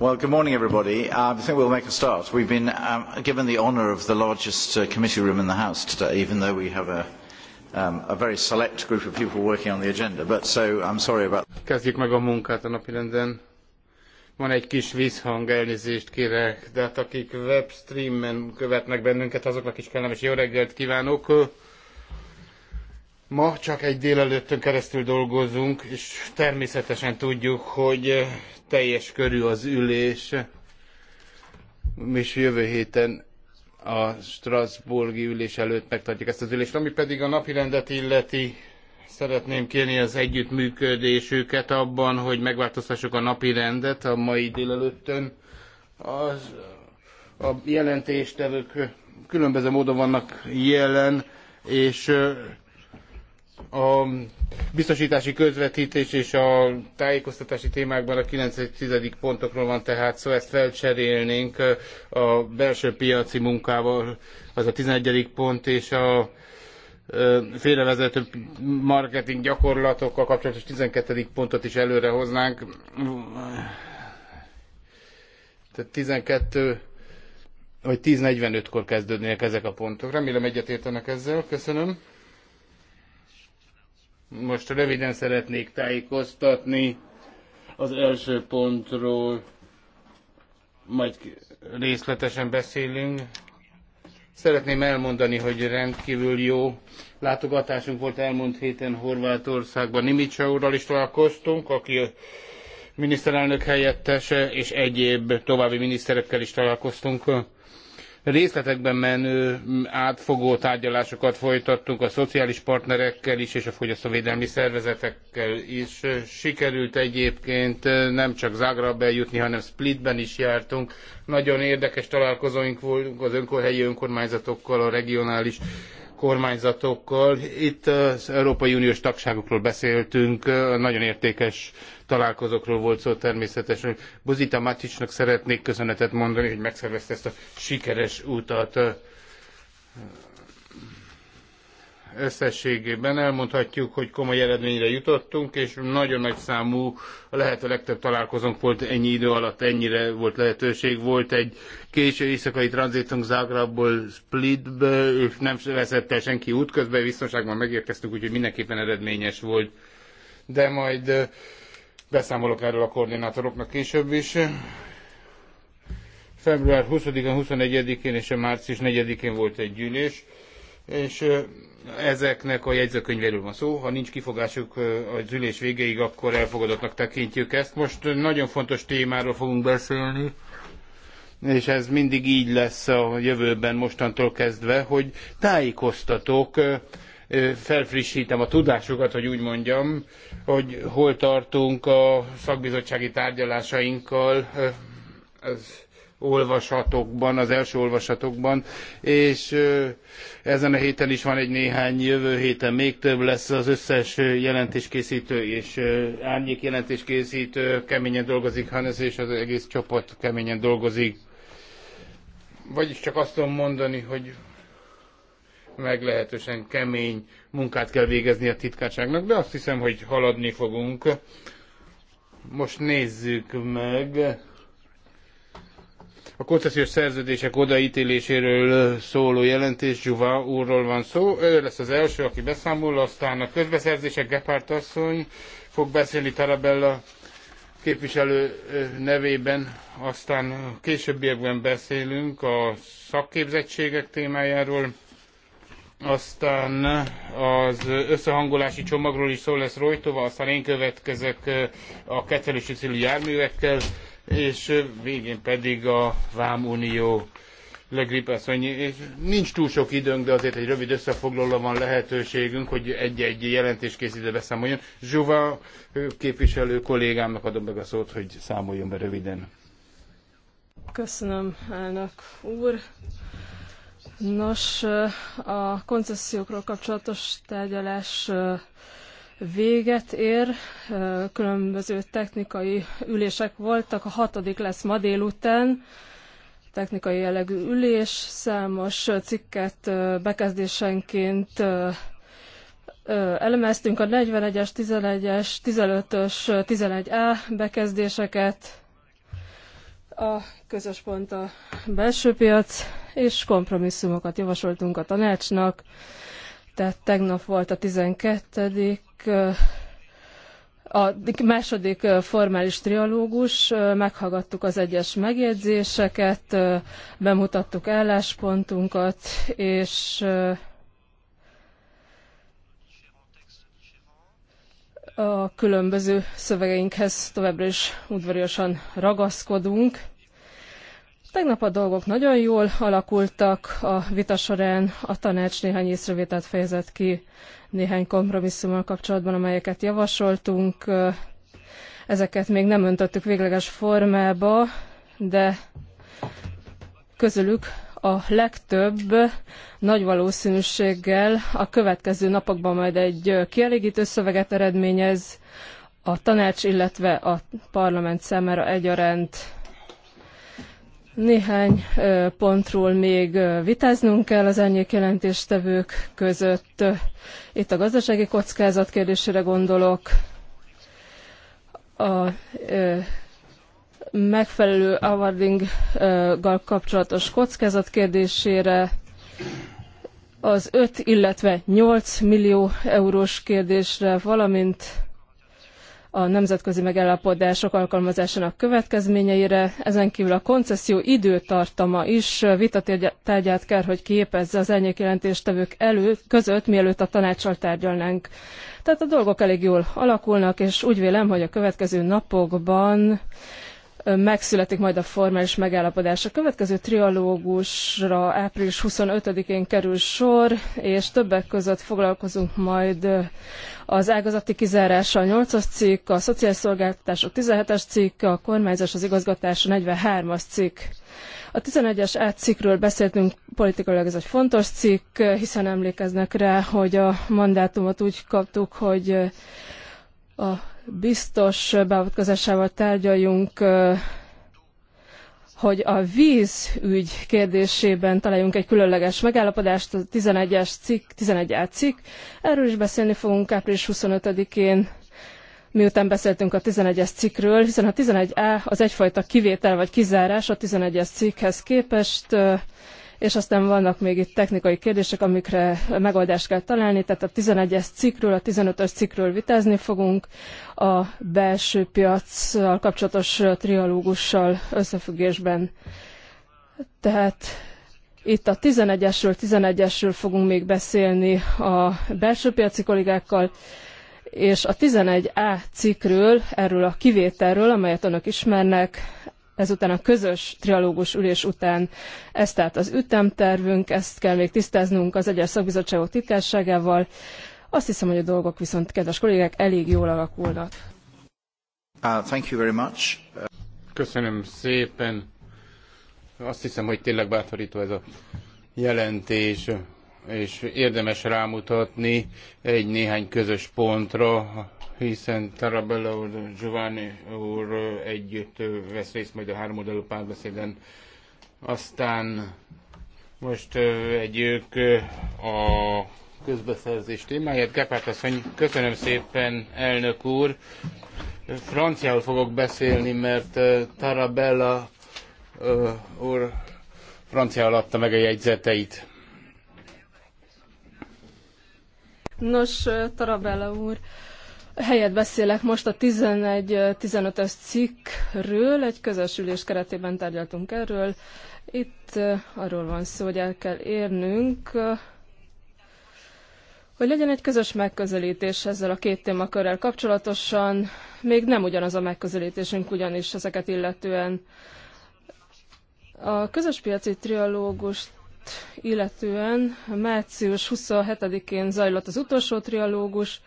Well, good morning, everybody. Uh, I think we'll make a start. We've been um, given the honour of the largest uh, committee room in the House today, even though we have a, um, a very select group of people working on the agenda. But so I'm sorry about. Kezdjük meg a munkát a napirenden. Van egy kis vízhang, elnézést kérek, de hát akik webstreamen követnek bennünket, azoknak is kellemes jó reggelt kívánok. Ma csak egy délelőttön keresztül dolgozunk, és természetesen tudjuk, hogy eh, teljes körű az ülés, és jövő héten a Strasbourgi ülés előtt megtartjuk ezt az ülést. Ami pedig a napirendet illeti, szeretném kérni az együttműködésüket abban, hogy megváltoztassuk a napirendet a mai délelőttön. Az, a jelentéstevők különböző módon vannak jelen, és eh, a biztosítási közvetítés és a tájékoztatási témákban a 9.10. pontokról van tehát szó, szóval ezt felcserélnénk a belső piaci munkával, az a 11. pont, és a félrevezető marketing gyakorlatokkal kapcsolatos 12. pontot is előre hoznánk. Tehát 12 vagy 10.45-kor kezdődnének ezek a pontok. Remélem egyetértenek ezzel. Köszönöm. Most röviden szeretnék tájékoztatni az első pontról, majd részletesen beszélünk. Szeretném elmondani, hogy rendkívül jó látogatásunk volt elmúlt héten Horvátországban. Nimicsa úrral is találkoztunk, aki miniszterelnök helyettese, és egyéb további miniszterekkel is találkoztunk részletekben menő átfogó tárgyalásokat folytattunk a szociális partnerekkel is és a fogyasztóvédelmi szervezetekkel is. Sikerült egyébként nem csak Zágrába eljutni, hanem Splitben is jártunk. Nagyon érdekes találkozóink voltunk az helyi önkormányzatokkal, a regionális kormányzatokkal. Itt az Európai Uniós tagságokról beszéltünk, nagyon értékes találkozókról volt szó természetesen. Buzita Maticsnak szeretnék köszönetet mondani, hogy megszervezte ezt a sikeres utat összességében elmondhatjuk, hogy komoly eredményre jutottunk, és nagyon nagy számú, a lehető legtöbb találkozónk volt ennyi idő alatt, ennyire volt lehetőség. Volt egy késő éjszakai tranzitunk Zágrából Splitbe, és nem veszett el senki útközben, biztonságban megérkeztünk, úgyhogy mindenképpen eredményes volt. De majd beszámolok erről a koordinátoroknak később is február 20-án, 21-én és a március 4-én volt egy gyűlés, és ezeknek a jegyzőkönyvéről van szó. Ha nincs kifogásuk az ülés végéig, akkor elfogadottnak tekintjük ezt. Most nagyon fontos témáról fogunk beszélni, és ez mindig így lesz a jövőben mostantól kezdve, hogy tájékoztatok, felfrissítem a tudásukat, hogy úgy mondjam, hogy hol tartunk a szakbizottsági tárgyalásainkkal. Ez olvasatokban, az első olvasatokban, és ezen a héten is van egy néhány, jövő héten még több lesz az összes jelentéskészítő és árnyék jelentéskészítő keményen dolgozik, Hannes és az egész csapat keményen dolgozik. Vagyis csak azt tudom mondani, hogy meglehetősen kemény munkát kell végezni a titkárságnak, de azt hiszem, hogy haladni fogunk. Most nézzük meg a koncesziós szerződések odaítéléséről szóló jelentés Zsuva úrról van szó. Ő lesz az első, aki beszámol, aztán a közbeszerzések Gepárt asszony fog beszélni Tarabella képviselő nevében, aztán későbbiekben beszélünk a szakképzettségek témájáról, aztán az összehangolási csomagról is szó lesz Rojtova, aztán én következek a kettelősi célú járművekkel, és végén pedig a Vámunió Legrip és nincs túl sok időnk, de azért egy rövid összefoglalóra van lehetőségünk, hogy egy-egy jelentés készítve beszámoljon. Zsuva képviselő kollégámnak adom meg a szót, hogy számoljon be röviden. Köszönöm, elnök úr. Nos, a koncesziókról kapcsolatos tárgyalás véget ér, különböző technikai ülések voltak, a hatodik lesz ma délután, technikai jellegű ülés, számos cikket bekezdésenként elemeztünk a 41-es, 11-es, 15-ös, 11A bekezdéseket, a közös pont a belső piac, és kompromisszumokat javasoltunk a tanácsnak, tehát tegnap volt a 12 a második formális trialógus, meghallgattuk az egyes megjegyzéseket, bemutattuk álláspontunkat, és a különböző szövegeinkhez továbbra is udvariasan ragaszkodunk. Tegnap a dolgok nagyon jól alakultak, a vita során a tanács néhány észrevételt fejezett ki néhány kompromisszummal kapcsolatban, amelyeket javasoltunk. Ezeket még nem öntöttük végleges formába, de közülük a legtöbb nagy valószínűséggel a következő napokban majd egy kielégítő szöveget eredményez a tanács, illetve a parlament számára egyaránt néhány pontról még vitáznunk kell az árnyék jelentéstevők között. Itt a gazdasági kockázat kérdésére gondolok. A megfelelő awardinggal kapcsolatos kockázat kérdésére, az 5, illetve 8 millió eurós kérdésre, valamint a nemzetközi megállapodások alkalmazásának következményeire, ezen kívül a koncesszió időtartama is vitatárgyát kell, hogy képezze az elnyékjelentéstevők elő, között, mielőtt a tanácssal tárgyalnánk. Tehát a dolgok elég jól alakulnak, és úgy vélem, hogy a következő napokban megszületik majd a formális megállapodás. A következő trialógusra április 25-én kerül sor, és többek között foglalkozunk majd az ágazati kizárása a 8-as cikk, a szociális szolgáltatások 17-es cikk, a kormányzás az igazgatás a 43-as cikk. A 11-es átcikről beszéltünk, politikailag ez egy fontos cikk, hiszen emlékeznek rá, hogy a mandátumot úgy kaptuk, hogy a biztos beavatkozásával tárgyaljunk, hogy a vízügy kérdésében találjunk egy különleges megállapodást, a 11-es cikk, 11 cikk. Erről is beszélni fogunk április 25-én miután beszéltünk a 11-es cikkről, hiszen a 11A az egyfajta kivétel vagy kizárás a 11-es cikkhez képest, és aztán vannak még itt technikai kérdések, amikre megoldást kell találni, tehát a 11-es cikkről, a 15-ös cikkről vitázni fogunk, a belső piacsal kapcsolatos trialógussal összefüggésben. Tehát itt a 11-esről, 11-esről fogunk még beszélni a belső piaci kollégákkal, és a 11A cikkről, erről a kivételről, amelyet önök ismernek, ezután a közös trialógus ülés után. Ez tehát az ütemtervünk, ezt kell még tisztáznunk az egyes szakbizottságok titkárságával. Azt hiszem, hogy a dolgok viszont, kedves kollégák, elég jól alakulnak. Uh, thank you very much. Köszönöm szépen. Azt hiszem, hogy tényleg bátorító ez a jelentés, és érdemes rámutatni egy néhány közös pontra, hiszen Tarabella úr, Giovanni úr együtt vesz részt majd a oldalú párbeszéden. Aztán most együk a közbeszerzés témáját. Gepárt asszony, köszönöm szépen, elnök úr. Franciául fogok beszélni, mert Tarabella úr franciául adta meg a jegyzeteit. Nos, Tarabella úr, helyet beszélek most a 11-15-ös cikkről, egy közös ülés keretében tárgyaltunk erről. Itt arról van szó, hogy el kell érnünk, hogy legyen egy közös megközelítés ezzel a két témakörrel kapcsolatosan. Még nem ugyanaz a megközelítésünk ugyanis ezeket illetően. A közös piaci trialógust illetően március 27-én zajlott az utolsó trialógus,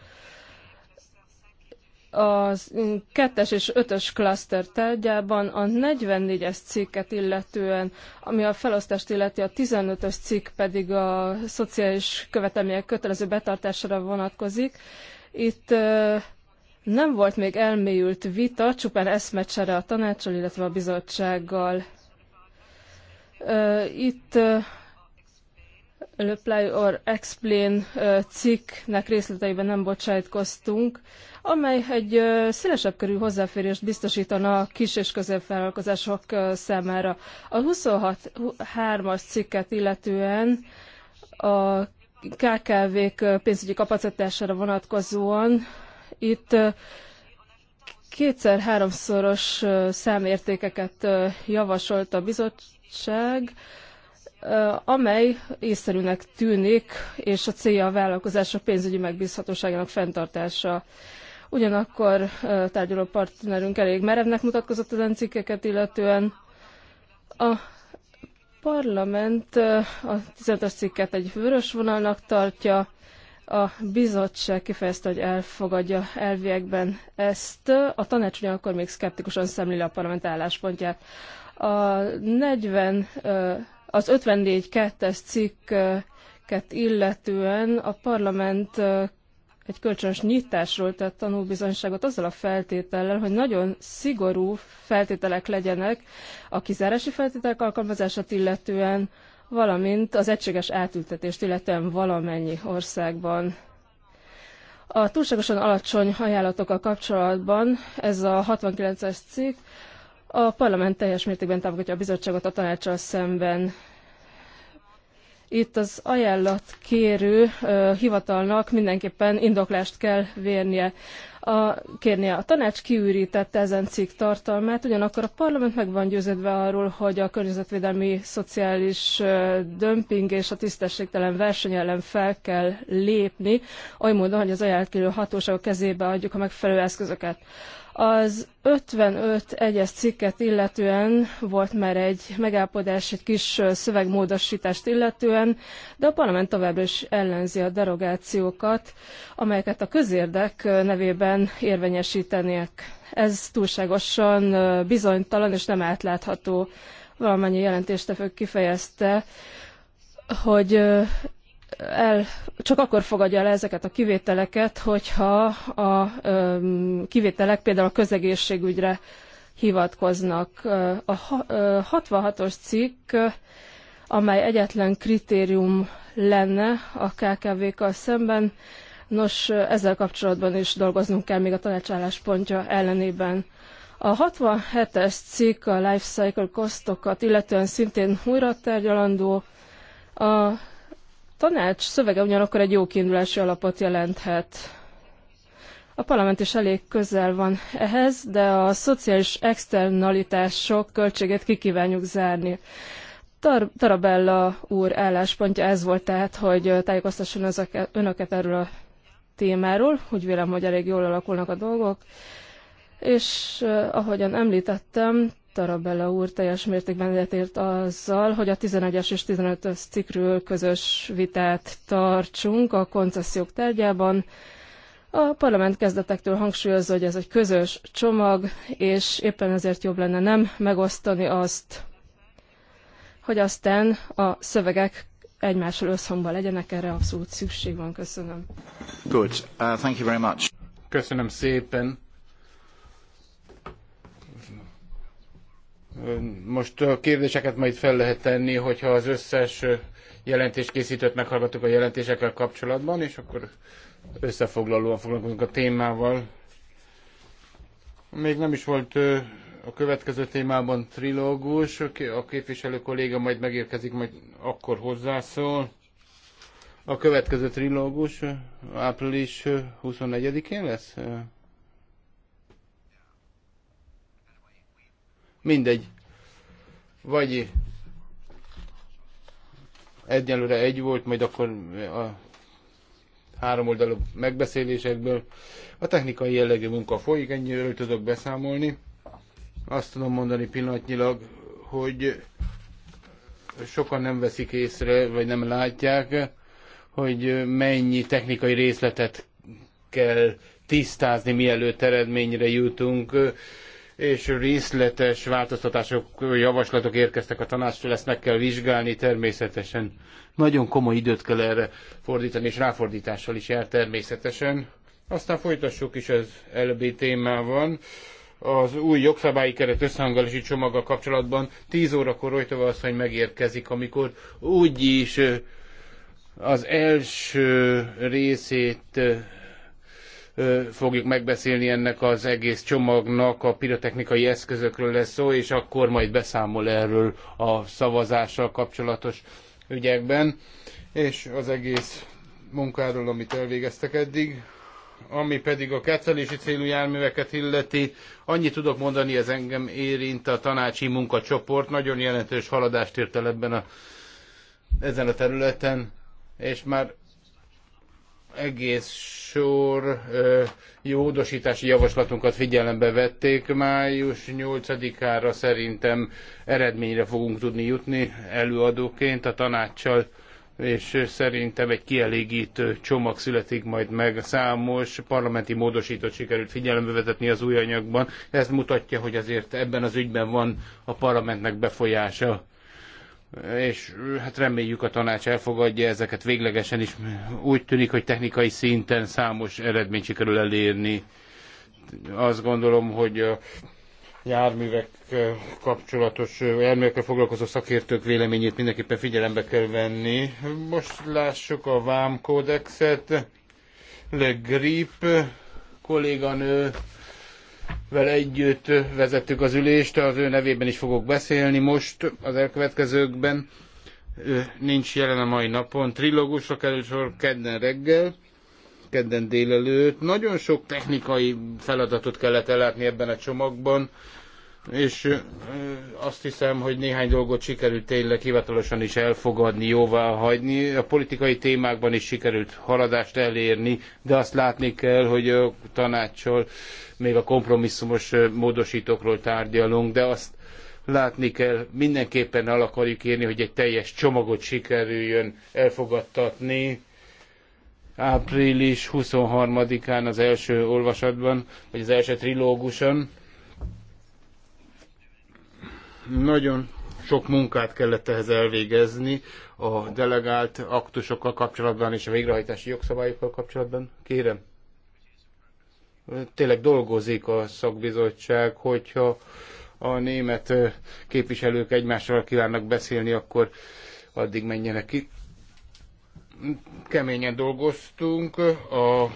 az kettes és ötös klaszter tárgyában a 44-es cikket illetően, ami a felosztást illeti, a 15-ös cikk pedig a szociális követelmények kötelező betartására vonatkozik. Itt nem volt még elmélyült vita, csupán eszmecsere a tanácsal, illetve a bizottsággal. Itt Reply or Explain cikknek részleteiben nem bocsájtkoztunk, amely egy szélesebb körű hozzáférést biztosítana a kis- és középvállalkozások számára. A 26.3-as cikket illetően a KKV-k pénzügyi kapacitására vonatkozóan itt kétszer-háromszoros számértékeket javasolt a bizottság, amely észszerűnek tűnik, és a célja a vállalkozások pénzügyi megbízhatóságának fenntartása. Ugyanakkor tárgyaló partnerünk elég merevnek mutatkozott az cikkeket, illetően a parlament a 15-es cikket egy vörös vonalnak tartja, a bizottság kifejezte, hogy elfogadja elviekben ezt, a tanács ugyanakkor még szkeptikusan szemléli a parlament álláspontját. A 40 az 54.2-es cikket illetően a parlament egy kölcsönös nyitásról tett tanúbizonyságot azzal a feltétellel, hogy nagyon szigorú feltételek legyenek a kizárási feltételek alkalmazását illetően, valamint az egységes átültetést illetően valamennyi országban. A túlságosan alacsony ajánlatokkal kapcsolatban ez a 69-es cikk a parlament teljes mértékben támogatja a bizottságot a tanácssal szemben. Itt az ajánlatkérő ö, hivatalnak mindenképpen indoklást kell vérnie. A, kérnie a tanács kiürítette ezen cikk tartalmát, ugyanakkor a parlament meg van győződve arról, hogy a környezetvédelmi szociális dömping és a tisztességtelen verseny ellen fel kell lépni, oly módon, hogy az ajánlatkérő hatóságok kezébe adjuk a megfelelő eszközöket. Az 55 egyes cikket illetően volt már egy megállapodás, egy kis szövegmódosítást illetően, de a parlament továbbra is ellenzi a derogációkat, amelyeket a közérdek nevében érvényesítenek. Ez túlságosan bizonytalan és nem átlátható. Valamennyi jelentéstevő kifejezte, hogy el, csak akkor fogadja el ezeket a kivételeket, hogyha a kivételek például a közegészségügyre hivatkoznak. A 66-os cikk, amely egyetlen kritérium lenne a KKV-kkal szemben, nos, ezzel kapcsolatban is dolgoznunk kell még a tanácsálláspontja ellenében. A 67-es cikk a life cycle kosztokat, illetően szintén újra tárgyalandó, a tanács szövege ugyanakkor egy jó kiindulási alapot jelenthet. A parlament is elég közel van ehhez, de a szociális externalitások költségét kikívánjuk zárni. Tar- Tarabella úr álláspontja ez volt tehát, hogy tájékoztasson ezeket, önöket erről a témáról, úgy vélem, hogy elég jól alakulnak a dolgok, és eh, ahogyan említettem, Tarabella úr teljes mértékben egyetért azzal, hogy a 11-es és 15-ös cikkről közös vitát tartsunk a koncesziók tárgyában. A parlament kezdetektől hangsúlyozza, hogy ez egy közös csomag, és éppen ezért jobb lenne nem megosztani azt, hogy aztán a szövegek egymással összhangban legyenek, erre abszolút szükség van. Köszönöm. Good. Uh, thank you very much. Köszönöm szépen. Most a kérdéseket majd fel lehet tenni, hogyha az összes jelentést készítőt meghallgattuk a jelentésekkel kapcsolatban, és akkor összefoglalóan foglalkozunk a témával. Még nem is volt a következő témában trilógus, a képviselő kolléga majd megérkezik, majd akkor hozzászól. A következő trilógus április 24-én lesz? Mindegy. Vagy egyelőre egy volt, majd akkor a három oldalú megbeszélésekből a technikai jellegű munka folyik, ennyiről tudok beszámolni. Azt tudom mondani pillanatnyilag, hogy sokan nem veszik észre, vagy nem látják, hogy mennyi technikai részletet kell tisztázni, mielőtt eredményre jutunk és részletes változtatások, javaslatok érkeztek a tanácstól, ezt meg kell vizsgálni természetesen. Nagyon komoly időt kell erre fordítani, és ráfordítással is jár természetesen. Aztán folytassuk is az előbbi témában. Az új jogszabályi keret összehangolási csomaga kapcsolatban 10 órakor Rojtova asszony megérkezik, amikor úgyis az első részét fogjuk megbeszélni ennek az egész csomagnak, a pirotechnikai eszközökről lesz szó, és akkor majd beszámol erről a szavazással kapcsolatos ügyekben, és az egész munkáról, amit elvégeztek eddig. Ami pedig a kettelési célú járműveket illeti, annyit tudok mondani, ez engem érint a tanácsi munkacsoport, nagyon jelentős haladást ért el ebben a, ezen a területen, és már egész sor ö, jódosítási javaslatunkat figyelembe vették. Május 8-ára szerintem eredményre fogunk tudni jutni előadóként a tanácssal, és szerintem egy kielégítő csomag születik majd meg. Számos parlamenti módosítót sikerült figyelembe vetetni az új anyagban. Ez mutatja, hogy azért ebben az ügyben van a parlamentnek befolyása és hát reméljük a tanács elfogadja ezeket véglegesen is. Úgy tűnik, hogy technikai szinten számos eredményt sikerül elérni. Azt gondolom, hogy a járművek kapcsolatos, járművekkel foglalkozó szakértők véleményét mindenképpen figyelembe kell venni. Most lássuk a vámkódexet. Le Grip kolléganő vele együtt vezettük az ülést, az ő nevében is fogok beszélni most az elkövetkezőkben. nincs jelen a mai napon. Trilógusra kerül sor kedden reggel, kedden délelőtt. Nagyon sok technikai feladatot kellett ellátni ebben a csomagban és azt hiszem, hogy néhány dolgot sikerült tényleg hivatalosan is elfogadni, jóvá hagyni. A politikai témákban is sikerült haladást elérni, de azt látni kell, hogy a tanácssal még a kompromisszumos módosítókról tárgyalunk, de azt látni kell, mindenképpen el akarjuk érni, hogy egy teljes csomagot sikerüljön elfogadtatni, április 23-án az első olvasatban, vagy az első trilóguson, nagyon sok munkát kellett ehhez elvégezni a delegált aktusokkal kapcsolatban és a végrehajtási jogszabályokkal kapcsolatban. Kérem, tényleg dolgozik a szakbizottság, hogyha a német képviselők egymással kívánnak beszélni, akkor addig menjenek ki. Keményen dolgoztunk, a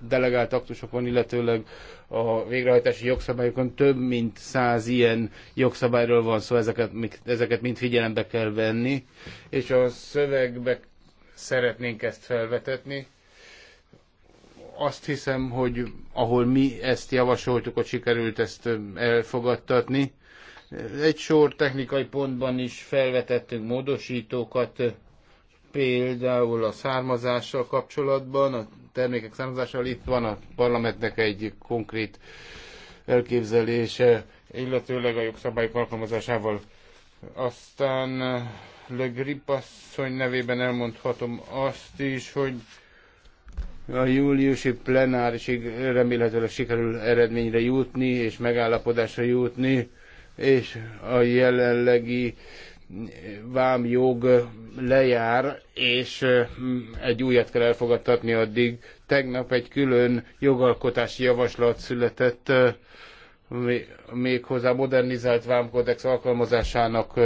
delegált aktusokon, illetőleg a végrehajtási jogszabályokon több mint száz ilyen jogszabályról van szó, ezeket, ezeket mind figyelembe kell venni, és a szövegbe szeretnénk ezt felvetetni. Azt hiszem, hogy ahol mi ezt javasoltuk, hogy sikerült ezt elfogadtatni. Egy sor technikai pontban is felvetettünk módosítókat, például a származással kapcsolatban, a termékek származásával. Itt van a parlamentnek egy konkrét elképzelése, illetőleg a jogszabályok alkalmazásával. Aztán eh, Le Grip asszony nevében elmondhatom azt is, hogy a júliusi plenárisig remélhetőleg sikerül eredményre jutni és megállapodásra jutni, és a jelenlegi eh, vámjog lejár, és egy újat kell elfogadtatni addig. Tegnap egy külön jogalkotási javaslat született, méghozzá modernizált vámkodex alkalmazásának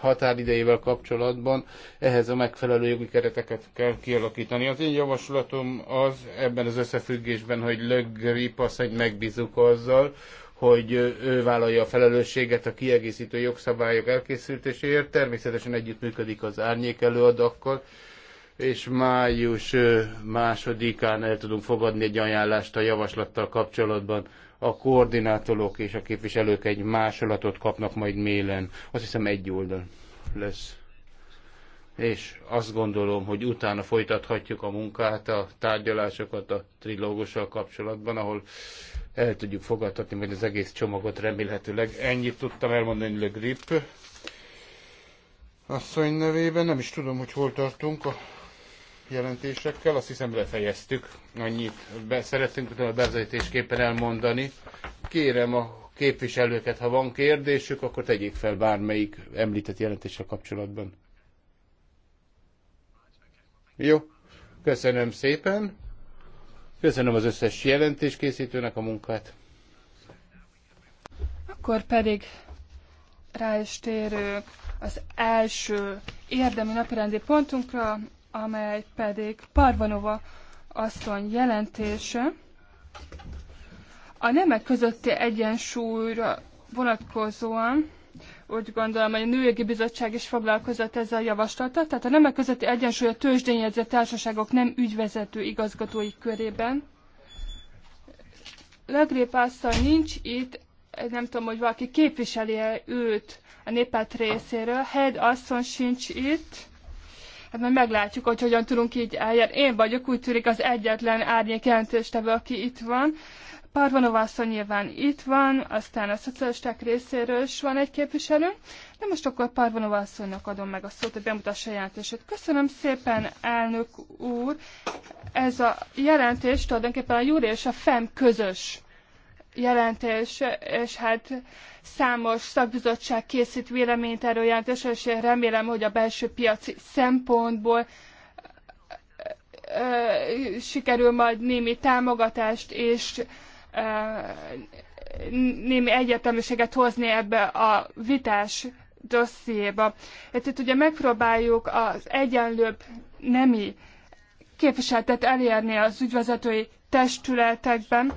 határidejével kapcsolatban ehhez a megfelelő jogi kereteket kell kialakítani. Az én javaslatom az ebben az összefüggésben, hogy Le Grip asszony azzal, hogy ő vállalja a felelősséget a kiegészítő jogszabályok elkészítéséért. Természetesen együttműködik az árnyék előadakkal, és május másodikán el tudunk fogadni egy ajánlást a javaslattal kapcsolatban. A koordinátorok és a képviselők egy másolatot kapnak majd mélen. Azt hiszem egy oldal lesz. És azt gondolom, hogy utána folytathatjuk a munkát, a tárgyalásokat a trilógussal kapcsolatban, ahol el tudjuk fogadtatni majd az egész csomagot remélhetőleg. Ennyit tudtam elmondani Le Grip asszony nevében. Nem is tudom, hogy hol tartunk a jelentésekkel. Azt hiszem befejeztük. Annyit be, tudom a bevezetésképpen elmondani. Kérem a képviselőket, ha van kérdésük, akkor tegyék fel bármelyik említett jelentéssel kapcsolatban. Jó, köszönöm szépen. Köszönöm az összes jelentéskészítőnek a munkát. Akkor pedig rá is térünk az első érdemi napirendi pontunkra, amely pedig Parvanova asszony jelentése. A nemek közötti egyensúlyra vonatkozóan úgy gondolom, hogy a Nőjogi Bizottság is foglalkozott ezzel a javaslattal, tehát a nemek közötti egyensúly a tőzsdényjegyzett társaságok nem ügyvezető igazgatói körében. Legrép asszony nincs itt, nem tudom, hogy valaki képviseli -e őt a népát részéről. Head asszony sincs itt. Hát majd meglátjuk, hogy hogyan tudunk így eljárni. Én vagyok, úgy tűnik az egyetlen árnyék jelentéstevő, aki itt van. Parvanova asszony nyilván itt van, aztán a szocialisták részéről is van egy képviselő. De most akkor Parvanova asszonynak adom meg a szót, hogy bemutassa a jelentését. Köszönöm szépen, elnök úr. Ez a jelentés tulajdonképpen a Júri és a FEM közös jelentés, és hát számos szakbizottság készít véleményt erről jelentésre, és én remélem, hogy a belső piaci szempontból sikerül majd némi támogatást és némi egyetemiséget hozni ebbe a vitás dossziéba. Hát itt ugye megpróbáljuk az egyenlőbb nemi képviseltet elérni az ügyvezetői testületekben.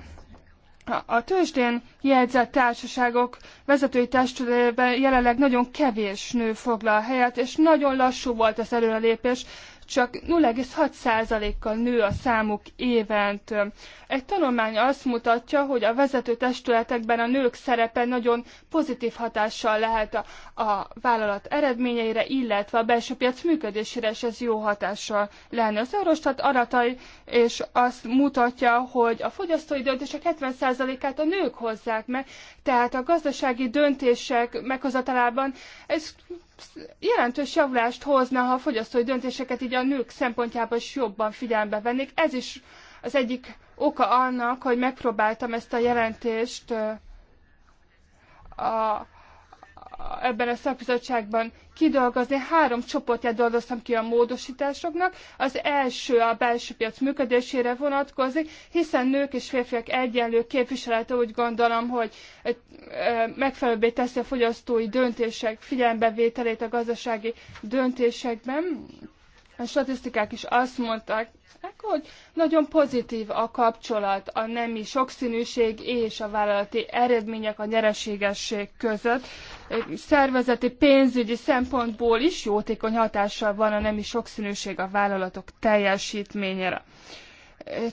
A tőzsdén jegyzett társaságok vezetői testületében jelenleg nagyon kevés nő foglal helyet, és nagyon lassú volt az előrelépés csak 0,6%-kal nő a számuk évent. Egy tanulmány azt mutatja, hogy a vezető testületekben a nők szerepe nagyon pozitív hatással lehet a, a vállalat eredményeire, illetve a belső piac működésére, is ez jó hatással lenne. Az Eurostat aratai és azt mutatja, hogy a fogyasztói döntések 70%-át a nők hozzák meg, tehát a gazdasági döntések meghozatalában ez jelentős javulást hozna, ha a fogyasztói döntéseket így a nők szempontjából is jobban figyelembe vennék. Ez is az egyik oka annak, hogy megpróbáltam ezt a jelentést a ebben a szakbizottságban kidolgozni. Három csoportját dolgoztam ki a módosításoknak. Az első a belső piac működésére vonatkozik, hiszen nők és férfiak egyenlő képviselete úgy gondolom, hogy megfelelőbbé teszi a fogyasztói döntések figyelembevételét a gazdasági döntésekben a statisztikák is azt mondták, hogy nagyon pozitív a kapcsolat a nemi sokszínűség és a vállalati eredmények a nyereségesség között. Szervezeti, pénzügyi szempontból is jótékony hatással van a nemi sokszínűség a vállalatok teljesítményére.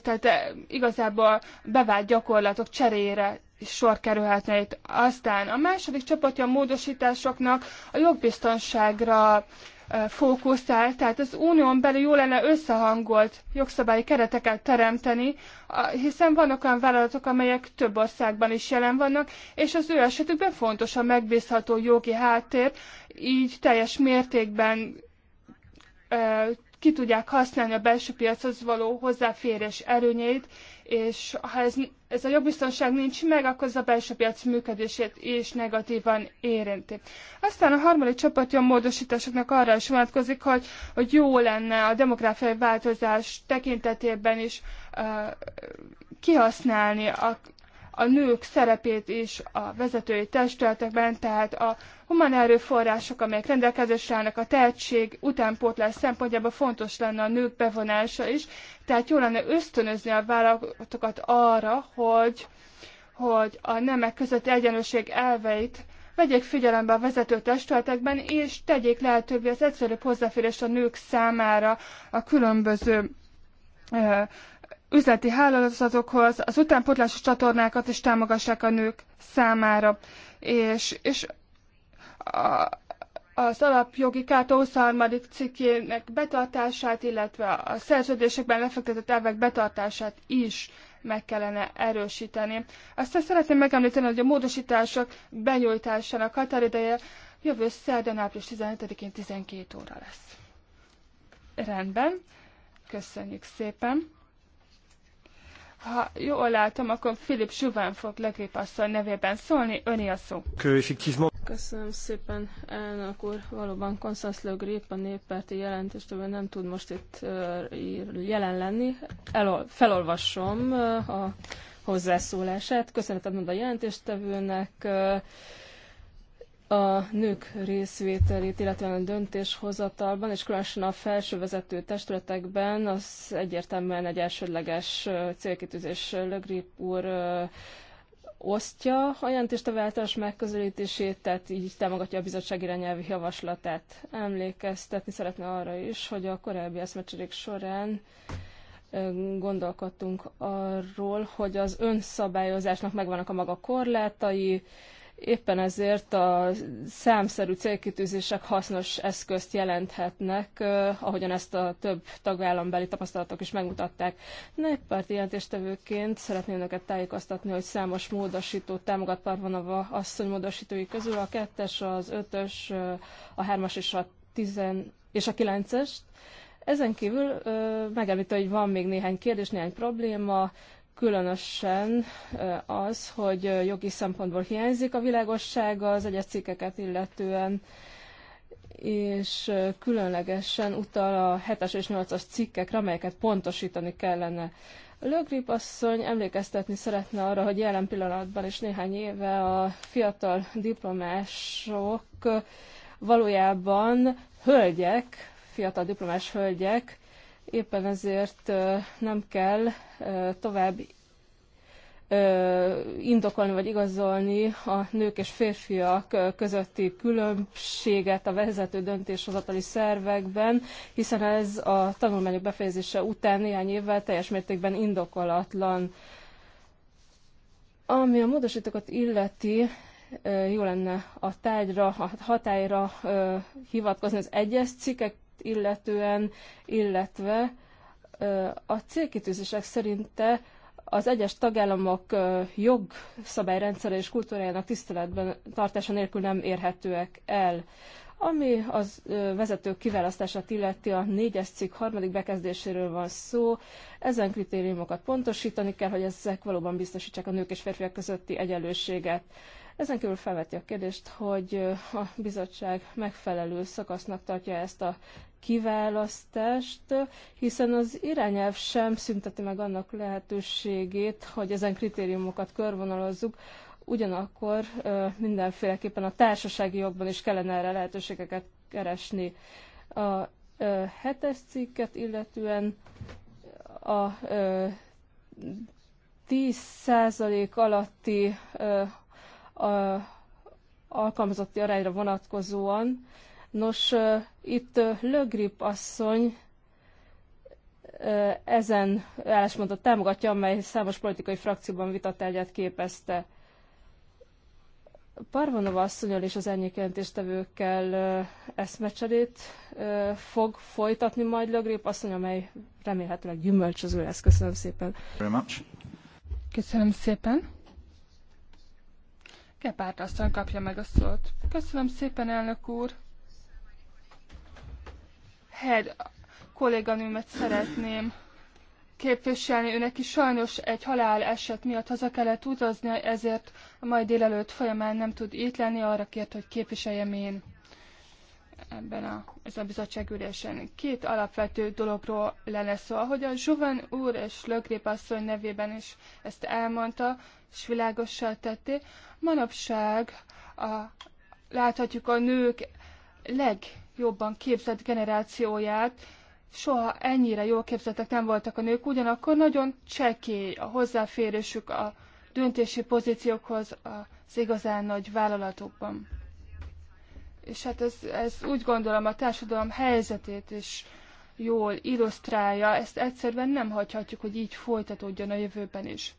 Tehát eh, igazából bevált gyakorlatok cseréjére sor kerülhetne itt. Aztán a második csapatja a módosításoknak a jogbiztonságra fókuszál, tehát az unión belül jó lenne összehangolt jogszabályi kereteket teremteni, hiszen vannak olyan vállalatok, amelyek több országban is jelen vannak, és az ő esetükben fontos a megbízható jogi háttér, így teljes mértékben ki tudják használni a belső piachoz való hozzáférés előnyeit, és ha ez, ez a jogbiztonság nincs meg, akkor ez a belső piac működését is negatívan érinti. Aztán a harmadik csoport a módosításoknak arra is vonatkozik, hogy, hogy jó lenne a demográfiai változás tekintetében is uh, kihasználni a, a nők szerepét is a vezetői testületekben, tehát a, Humán erőforrások, amelyek rendelkezésre állnak a tehetség utánpótlás szempontjából fontos lenne a nők bevonása is, tehát jó lenne ösztönözni a vállalatokat arra, hogy, hogy a nemek közötti egyenlőség elveit vegyék figyelembe a vezető testületekben, és tegyék lehetővé az egyszerűbb hozzáférés a nők számára a különböző üzleti hálózatokhoz, az utánpótlási csatornákat is támogassák a nők számára. És, és a, az alapjogi kártó 23. cikkének betartását, illetve a szerződésekben lefektetett elvek betartását is meg kellene erősíteni. Aztán szeretném megemlíteni, hogy a módosítások benyújtásának határideje jövő szerdán április 17-én 12 óra lesz. Rendben, köszönjük szépen. Ha jól látom, akkor Philip Juven fog legrébb nevében szólni, öni a szó. Kő, Köszönöm szépen, elnök úr. Valóban Konstanz Le Grip, a néppárti jelentéstől nem tud most itt jelen lenni. Elol, felolvasom a hozzászólását. Köszönetet mond a jelentéstevőnek a nők részvételét, illetve a döntéshozatalban, és különösen a felső vezető testületekben az egyértelműen egy elsődleges célkitűzés. Lögrip úr osztja a a általános megközelítését, tehát így támogatja a bizottság irányelvi javaslatát. Emlékeztetni szeretne arra is, hogy a korábbi eszmecserék során gondolkodtunk arról, hogy az önszabályozásnak megvannak a maga korlátai, Éppen ezért a számszerű célkitűzések hasznos eszközt jelenthetnek, ahogyan ezt a több tagállambeli tapasztalatok is megmutatták. Néppárti jelentéstevőként szeretném önöket tájékoztatni, hogy számos módosító támogat Parvanova asszony módosítói közül a kettes, az ötös, a hármas és a tizen és a kilencest. Ezen kívül megemlítő, hogy van még néhány kérdés, néhány probléma, különösen az, hogy jogi szempontból hiányzik a világosság az egyes cikkeket illetően, és különlegesen utal a 7-es és 8-as cikkekre, amelyeket pontosítani kellene. Lögrip asszony emlékeztetni szeretne arra, hogy jelen pillanatban és néhány éve a fiatal diplomások valójában hölgyek, fiatal diplomás hölgyek, Éppen ezért nem kell tovább indokolni vagy igazolni a nők és férfiak közötti különbséget a vezető döntéshozatali szervekben, hiszen ez a tanulmányok befejezése után néhány évvel teljes mértékben indokolatlan. Ami a módosítókat illeti, jó lenne a tájra, a hatályra hivatkozni az egyes cikkek illetően, illetve a célkitűzések szerinte az egyes tagállamok jogszabályrendszere és kultúrájának tiszteletben tartása nélkül nem érhetőek el. Ami az vezetők kiválasztását illeti, a négyes cikk harmadik bekezdéséről van szó. Ezen kritériumokat pontosítani kell, hogy ezek valóban biztosítsák a nők és férfiak közötti egyenlőséget. Ezen kívül felveti a kérdést, hogy a bizottság megfelelő szakasznak tartja ezt a kiválasztást, hiszen az irányelv sem szünteti meg annak lehetőségét, hogy ezen kritériumokat körvonalazzuk, ugyanakkor mindenféleképpen a társasági jogban is kellene erre lehetőségeket keresni. A hetes cikket illetően a 10% alatti a alkalmazotti arányra vonatkozóan. Nos, itt Lögrip asszony ezen állásmódot támogatja, amely számos politikai frakcióban vitatárgyát képezte. Parvanova asszonyal és az jelentéstevőkkel eszmecserét fog folytatni majd Lögrip asszony, amely remélhetőleg gyümölcsöző lesz. Köszönöm szépen. Köszönöm szépen. Gepárt asszony kapja meg a szót. Köszönöm szépen, elnök úr. Head kolléganőmet szeretném képviselni. Őnek is sajnos egy eset miatt haza kellett utaznia, ezért a mai délelőtt folyamán nem tud itt lenni, arra kért, hogy képviseljem én ebben a, ez a bizottságülésen. Két alapvető dologról lenne szó. Ahogy a Zsuven úr és Lögrép asszony nevében is ezt elmondta, és világossá tették. Manapság a, láthatjuk a nők legjobban képzett generációját, soha ennyire jól képzettek nem voltak a nők, ugyanakkor nagyon csekély a hozzáférésük a döntési pozíciókhoz az igazán nagy vállalatokban. És hát ez, ez úgy gondolom a társadalom helyzetét is jól illusztrálja, ezt egyszerűen nem hagyhatjuk, hogy így folytatódjon a jövőben is.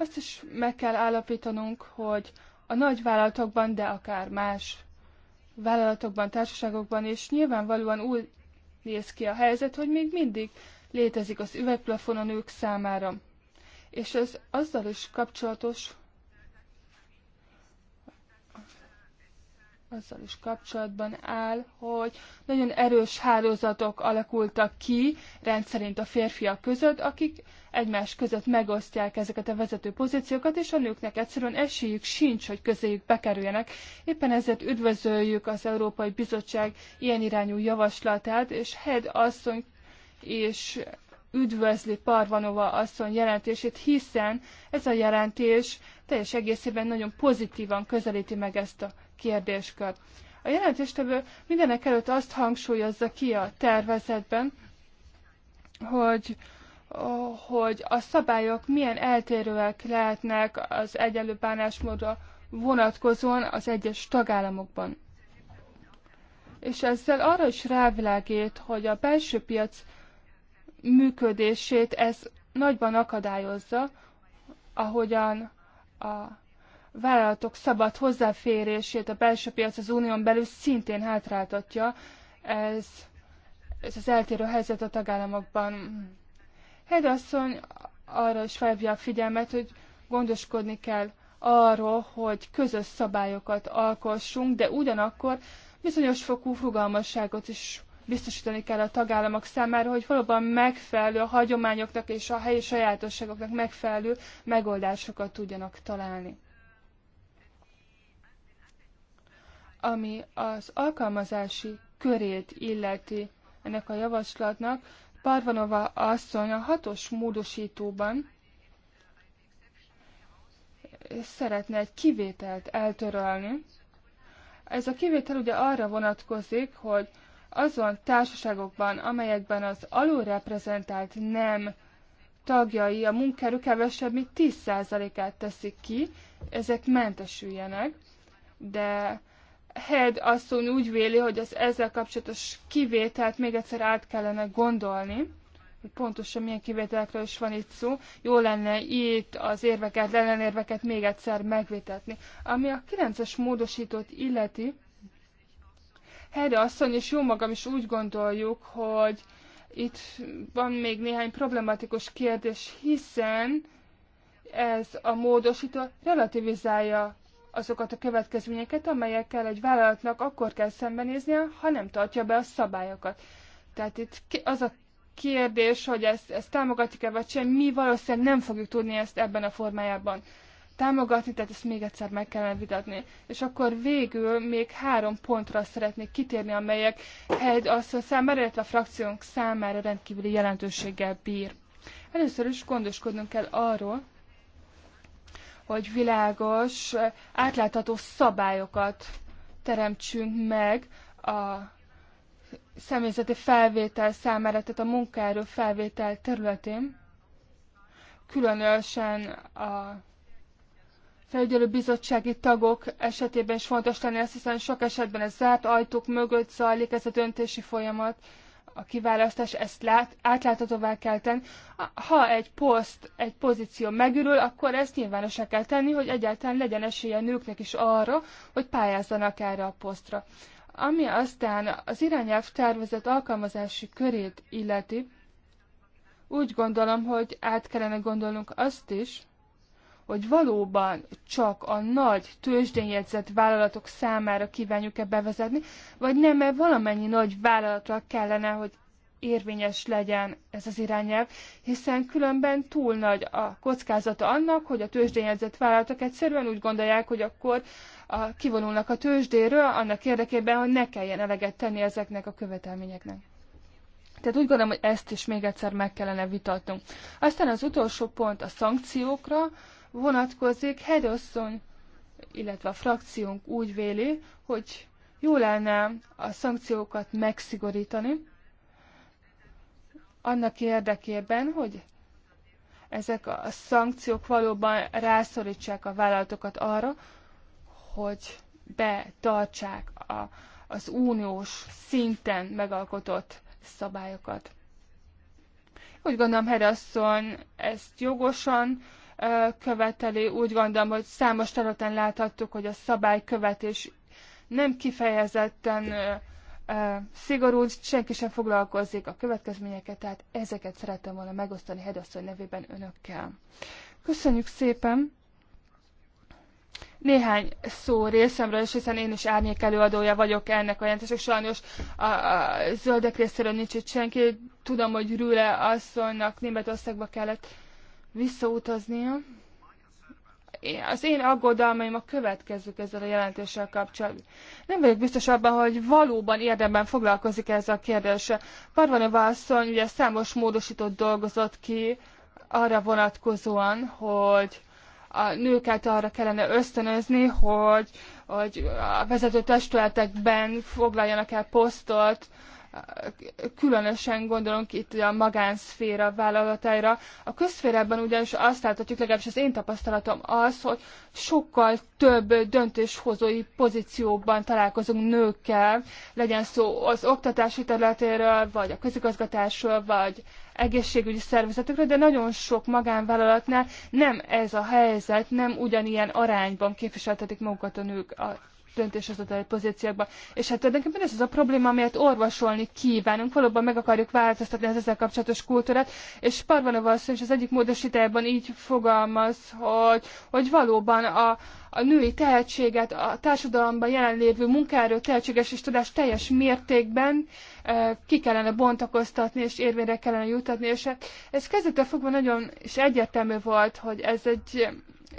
Azt is meg kell állapítanunk, hogy a nagy vállalatokban, de akár más vállalatokban, társaságokban is nyilvánvalóan úgy néz ki a helyzet, hogy még mindig létezik az üvegplafon a nők számára. És ez azzal is kapcsolatos, azzal is kapcsolatban áll, hogy nagyon erős hálózatok alakultak ki rendszerint a férfiak között, akik egymás között megosztják ezeket a vezető pozíciókat, és a nőknek egyszerűen esélyük sincs, hogy közéjük bekerüljenek. Éppen ezért üdvözöljük az Európai Bizottság ilyen irányú javaslatát, és Head asszony és üdvözli Parvanova asszony jelentését, hiszen ez a jelentés teljes egészében nagyon pozitívan közelíti meg ezt a kérdéskör. A jelentéstevő mindenek előtt azt hangsúlyozza ki a tervezetben, hogy, hogy a szabályok milyen eltérőek lehetnek az egyenlő bánásmódra vonatkozóan az egyes tagállamokban. És ezzel arra is rávilágít, hogy a belső piac működését ez nagyban akadályozza, ahogyan a vállalatok szabad hozzáférését a belső piac az unión belül szintén hátráltatja ez, ez az eltérő helyzet a tagállamokban. Hedasszony arra is felhívja a figyelmet, hogy gondoskodni kell arról, hogy közös szabályokat alkossunk, de ugyanakkor bizonyos fokú rugalmasságot is biztosítani kell a tagállamok számára, hogy valóban megfelelő a hagyományoknak és a helyi sajátosságoknak megfelelő megoldásokat tudjanak találni. Ami az alkalmazási körét illeti ennek a javaslatnak, Parvanova asszony a hatos módosítóban szeretne egy kivételt eltörölni. Ez a kivétel ugye arra vonatkozik, hogy azon társaságokban, amelyekben az alulreprezentált nem tagjai a munkáról kevesebb, mint 10%-át teszik ki, ezek mentesüljenek, de Head asszony úgy véli, hogy az ezzel kapcsolatos kivételt még egyszer át kellene gondolni, hogy pontosan milyen kivételekről is van itt szó. Jó lenne itt az érveket, ellenérveket még egyszer megvitetni. Ami a 9-es módosítót illeti, Head asszony és jó magam is úgy gondoljuk, hogy itt van még néhány problematikus kérdés, hiszen ez a módosító relativizálja azokat a következményeket, amelyekkel egy vállalatnak akkor kell szembenéznie, ha nem tartja be a szabályokat. Tehát itt az a kérdés, hogy ezt, ezt támogatjuk-e vagy sem, mi valószínűleg nem fogjuk tudni ezt ebben a formájában támogatni, tehát ezt még egyszer meg kellene vitatni. És akkor végül még három pontra szeretnék kitérni, amelyek Heid a számára, illetve a frakciónk számára rendkívüli jelentőséggel bír. Először is gondoskodnunk kell arról, hogy világos, átlátható szabályokat teremtsünk meg a személyzeti felvétel számára, tehát a munkaerő felvétel területén, különösen a felügyelő bizottsági tagok esetében is fontos lenni, azt hiszem sok esetben ez zárt ajtók mögött zajlik ez a döntési folyamat, a kiválasztás, ezt lát, átláthatóvá kell tenni. Ha egy poszt, egy pozíció megürül, akkor ezt nyilvánosá kell tenni, hogy egyáltalán legyen esélye nőknek is arra, hogy pályázzanak erre a posztra. Ami aztán az irányelv tervezett alkalmazási körét illeti, úgy gondolom, hogy át kellene gondolnunk azt is, hogy valóban csak a nagy tőzsdényjegyzett vállalatok számára kívánjuk-e bevezetni, vagy nem, mert valamennyi nagy vállalatra kellene, hogy érvényes legyen ez az irányelv, hiszen különben túl nagy a kockázata annak, hogy a tőzsdényedzett vállalatok egyszerűen úgy gondolják, hogy akkor a, kivonulnak a tőzsdéről annak érdekében, hogy ne kelljen eleget tenni ezeknek a követelményeknek. Tehát úgy gondolom, hogy ezt is még egyszer meg kellene vitatnunk. Aztán az utolsó pont a szankciókra, vonatkozik. Hedosszony, illetve a frakciónk úgy véli, hogy jó lenne a szankciókat megszigorítani, annak érdekében, hogy ezek a szankciók valóban rászorítsák a vállalatokat arra, hogy betartsák a, az uniós szinten megalkotott szabályokat. Úgy gondolom, Herasszony ezt jogosan követeli. Úgy gondolom, hogy számos területen láthattuk, hogy a szabálykövetés nem kifejezetten szigorú, senki sem foglalkozik a következményeket, tehát ezeket szerettem volna megosztani Hedasszony nevében önökkel. Köszönjük szépen! néhány szó részemről, és hiszen én is árnyék előadója vagyok ennek a jelentésnek. Sajnos a, a zöldek részéről nincs itt senki. Tudom, hogy Rüle asszonynak Németországba kellett visszautaznia. Az én aggodalmaim a következők ezzel a jelentéssel kapcsolatban. Nem vagyok biztos abban, hogy valóban érdemben foglalkozik ezzel a kérdéssel. Parvani Vászony ugye számos módosítót dolgozott ki arra vonatkozóan, hogy a nőket arra kellene ösztönözni, hogy, hogy a vezető testületekben foglaljanak el posztot, különösen gondolunk itt a magánszféra vállalataira. A közszférában ugyanis azt láthatjuk, legalábbis az én tapasztalatom az, hogy sokkal több döntéshozói pozícióban találkozunk nőkkel, legyen szó az oktatási területéről, vagy a közigazgatásról, vagy egészségügyi szervezetekről, de nagyon sok magánvállalatnál nem ez a helyzet, nem ugyanilyen arányban képviseltetik magukat a nők a döntéshozatali pozíciókba. És hát tulajdonképpen ez az a probléma, amelyet orvosolni kívánunk. Valóban meg akarjuk változtatni az ezzel kapcsolatos kultúrát, és Parvanova asszony is az egyik módosítájában így fogalmaz, hogy, hogy valóban a, a női tehetséget, a társadalomban jelenlévő munkáról tehetséges és tudás teljes mértékben e, ki kellene bontakoztatni, és érvényre kellene jutatni, és hát ez kezdetől fogva nagyon és egyértelmű volt, hogy ez egy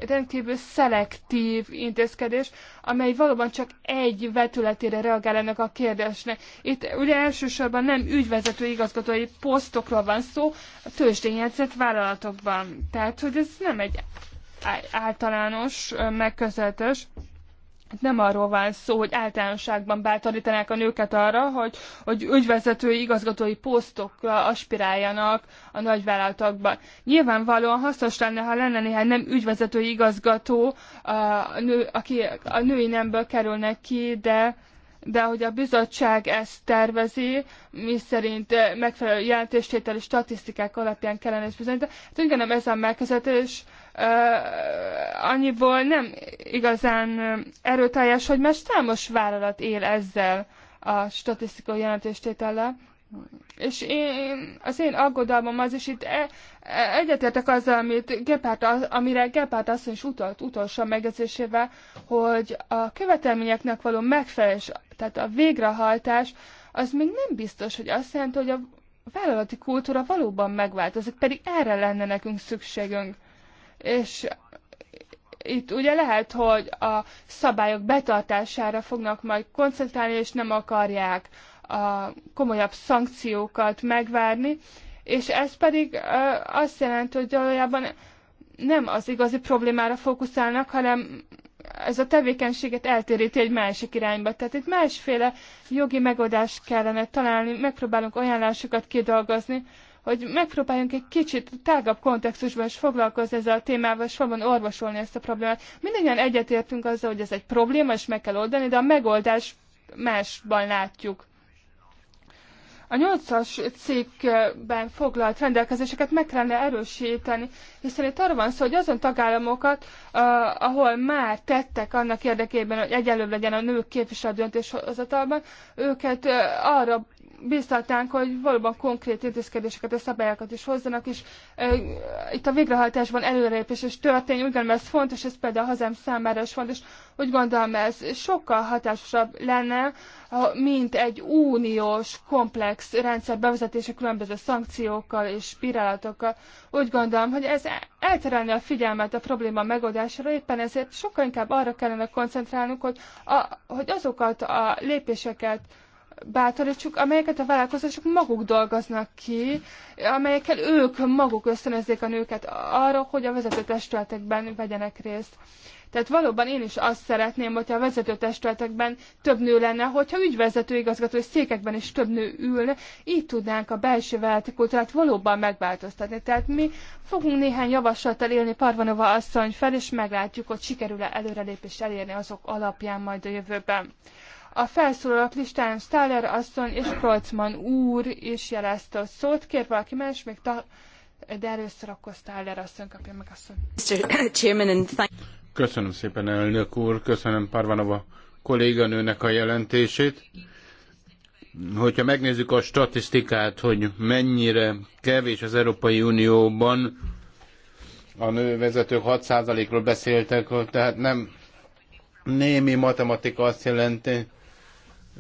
rendkívül szelektív intézkedés, amely valóban csak egy vetületére reagál ennek a kérdésnek. Itt ugye elsősorban nem ügyvezető igazgatói posztokról van szó, a tőzsdényedzett vállalatokban. Tehát, hogy ez nem egy általános megközelítés nem arról van szó, hogy általánosságban bátorítanák a nőket arra, hogy, hogy ügyvezetői, igazgatói posztokra aspiráljanak a nagyvállalatokban. Nyilvánvalóan hasznos lenne, ha lenne néhány nem ügyvezetői igazgató, a nő, aki a női nemből kerülnek ki, de de hogy a bizottság ezt tervezi, mi szerint eh, megfelelő jelentéstételi statisztikák alapján kellene ezt bizonyítani. Hát igen, nem ez a megközelítés, annyiból nem igazán erőteljes, hogy mert számos vállalat él ezzel a statisztikai jelentéstétele. És én, az én aggodalmam az, és itt e, e, egyetértek azzal, amit Gepárt, amire Gepárt asszony is utalt utolsó megjegyzésével, hogy a követelményeknek való megfelelés, tehát a végrehajtás, az még nem biztos, hogy azt jelenti, hogy a vállalati kultúra valóban megváltozik, pedig erre lenne nekünk szükségünk és itt ugye lehet, hogy a szabályok betartására fognak majd koncentrálni, és nem akarják a komolyabb szankciókat megvárni, és ez pedig azt jelenti, hogy valójában nem az igazi problémára fókuszálnak, hanem ez a tevékenységet eltéríti egy másik irányba. Tehát itt másféle jogi megoldást kellene találni, megpróbálunk ajánlásokat kidolgozni, hogy megpróbáljunk egy kicsit tágabb kontextusban is foglalkozni ezzel a témával, és valóban orvosolni ezt a problémát. Mindannyian egyetértünk azzal, hogy ez egy probléma, és meg kell oldani, de a megoldás másban látjuk. A nyolcas cikkben foglalt rendelkezéseket meg kellene erősíteni, hiszen itt arra van szó, hogy azon tagállamokat, uh, ahol már tettek annak érdekében, hogy egyenlőbb legyen a nők képviselő döntéshozatalban, őket uh, arra bíztatnánk, hogy valóban konkrét intézkedéseket és szabályokat is hozzanak, és e, itt a végrehajtásban előrelépés és történjen, úgy gondolom ez fontos, ez például a hazám számára is fontos, úgy gondolom ez sokkal hatásosabb lenne, mint egy uniós, komplex rendszer bevezetése különböző szankciókkal és bírálatokkal. Úgy gondolom, hogy ez elterelni a figyelmet a probléma megoldására, éppen ezért sokkal inkább arra kellene koncentrálnunk, hogy, a, hogy azokat a lépéseket, bátorítsuk, amelyeket a vállalkozások maguk dolgoznak ki, amelyekkel ők maguk ösztönözzék a nőket arra, hogy a vezető testületekben vegyenek részt. Tehát valóban én is azt szeretném, hogyha a vezető testületekben több nő lenne, hogyha ügyvezető és székekben is több nő ülne, így tudnánk a belső vállalati valóban megváltoztatni. Tehát mi fogunk néhány javaslattal élni Parvanova asszony fel, és meglátjuk, hogy sikerül-e előrelépés elérni azok alapján majd a jövőben. A felszólalók listán Stáler asszony és Kolcman úr is jelezte a szót. Kér valaki más, még ta... de először akkor Stáler asszony kapja meg a szót. Köszönöm szépen, elnök úr, köszönöm Parvanova kolléganőnek a jelentését. Hogyha megnézzük a statisztikát, hogy mennyire kevés az Európai Unióban a nővezetők 6%-ról beszéltek, tehát nem némi matematika azt jelenti,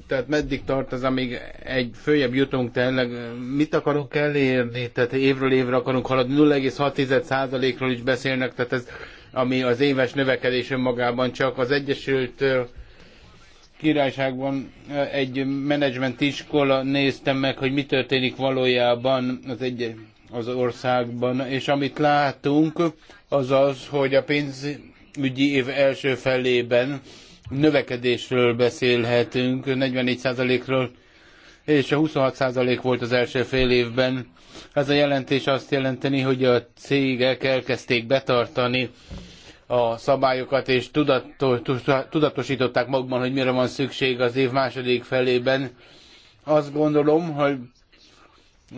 tehát meddig tart az, amíg egy följebb jutunk tényleg, mit akarunk elérni? Tehát évről évre akarunk haladni, 0,6%-ról is beszélnek, tehát ez, ami az éves növekedés önmagában csak az Egyesült Királyságban eh, egy menedzsment iskola néztem meg, hogy mi történik valójában az egy, az országban, és amit látunk, az az, hogy a pénzügyi év első felében növekedésről beszélhetünk, 44%-ról, és a 26% volt az első fél évben. Ez a jelentés azt jelenteni, hogy a cégek elkezdték betartani a szabályokat, és tudatosították magukban, hogy mire van szükség az év második felében. Azt gondolom, hogy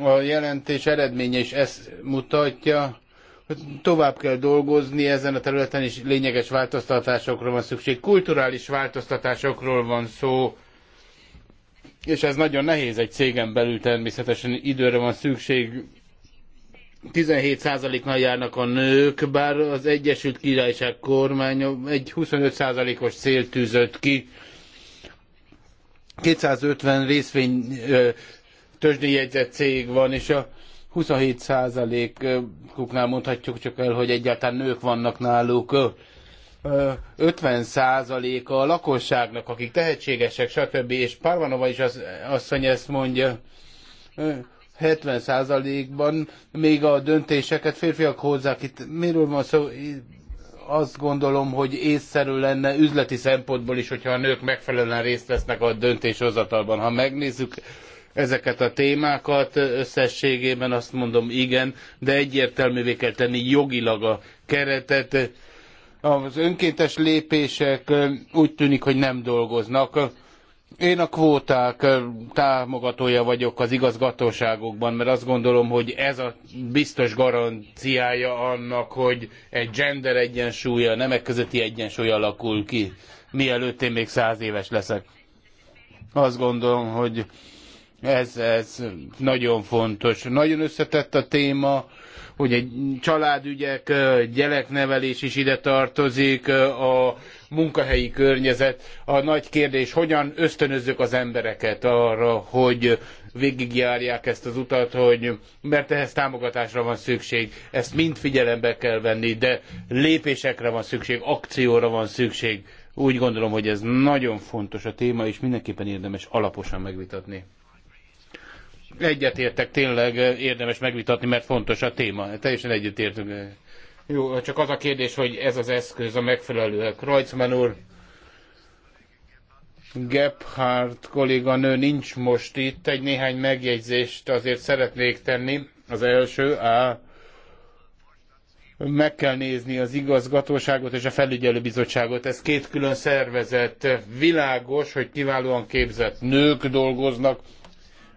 a jelentés eredménye is ezt mutatja, tovább kell dolgozni ezen a területen, és lényeges változtatásokról van szükség. Kulturális változtatásokról van szó, és ez nagyon nehéz egy cégen belül természetesen időre van szükség. 17%-nál járnak a nők, bár az Egyesült Királyság kormánya egy 25%-os cél tűzött ki. 250 részvény tőzsdéjegyzett cég van, és a 27%-uknál mondhatjuk csak el, hogy egyáltalán nők vannak náluk. 50% a lakosságnak, akik tehetségesek, stb. És Parvanova is az, asszony ezt mondja, 70%-ban még a döntéseket férfiak hozzák. Itt miről van szó? Azt gondolom, hogy észszerű lenne üzleti szempontból is, hogyha a nők megfelelően részt vesznek a döntéshozatalban. Ha megnézzük ezeket a témákat. Összességében azt mondom igen, de egyértelművé kell tenni jogilag a keretet. Az önkéntes lépések úgy tűnik, hogy nem dolgoznak. Én a kvóták támogatója vagyok az igazgatóságokban, mert azt gondolom, hogy ez a biztos garanciája annak, hogy egy gender egyensúlya, nemek közötti egyensúly alakul ki, mielőtt én még száz éves leszek. Azt gondolom, hogy ez, ez nagyon fontos. Nagyon összetett a téma, hogy egy családügyek, gyereknevelés is ide tartozik, a munkahelyi környezet. A nagy kérdés, hogyan ösztönözzük az embereket arra, hogy végigjárják ezt az utat, hogy, mert ehhez támogatásra van szükség, ezt mind figyelembe kell venni, de lépésekre van szükség, akcióra van szükség. Úgy gondolom, hogy ez nagyon fontos a téma, és mindenképpen érdemes alaposan megvitatni. Egyetértek, tényleg eh, érdemes megvitatni, mert fontos a téma. Teljesen egyetértünk. Jó, csak az a kérdés, hogy ez az eszköz a megfelelő. Kreutzmann úr, Gebhardt kolléganő nincs most itt, egy néhány megjegyzést azért szeretnék tenni. Az első, a, meg kell nézni az igazgatóságot és a felügyelőbizottságot. Ez két külön szervezet. Világos, hogy kiválóan képzett nők dolgoznak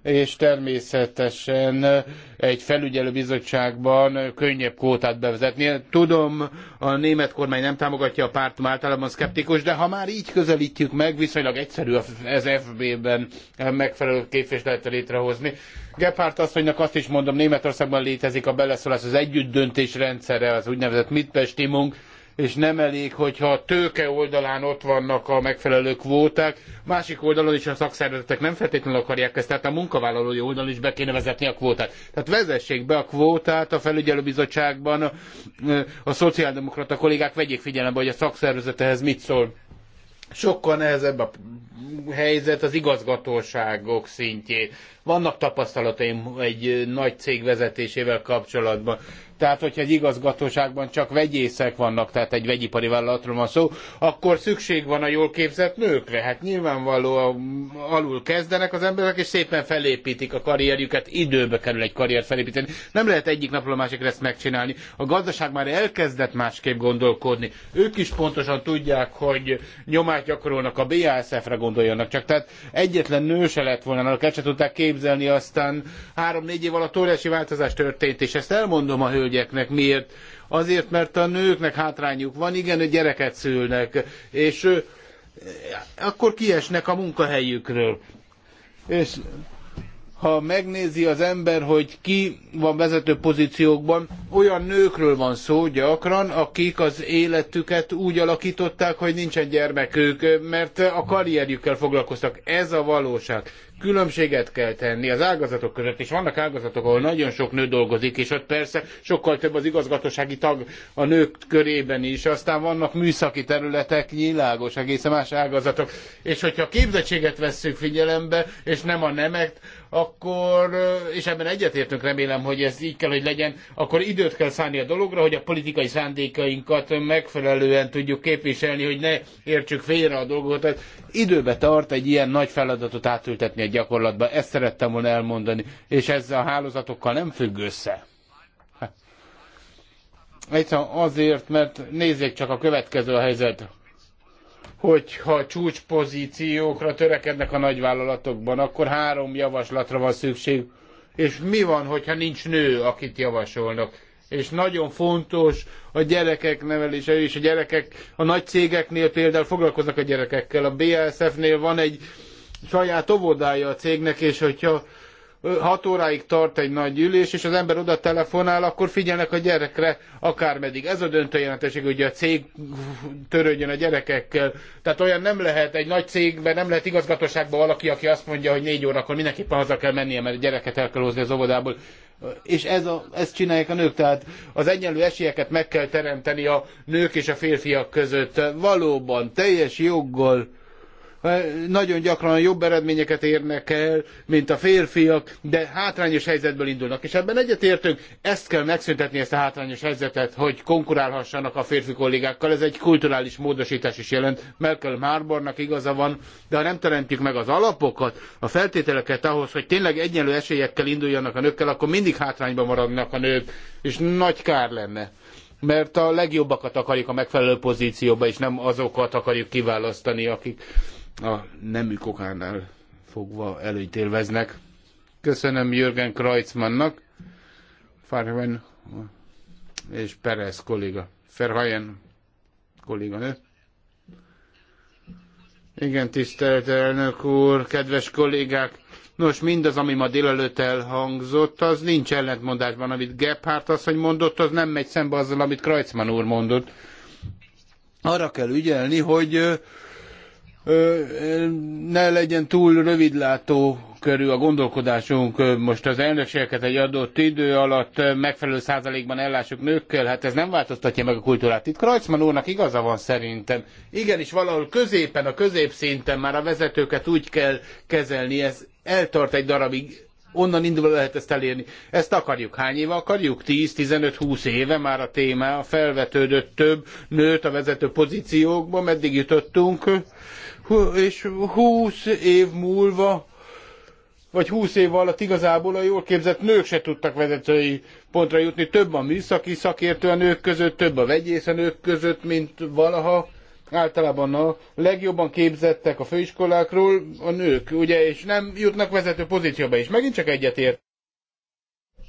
és természetesen egy felügyelőbizottságban könnyebb kvótát bevezetni. Tudom, a német kormány nem támogatja a pártom általában szkeptikus, de ha már így közelítjük meg, viszonylag egyszerű az FB-ben megfelelő képviseletet létrehozni. Gephardt asszonynak azt is mondom, Németországban létezik a beleszólás, az együttdöntés rendszere, az úgynevezett Mitbestimmung, és nem elég, hogyha a tőke oldalán ott vannak a megfelelő kvóták, másik oldalon is a szakszervezetek nem feltétlenül akarják ezt, tehát a munkavállalói oldalon is be kéne vezetni a kvótát. Tehát vezessék be a kvótát a felügyelőbizottságban, a, a szociáldemokrata kollégák vegyék figyelembe, hogy a szakszervezet ehhez mit szól. Sokkal nehezebb a helyzet az igazgatóságok szintjén. Vannak tapasztalataim egy nagy cég vezetésével kapcsolatban. Tehát, hogyha egy igazgatóságban csak vegyészek vannak, tehát egy vegyipari vállalatról van szó, akkor szükség van a jól képzett nőkre. Hát nyilvánvalóan alul kezdenek az emberek, és szépen felépítik a karrierjüket, időbe kerül egy karrier felépíteni. Nem lehet egyik napról a másikra ezt megcsinálni. A gazdaság már elkezdett másképp gondolkodni. Ők is pontosan tudják, hogy nyomást gyakorolnak a BASF-re gondoljanak csak. Tehát egyetlen nő se lett volna, akik el se tudták képzelni, aztán három-négy év alatt óriási változás történt, és ezt elmondom a hő hölgyeknek. Miért? Azért, mert a nőknek hátrányuk van, igen, a gyereket szülnek, és akkor kiesnek a munkahelyükről. És ha megnézi az ember, hogy ki van vezető pozíciókban, olyan nőkről van szó gyakran, akik az életüket úgy alakították, hogy nincsen gyermekük, mert a karrierjükkel foglalkoztak. Ez a valóság. Különbséget kell tenni az ágazatok között, és vannak ágazatok, ahol nagyon sok nő dolgozik, és ott persze sokkal több az igazgatósági tag a nők körében is, aztán vannak műszaki területek, világos, egészen más ágazatok. És hogyha a képzettséget vesszük figyelembe, és nem a nemet, akkor, és ebben egyetértünk remélem, hogy ez így kell, hogy legyen, akkor időt kell szánni a dologra, hogy a politikai szándékainkat megfelelően tudjuk képviselni, hogy ne értsük félre a dolgokat. Tehát időbe tart egy ilyen nagy feladatot átültetni a gyakorlatba. Ezt szerettem volna elmondani, és ez a hálózatokkal nem függ össze. Egyszerűen azért, mert nézzék csak a következő a helyzet hogyha csúcspozíciókra törekednek a nagyvállalatokban, akkor három javaslatra van szükség. És mi van, hogyha nincs nő, akit javasolnak? És nagyon fontos a gyerekek nevelése, és a gyerekek a nagy cégeknél például foglalkoznak a gyerekekkel. A BSF-nél van egy saját óvodája a cégnek, és hogyha hat óráig tart egy nagy ülés, és az ember oda telefonál, akkor figyelnek a gyerekre akármeddig. Ez a döntő jelentőség, hogy a cég törődjön a gyerekekkel. Tehát olyan nem lehet egy nagy cégben, nem lehet igazgatóságban valaki, aki azt mondja, hogy négy órakor mindenképpen haza kell mennie, mert a gyereket el kell hozni az óvodából. És ez a, ezt csinálják a nők, tehát az egyenlő esélyeket meg kell teremteni a nők és a férfiak között. Valóban, teljes joggal nagyon gyakran jobb eredményeket érnek el, mint a férfiak, de hátrányos helyzetből indulnak. És ebben egyetértünk, ezt kell megszüntetni, ezt a hátrányos helyzetet, hogy konkurálhassanak a férfi kollégákkal. Ez egy kulturális módosítás is jelent. Merkel Márbornak igaza van, de ha nem teremtjük meg az alapokat, a feltételeket ahhoz, hogy tényleg egyenlő esélyekkel induljanak a nőkkel, akkor mindig hátrányban maradnak a nők, és nagy kár lenne mert a legjobbakat akarjuk a megfelelő pozícióba, és nem azokat akarjuk kiválasztani, akik a nemű kokánál fogva előnyt élveznek. Köszönöm Jürgen Kreutzmannnak, Farben és Perez kolléga, Ferhajen kolléganő. Igen, tisztelt elnök úr, kedves kollégák! Nos, mindaz, ami ma délelőtt elhangzott, az nincs ellentmondásban, amit Gebhardt hogy mondott, az nem megy szembe azzal, amit Kreutzmann úr mondott. Arra kell ügyelni, hogy ne legyen túl rövidlátó körül a gondolkodásunk. Most az elnökségeket egy adott idő alatt megfelelő százalékban ellássuk nőkkel, hát ez nem változtatja meg a kultúrát. Itt Krajcman úrnak igaza van szerintem. Igenis, valahol középen, a középszinten már a vezetőket úgy kell kezelni, ez eltart egy darabig, onnan indulva lehet ezt elérni. Ezt akarjuk. Hány éve akarjuk? 10-15-20 éve már a téma felvetődött több nőt a vezető pozíciókba, meddig jutottunk és húsz év múlva, vagy húsz év alatt igazából a jól képzett nők se tudtak vezetői pontra jutni. Több a műszaki szakértő a nők között, több a vegyész a nők között, mint valaha. Általában a legjobban képzettek a főiskolákról a nők, ugye, és nem jutnak vezető pozícióba is. Megint csak egyetért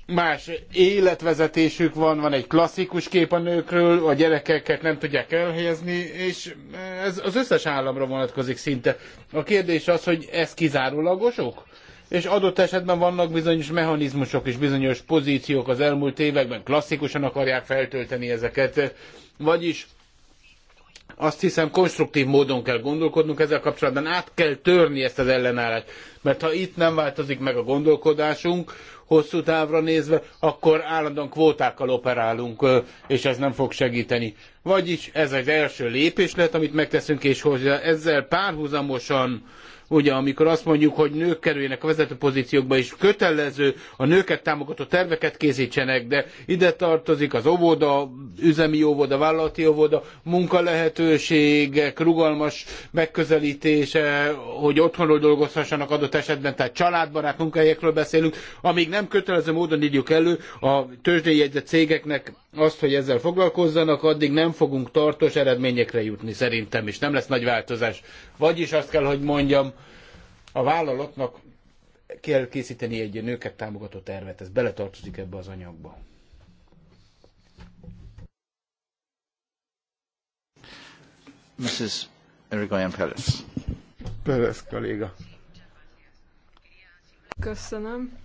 más életvezetésük van, van egy klasszikus kép a nőkről, a gyerekeket nem tudják elhelyezni, és ez az összes államra vonatkozik szinte. A kérdés az, hogy ez kizárólagosok? És adott esetben vannak bizonyos mechanizmusok és bizonyos pozíciók az elmúlt években, klasszikusan akarják feltölteni ezeket. Vagyis azt hiszem konstruktív módon kell gondolkodnunk ezzel kapcsolatban, át kell törni ezt az ellenállást. Mert ha itt nem változik meg a gondolkodásunk, hosszú távra nézve, akkor állandóan kvótákkal operálunk, és ez nem fog segíteni. Vagyis ez az első lépés lehet, amit megteszünk, és hozzá ezzel párhuzamosan Ugye amikor azt mondjuk, hogy nők kerüljenek a vezető pozíciókba, és kötelező a nőket támogató terveket készítsenek, de ide tartozik az óvoda, üzemi óvoda, vállalati óvoda, munkalehetőségek, rugalmas megközelítése, hogy otthonról dolgozhassanak adott esetben, tehát családbarát munkahelyekről beszélünk, amíg nem kötelező módon írjuk elő a tőzsdei jegyzett cégeknek azt, hogy ezzel foglalkozzanak, addig nem fogunk tartós eredményekre jutni szerintem, és nem lesz nagy változás. Vagyis azt kell, hogy mondjam, a vállalatnak kell készíteni egy nőket támogató tervet, ez beletartozik ebbe az anyagba. Mrs. Erigoyan Perez. Perez kolléga. Köszönöm.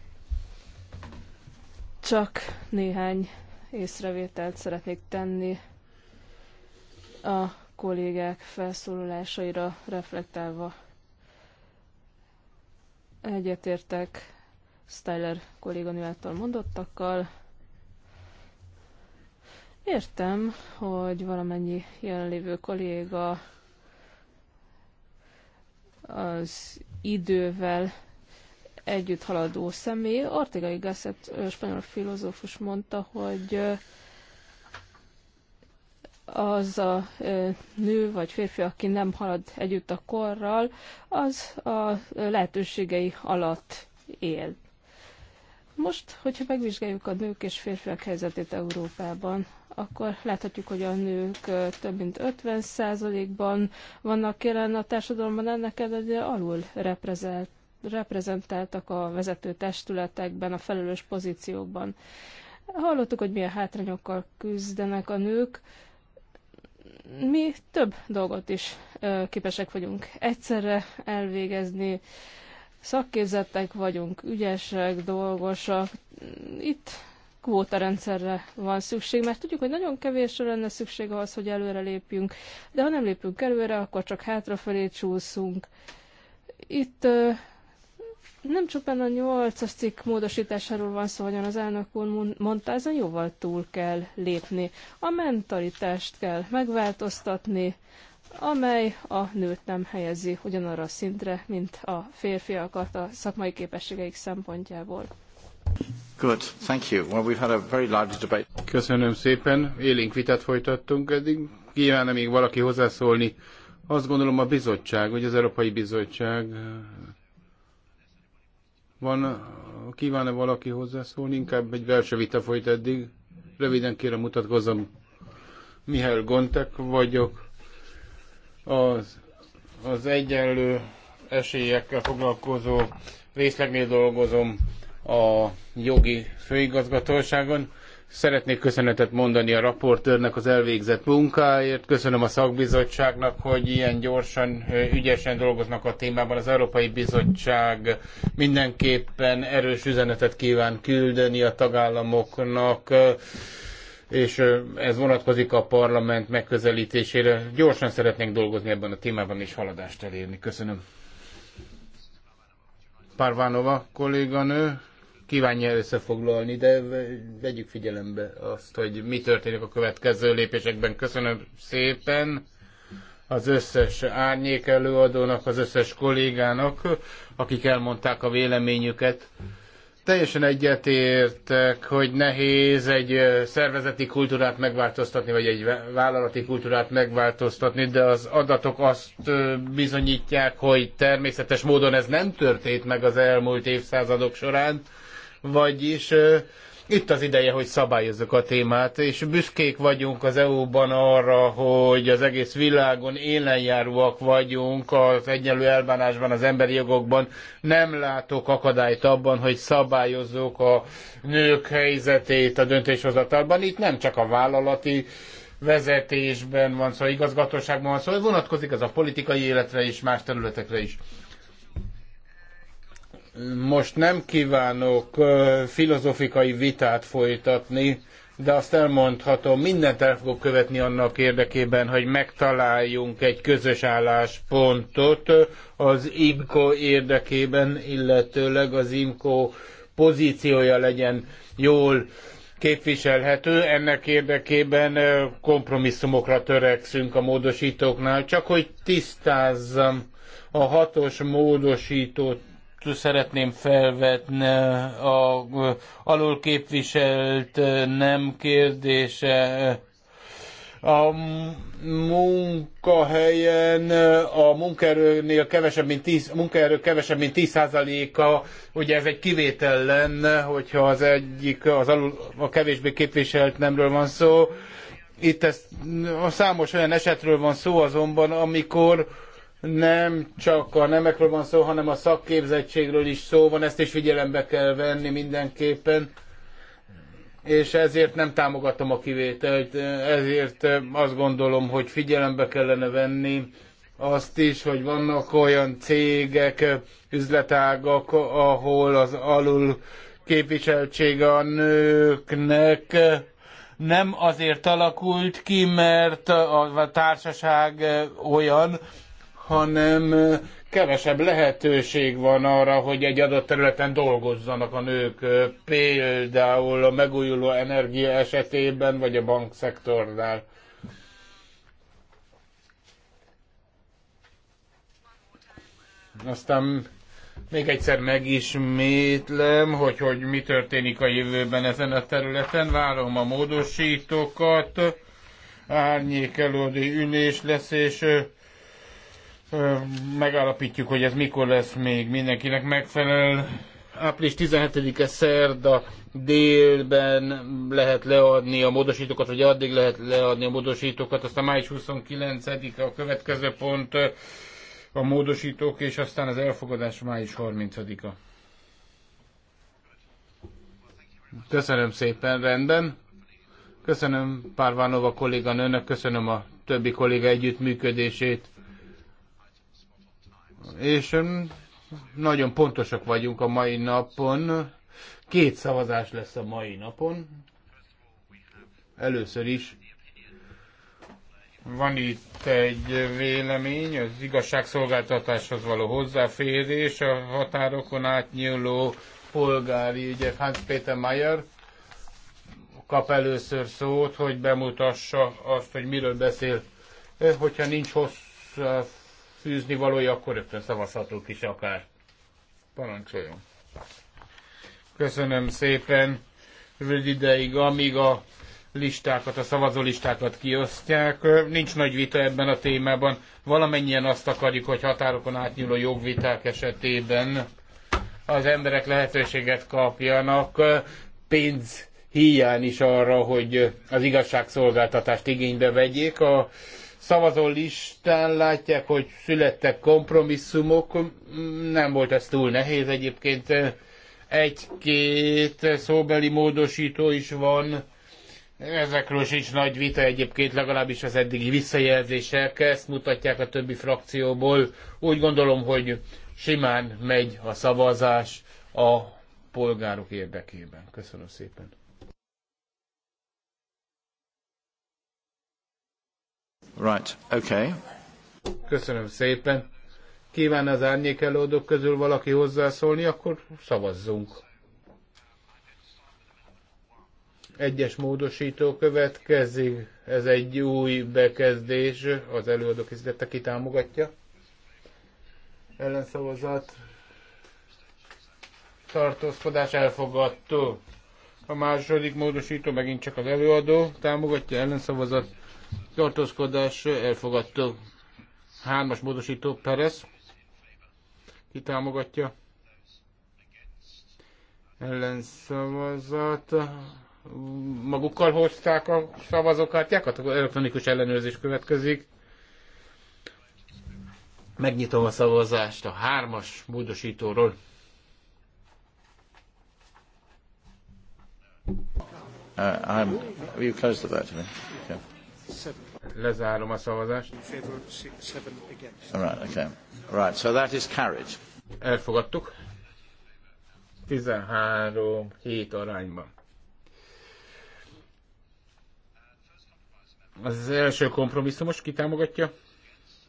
Csak néhány észrevételt szeretnék tenni a kollégák felszólalásaira reflektálva. Egyetértek Styler kolléganő mondottakkal. Értem, hogy valamennyi jelenlévő kolléga az idővel együtt haladó személy. Ortega Gasset spanyol filozófus mondta, hogy az a nő vagy férfi, aki nem halad együtt a korral, az a lehetőségei alatt él. Most, hogyha megvizsgáljuk a nők és férfiak helyzetét Európában, akkor láthatjuk, hogy a nők több mint 50%-ban vannak jelen a társadalomban, ennek ellenére alul reprezentáltak a vezető testületekben, a felelős pozíciókban. Hallottuk, hogy milyen hátrányokkal küzdenek a nők, mi több dolgot is képesek vagyunk egyszerre elvégezni, szakképzettek vagyunk, ügyesek, dolgosak. Itt kvótarendszerre van szükség, mert tudjuk, hogy nagyon kevésre lenne szükség ahhoz, hogy előre lépjünk, de ha nem lépünk előre, akkor csak hátrafelé csúszunk. Itt nem csupán a nyolcas cikk módosításáról van szó, hogyan az elnök úr mondta, ezen jóval túl kell lépni. A mentalitást kell megváltoztatni, amely a nőt nem helyezi ugyanarra a szintre, mint a férfiakat a szakmai képességeik szempontjából. Good, thank you. Well, we've had a very large debate. Köszönöm szépen. Élénk vitát folytattunk eddig. Kívánna még valaki hozzászólni. Azt gondolom a bizottság, vagy az Európai Bizottság van, kíván-e valaki hozzászólni? Inkább egy belső vita folyt eddig. Röviden kérem mutatkozom. Mihály Gontek vagyok. Az, az egyenlő esélyekkel foglalkozó részlegnél dolgozom a jogi főigazgatóságon. Szeretnék köszönetet mondani a raportőrnek az elvégzett munkáért, köszönöm a szakbizottságnak, hogy ilyen gyorsan, ügyesen dolgoznak a témában. Az Európai Bizottság mindenképpen erős üzenetet kíván küldeni a tagállamoknak és ez vonatkozik a parlament megközelítésére. Gyorsan szeretnénk dolgozni ebben a témában és haladást elérni. Köszönöm. Parvánova kolléganő, kívánja összefoglalni, de vegyük figyelembe azt, hogy mi történik a következő lépésekben. Köszönöm szépen az összes árnyék előadónak, az összes kollégának, akik elmondták a véleményüket. Teljesen egyetértek, hogy nehéz egy szervezeti kultúrát megváltoztatni, vagy egy vállalati kultúrát megváltoztatni, de az adatok azt bizonyítják, hogy természetes módon ez nem történt meg az elmúlt évszázadok során vagyis itt az ideje, hogy szabályozzuk a témát, és büszkék vagyunk az EU-ban arra, hogy az egész világon élenjáróak vagyunk az egyenlő elbánásban, az emberi jogokban. Nem látok akadályt abban, hogy szabályozzuk a nők helyzetét a döntéshozatalban. Itt nem csak a vállalati vezetésben van szó, igazgatóságban van szó, vonatkozik ez a politikai életre és más területekre is. Most nem kívánok filozofikai vitát folytatni, de azt elmondhatom, mindent el fogok követni annak érdekében, hogy megtaláljunk egy közös álláspontot az IMCO érdekében, illetőleg az IMCO pozíciója legyen jól képviselhető. Ennek érdekében kompromisszumokra törekszünk a módosítóknál. Csak hogy tisztázzam, a hatos módosítót szeretném felvetni a alul képviselt nem kérdése. A munkahelyen a munkaerőnél kevesebb, mint 10, munkaerő kevesebb, mint 10%-a, ugye ez egy kivétel lenne, hogyha az egyik, az alul, a kevésbé képviselt nemről van szó. Itt ez, a számos olyan esetről van szó azonban, amikor nem csak a nemekről van szó, hanem a szakképzettségről is szó van, ezt is figyelembe kell venni mindenképpen, és ezért nem támogatom a kivételt, ezért azt gondolom, hogy figyelembe kellene venni azt is, hogy vannak olyan cégek, üzletágak, ahol az alul képviseltsége a nőknek nem azért alakult ki, mert a társaság olyan, hanem kevesebb lehetőség van arra, hogy egy adott területen dolgozzanak a nők, például a megújuló energia esetében, vagy a bankszektornál. Aztán még egyszer megismétlem, hogy, hogy mi történik a jövőben ezen a területen. Várom a módosítókat. Árnyék elődi ülés lesz, és megállapítjuk, hogy ez mikor lesz még mindenkinek megfelel. Április 17-e szerda délben lehet leadni a módosítókat, vagy addig lehet leadni a módosítókat, aztán május 29-e a következő pont a módosítók, és aztán az elfogadás május 30-a. Köszönöm szépen, rendben. Köszönöm Párvánova kolléganőnek, köszönöm a többi kolléga együttműködését és nagyon pontosak vagyunk a mai napon. Két szavazás lesz a mai napon. Először is van itt egy vélemény, az igazságszolgáltatáshoz való hozzáférés, a határokon átnyúló polgári ügyek. Hans Peter Mayer kap először szót, hogy bemutassa azt, hogy miről beszél. Hogyha nincs hossz fűzni valója, akkor rögtön szavazhatók is akár. Parancsoljon. Köszönöm szépen. Rövid ideig, amíg a listákat, a szavazólistákat kiosztják. Nincs nagy vita ebben a témában. Valamennyien azt akarjuk, hogy határokon átnyúló jogviták esetében az emberek lehetőséget kapjanak pénz hiány is arra, hogy az igazságszolgáltatást igénybe vegyék. A szavazó listán látják, hogy születtek kompromisszumok, nem volt ez túl nehéz egyébként, egy-két szóbeli módosító is van, ezekről sincs nagy vita egyébként, legalábbis az eddigi visszajelzések ezt mutatják a többi frakcióból. Úgy gondolom, hogy simán megy a szavazás a polgárok érdekében. Köszönöm szépen. Right, okay. Köszönöm szépen. Kíván az árnyék előadók közül valaki hozzászólni, akkor szavazzunk. Egyes módosító következik. Ez egy új bekezdés. Az előadó készítette, ki támogatja. Ellenszavazat. Tartózkodás elfogadtó. A második módosító megint csak az előadó támogatja ellenszavazat tartózkodás elfogadta. Hármas módosító Perez. Ki támogatja? Ellenszavazat. Magukkal hozták a szavazókártyákat? Akkor elektronikus ellenőrzés következik. Megnyitom a szavazást a hármas módosítóról. Uh, I'm, will you close the vote? Lezárom a szavazást. Right, okay. Right, so that is carried. Elfogadtuk. 13 hét arányban. Az első kompromisszumos kitámogatja?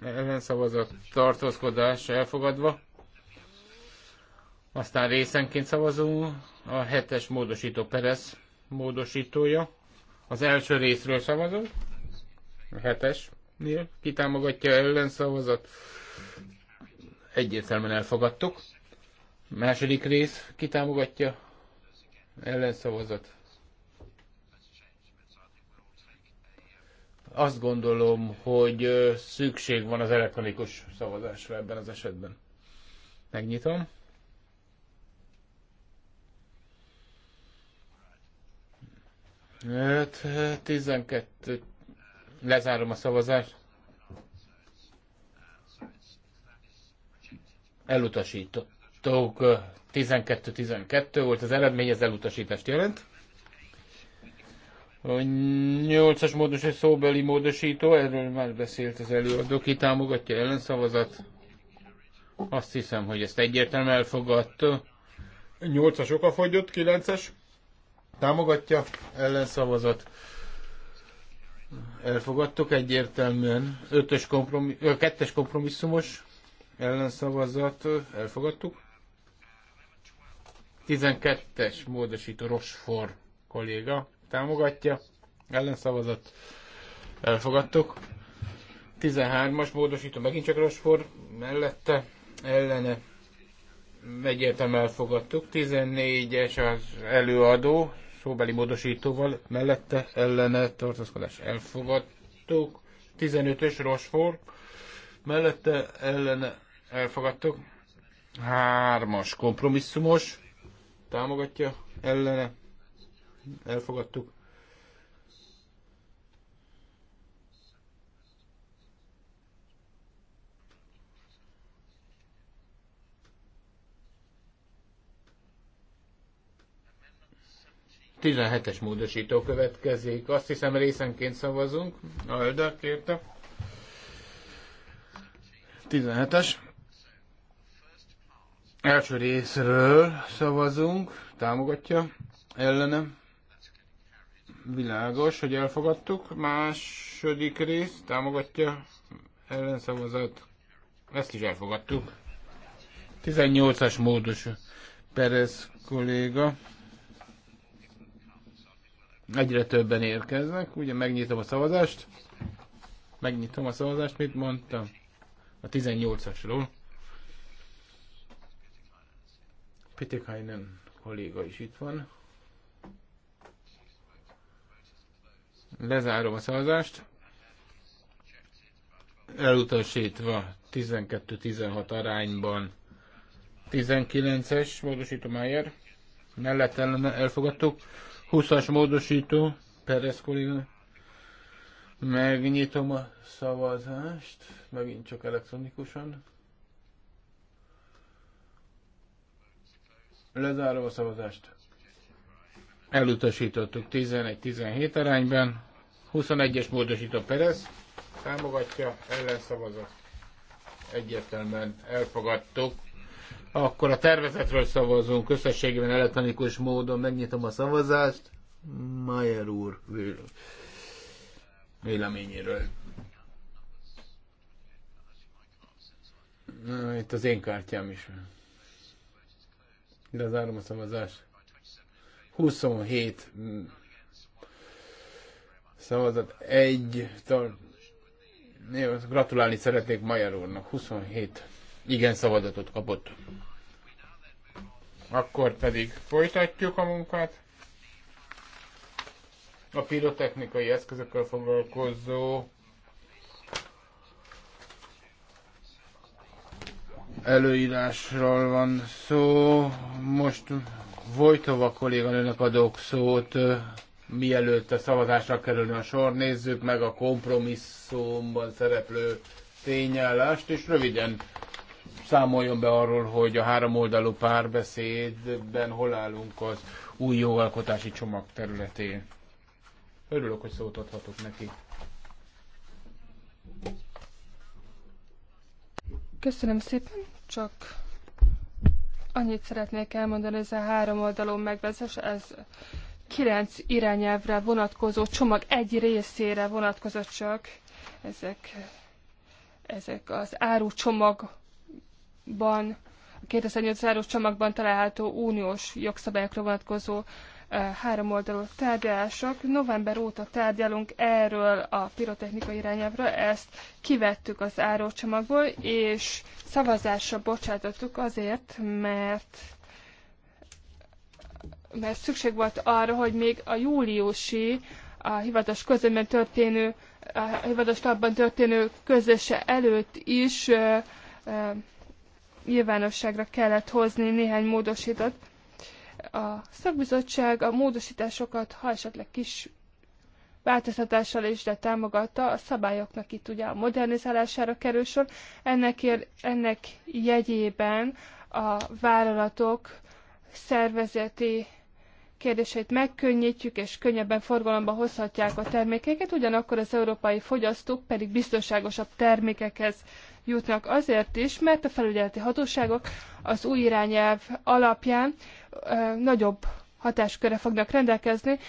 Ellenszavazat, tartózkodás elfogadva. Aztán részenként szavazunk. A hetes módosító Perez módosítója. Az első részről szavazunk. A hetesnél kitámogatja ellenszavazat. Egyértelműen elfogadtuk. Második rész kitámogatja ellenszavazat. Azt gondolom, hogy szükség van az elektronikus szavazásra ebben az esetben. Megnyitom. Hát 12 Lezárom a szavazást. Elutasítottuk. 12-12 volt az eredmény, ez elutasítást jelent. A nyolcas és szóbeli módosító, erről már beszélt az előadó, ki támogatja ellenszavazat. Azt hiszem, hogy ezt egyértelműen elfogadta. Nyolcas oka fogyott, kilences. támogatja ellenszavazat. Elfogadtuk egyértelműen. Ötös kompromis, ö, kettes kompromisszumos ellenszavazat. Elfogadtuk. 12-es módosító Rosfor kolléga támogatja. Ellenszavazat. Elfogadtuk. 13-as módosító megint csak Rosfor mellette. Ellene egyértelműen elfogadtuk. 14-es az előadó szóbeli módosítóval, mellette ellene tartózkodás elfogadtuk. 15-ös Rosfor, mellette ellene elfogadtuk. Hármas kompromisszumos, támogatja ellene, elfogadtuk. 17-es módosító következik. Azt hiszem részenként szavazunk. Alda kérte. 17-es. Első részről szavazunk. Támogatja. Ellenem. Világos, hogy elfogadtuk. Második rész. Támogatja. Ellenszavazat. Ezt is elfogadtuk. 18-as módos Perez kolléga Egyre többen érkeznek, ugye megnyitom a szavazást. Megnyitom a szavazást, mit mondtam? A 18-asról. Pitikainen kolléga is itt van. Lezárom a szavazást. Elutasítva 12-16 arányban 19-es módosítom Mayer. Mellett ellen elfogadtuk. 20-as módosító, Perez kolléga. Megnyitom a szavazást, megint csak elektronikusan. Lezárom a szavazást. Elutasítottuk 11-17 arányban. 21-es módosító Perez támogatja, ellenszavazat. Egyértelműen elfogadtuk akkor a tervezetről szavazunk összességében elektronikus módon. Megnyitom a szavazást. Mayer úr véleményéről. Itt az én kártyám is. Lezárom a szavazást. 27 szavazat, egy tar... gratulálni szeretnék Mayer úrnak. 27 igen szavazatot kapott. Akkor pedig folytatjuk a munkát. A pirotechnikai eszközökkel foglalkozó előírásról van szó. Most Vojtova kolléganőnek adok szót, mielőtt a szavazásra kerülne a sor, nézzük meg a kompromisszumban szereplő tényállást, és röviden számoljon be arról, hogy a három oldalú párbeszédben hol állunk az új jogalkotási csomag területén. Örülök, hogy szót adhatok neki. Köszönöm szépen, csak annyit szeretnék elmondani, ez a három oldalú megvezetés, ez kilenc irányelvre vonatkozó csomag egy részére vonatkozott csak. Ezek, ezek az árucsomag csomagban, a 2008-as csomagban található uniós jogszabályokra vonatkozó háromoldalú tárgyalások. November óta tárgyalunk erről a pirotechnika irányábra, ezt kivettük az árócsomagból, és szavazásra bocsátottuk azért, mert mert szükség volt arra, hogy még a júliusi a hivatalos közönben történő, a hivatalos történő közöse előtt is nyilvánosságra kellett hozni néhány módosított. A szakbizottság a módosításokat, ha esetleg kis változtatással is, de támogatta, a szabályoknak itt ugye a modernizálására kerül sor. Ennek, ér, ennek jegyében a vállalatok szervezeti kérdéseit megkönnyítjük, és könnyebben forgalomba hozhatják a termékeket, ugyanakkor az európai fogyasztók pedig biztonságosabb termékekhez jutnak azért is, mert a felügyeleti hatóságok az új irányelv alapján nagyobb hatáskörre fognak rendelkezni,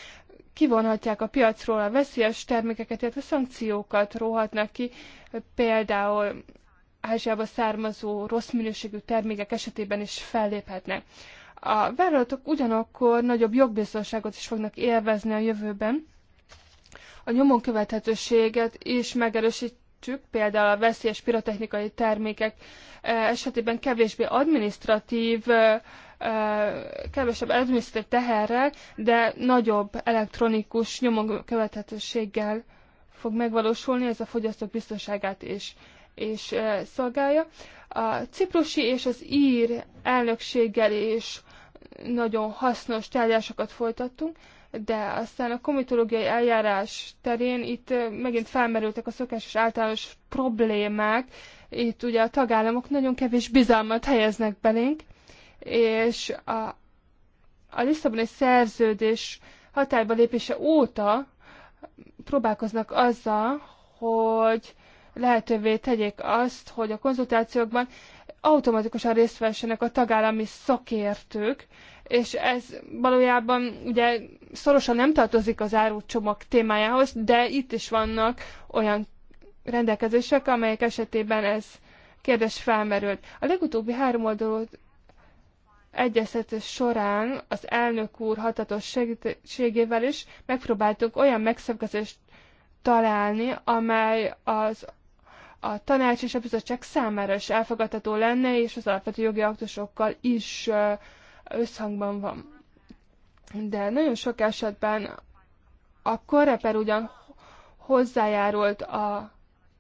kivonhatják a piacról a veszélyes termékeket, illetve szankciókat róhatnak ki, például Ázsiába származó rossz minőségű termékek esetében is felléphetnek. A vállalatok ugyanakkor nagyobb jogbiztonságot is fognak élvezni a jövőben. A nyomon követhetőséget is megerősít, említettük, például a veszélyes pirotechnikai termékek eh, esetében kevésbé administratív, eh, eh, kevesebb administratív teherrel, de nagyobb elektronikus nyomon követhetőséggel fog megvalósulni, ez a fogyasztók biztonságát is és szolgálja. A ciprusi és az ír elnökséggel is nagyon hasznos tárgyásokat folytattunk, de aztán a komitológiai eljárás terén itt megint felmerültek a szokásos általános problémák. Itt ugye a tagállamok nagyon kevés bizalmat helyeznek belénk, és a, a Lisszaboni szerződés hatályba lépése óta próbálkoznak azzal, hogy lehetővé tegyék azt, hogy a konzultációkban automatikusan részt vessenek a tagállami szakértők, és ez valójában ugye szorosan nem tartozik az árucsomag témájához, de itt is vannak olyan rendelkezések, amelyek esetében ez kérdés felmerült. A legutóbbi három oldalú egyeztetés során az elnök úr hatatos segítségével is megpróbáltuk olyan megszabkezést találni, amely az a tanács és a bizottság számára is elfogadható lenne, és az alapvető jogi aktusokkal is uh, összhangban van. De nagyon sok esetben a korreper ugyan hozzájárult a,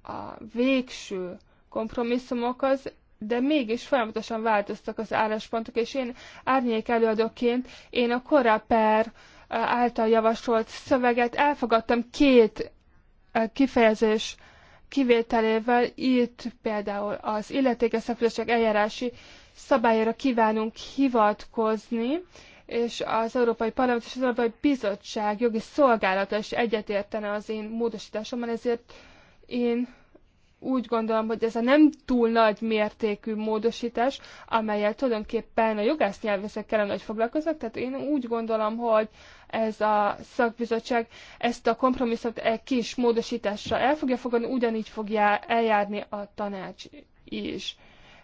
a végső kompromisszumokhoz, de mégis folyamatosan változtak az álláspontok, és én árnyék előadóként én a korreper által javasolt szöveget elfogadtam két kifejezés kivételével, itt például az illetékes szereplőség eljárási szabályára kívánunk hivatkozni, és az Európai Parlament és az Európai Bizottság jogi szolgálata is egyetértene az én módosításommal, ezért én úgy gondolom, hogy ez a nem túl nagy mértékű módosítás, amelyel tulajdonképpen a nyelvészek kellene, hogy foglalkoznak, tehát én úgy gondolom, hogy ez a szakbizottság ezt a kompromisszot egy kis módosítással el fogja fogadni, ugyanígy fogja eljárni a tanács is.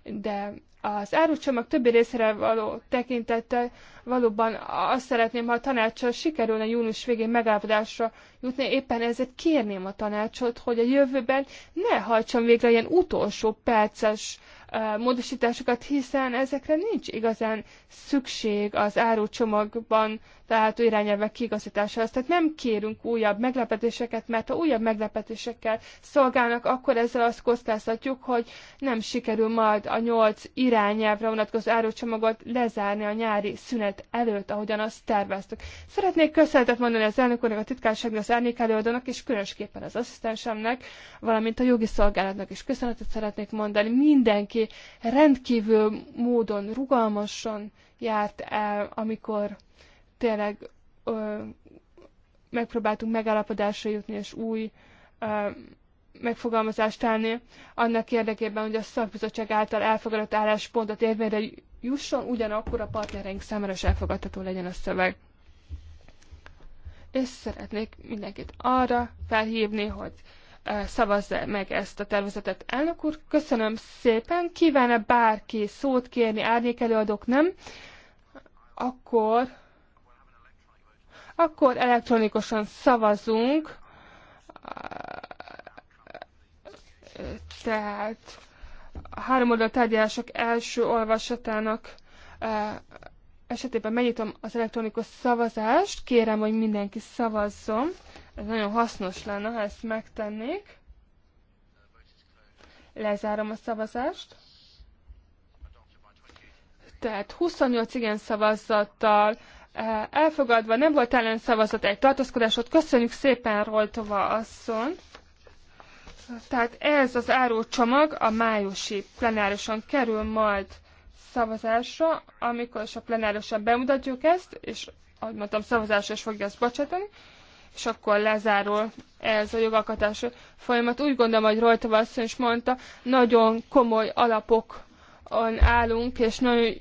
De az árucsomag többi részre való tekintettel valóban azt szeretném, ha a tanácssal sikerülne június végén megállapodásra jutni, éppen ezért kérném a tanácsot, hogy a jövőben ne hajtson végre ilyen utolsó perces uh, módosításokat, hiszen ezekre nincs igazán szükség az árucsomagban található irányelvek kiigazításához. Tehát nem kérünk újabb meglepetéseket, mert ha újabb meglepetésekkel szolgálnak, akkor ezzel azt kockáztatjuk, hogy nem sikerül majd a nyolc irányelvre vonatkozó árucsomagot lezárni a nyári szünet előtt, ahogyan azt terveztük. Szeretnék köszönetet mondani az elnök úrnak, a titkárságnak, az árnyék előadónak, és különösképpen az asszisztensemnek, valamint a jogi szolgálatnak is köszönetet szeretnék mondani mindenki aki rendkívül módon rugalmasan járt el, amikor tényleg ö, megpróbáltunk megállapodásra jutni és új ö, megfogalmazást állni, annak érdekében, hogy a szakbizottság által elfogadott álláspontot érvényre jusson, ugyanakkor a partnereink számára is elfogadható legyen a szöveg. És szeretnék mindenkit arra felhívni, hogy szavazza meg ezt a tervezetet. Elnök úr, köszönöm szépen. Kíván-e bárki szót kérni, árnyék előadók, nem? Akkor, akkor elektronikusan szavazunk. Tehát a oldal tárgyalások első olvasatának eh, esetében megnyitom az elektronikus szavazást. Kérem, hogy mindenki szavazzon. Ez nagyon hasznos lenne, ha ezt megtennék. Lezárom a szavazást. Tehát 28 igen szavazattal eh, elfogadva, nem volt szavazat egy tartózkodásot. Köszönjük szépen, Roltova asszony! Tehát ez az árócsomag a májusi plenárison kerül majd szavazásra, amikor is a plenárisan bemutatjuk ezt, és ahogy mondtam, szavazásra is fogja ezt bocsátani, és akkor lezárul ez a jogalkotási folyamat. Úgy gondolom, hogy Rojtova asszony is mondta, nagyon komoly alapokon állunk, és nagyon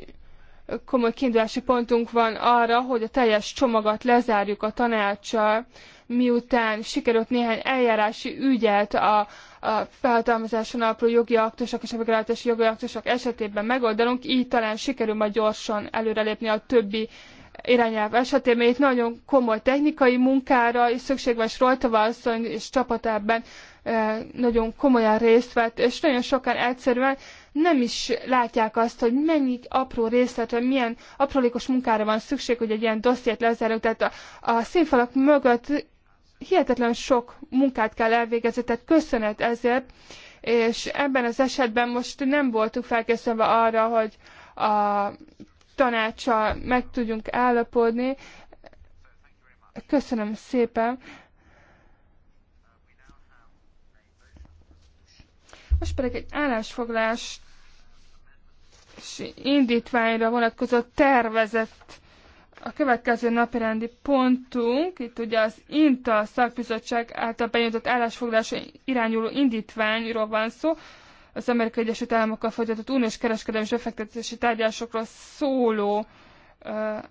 komoly kiindulási pontunk van arra, hogy a teljes csomagot lezárjuk a tanácssal, miután sikerült néhány eljárási ügyet a, a felhatalmazáson alapuló jogi aktusok és a megállítási jogi aktusok esetében megoldanunk, így talán sikerül majd gyorsan előrelépni a többi irányelv esetében itt nagyon komoly technikai munkára is szükség van, és Rojtova asszony és csapatában eh, nagyon komolyan részt vett, és nagyon sokan egyszerűen nem is látják azt, hogy mennyi apró részletre, milyen aprólékos munkára van szükség, hogy egy ilyen dossziét lezárjuk. Tehát a, a színfalak mögött hihetetlen sok munkát kell elvégezni, tehát köszönet ezért, és ebben az esetben most nem voltunk felkészülve arra, hogy a tanácsa meg tudjunk állapodni. Köszönöm szépen. Most pedig egy és indítványra vonatkozó tervezett a következő napirendi pontunk, itt ugye az INTA szakbizottság által benyújtott állásfoglalásra irányuló indítványról van szó, az Amerikai Egyesült Államokkal folytatott uniós kereskedelmi és befektetési tárgyalásokról szóló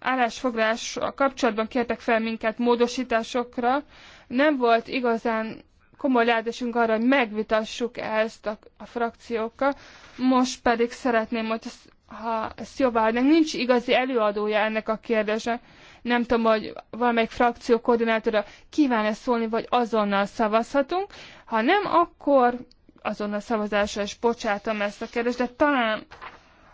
állásfoglás kapcsolatban kértek fel minket módosításokra. Nem volt igazán komoly lehetőségünk arra, hogy megvitassuk ezt a, a frakciókkal. Most pedig szeretném, hogy ezt, ha ezt jobbá adnánk. Nincs igazi előadója ennek a kérdésnek. Nem tudom, hogy valamelyik frakció koordinátora kíván-e szólni, vagy azonnal szavazhatunk. Ha nem, akkor azon a szavazásra is bocsátom ezt a kérdést, de talán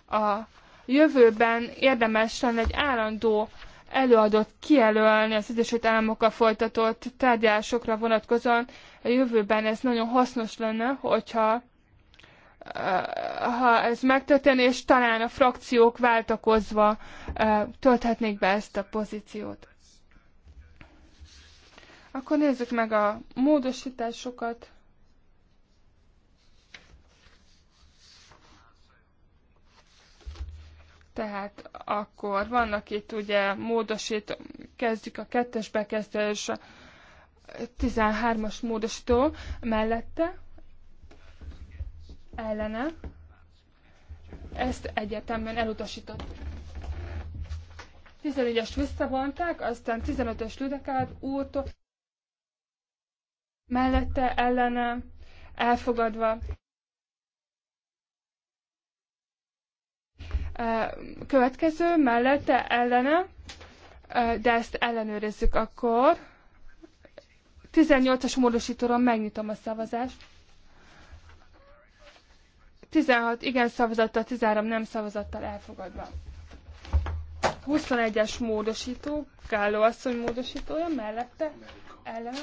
a jövőben érdemes lenne egy állandó előadott kijelölni az Egyesült Államokkal folytatott tárgyalásokra vonatkozóan. A jövőben ez nagyon hasznos lenne, hogyha eh, ha ez megtörténne, és talán a frakciók váltakozva eh, tölthetnék be ezt a pozíciót. Akkor nézzük meg a módosításokat. Tehát akkor vannak itt ugye módosít, kezdjük a kettes bekezdés, 13-as módosító mellette, ellene, ezt egyetemben elutasított 14-est visszavonták, aztán 15 es Lüdekád úrtól mellette, ellene, elfogadva, következő, mellette, ellene, de ezt ellenőrizzük akkor. 18-as módosítóra megnyitom a szavazást. 16 igen szavazattal, 13 nem szavazattal elfogadva. 21-es módosító, Kálló asszony módosítója mellette, ellen,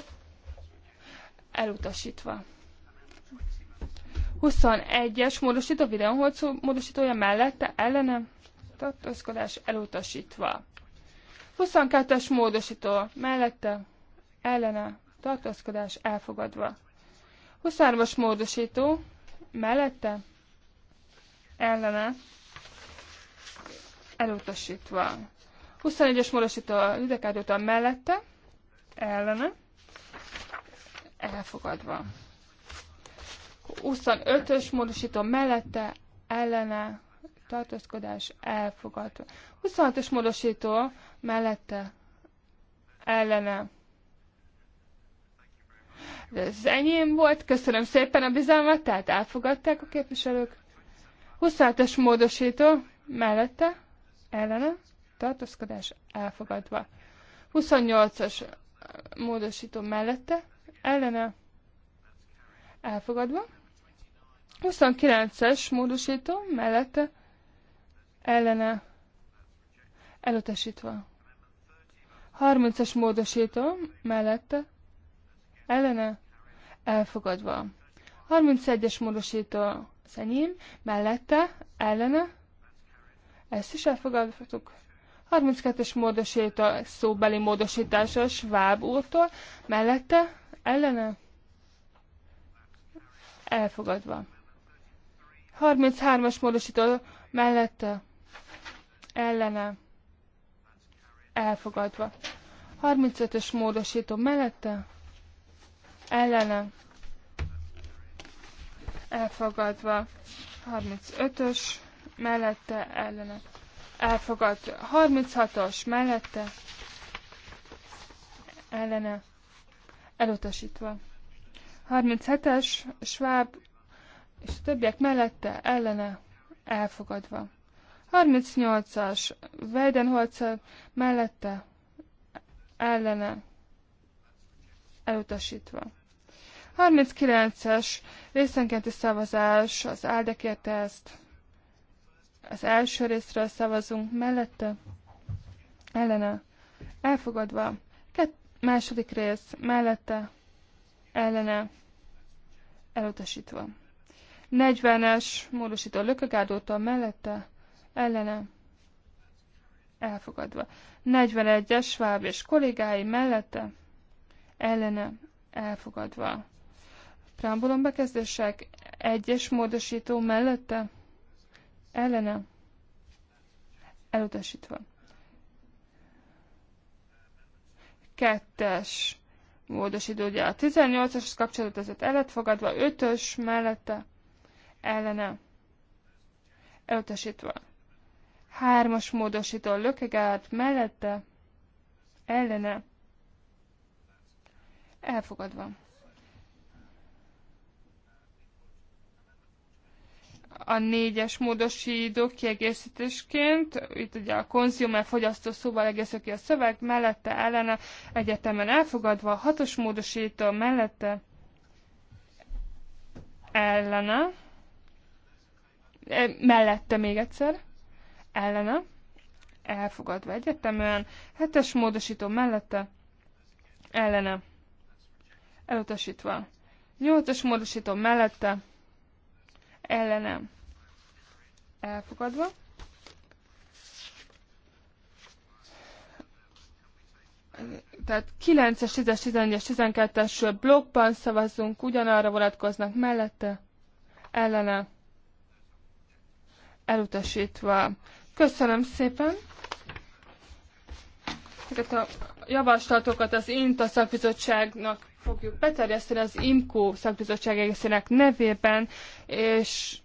elutasítva. 21-es módosító videóholcó módosítója mellette ellene tartózkodás elutasítva. 22-es módosító mellette ellene tartózkodás elfogadva. 23-as módosító mellette ellene elutasítva. 21-es módosító a mellette ellene elfogadva. 25-ös módosító mellette ellene tartózkodás elfogadva. 26 ös módosító mellette ellene. De ez enyém volt, köszönöm szépen a bizalmat, tehát elfogadták a képviselők. 27 ös módosító mellette ellene tartózkodás elfogadva. 28-as módosító mellette ellene elfogadva. 29-es módosító mellette ellene elutasítva. 30 es módosító mellette ellene elfogadva. 31-es módosító az enyém, mellette ellene ezt is elfogadhatok. 32-es módosító szóbeli módosítása Schwab úrtól, mellette ellene elfogadva. 33-as módosító mellette ellene elfogadva. 35-ös módosító mellette ellene elfogadva. 35-ös mellette ellene elfogadva. 36-os mellette ellene elutasítva. 37-es Schwab és a többiek mellette ellene elfogadva. 38-as Weidenholzer mellette ellene elutasítva. 39-es részenkénti szavazás, az áldekért ezt. Az első részről szavazunk mellette, ellene, elfogadva. Kett, második rész mellette, ellene, elutasítva. 40-es módosító lökögárdótól mellette ellene elfogadva. 41-es Schwab és kollégái mellette ellene elfogadva. Preambulum bekezdések 1-es módosító mellette ellene elutasítva. 2-es módosító, ugye a 18-as kapcsolatot ezért elett fogadva, 5-ös mellette ellene elutasítva. Hármas módosító lökegárd mellette ellene elfogadva. A négyes módosító kiegészítésként, itt ugye a consumer fogyasztó szóval egész ki a szöveg, mellette ellene egyetemen elfogadva, a hatos módosító mellette ellene E, mellette még egyszer, ellene, elfogadva egyeteműen, hetes módosító mellette, ellene, elutasítva, nyolcas módosító mellette, ellene, elfogadva, tehát 9-es, 10-es, 11-es, 12-es blokkban szavazzunk, ugyanarra vonatkoznak mellette, ellene, elutasítva. Köszönöm szépen! Ezeket a javaslatokat az INTA szakbizottságnak fogjuk beterjeszteni az IMCO szakbizottság egészének nevében, és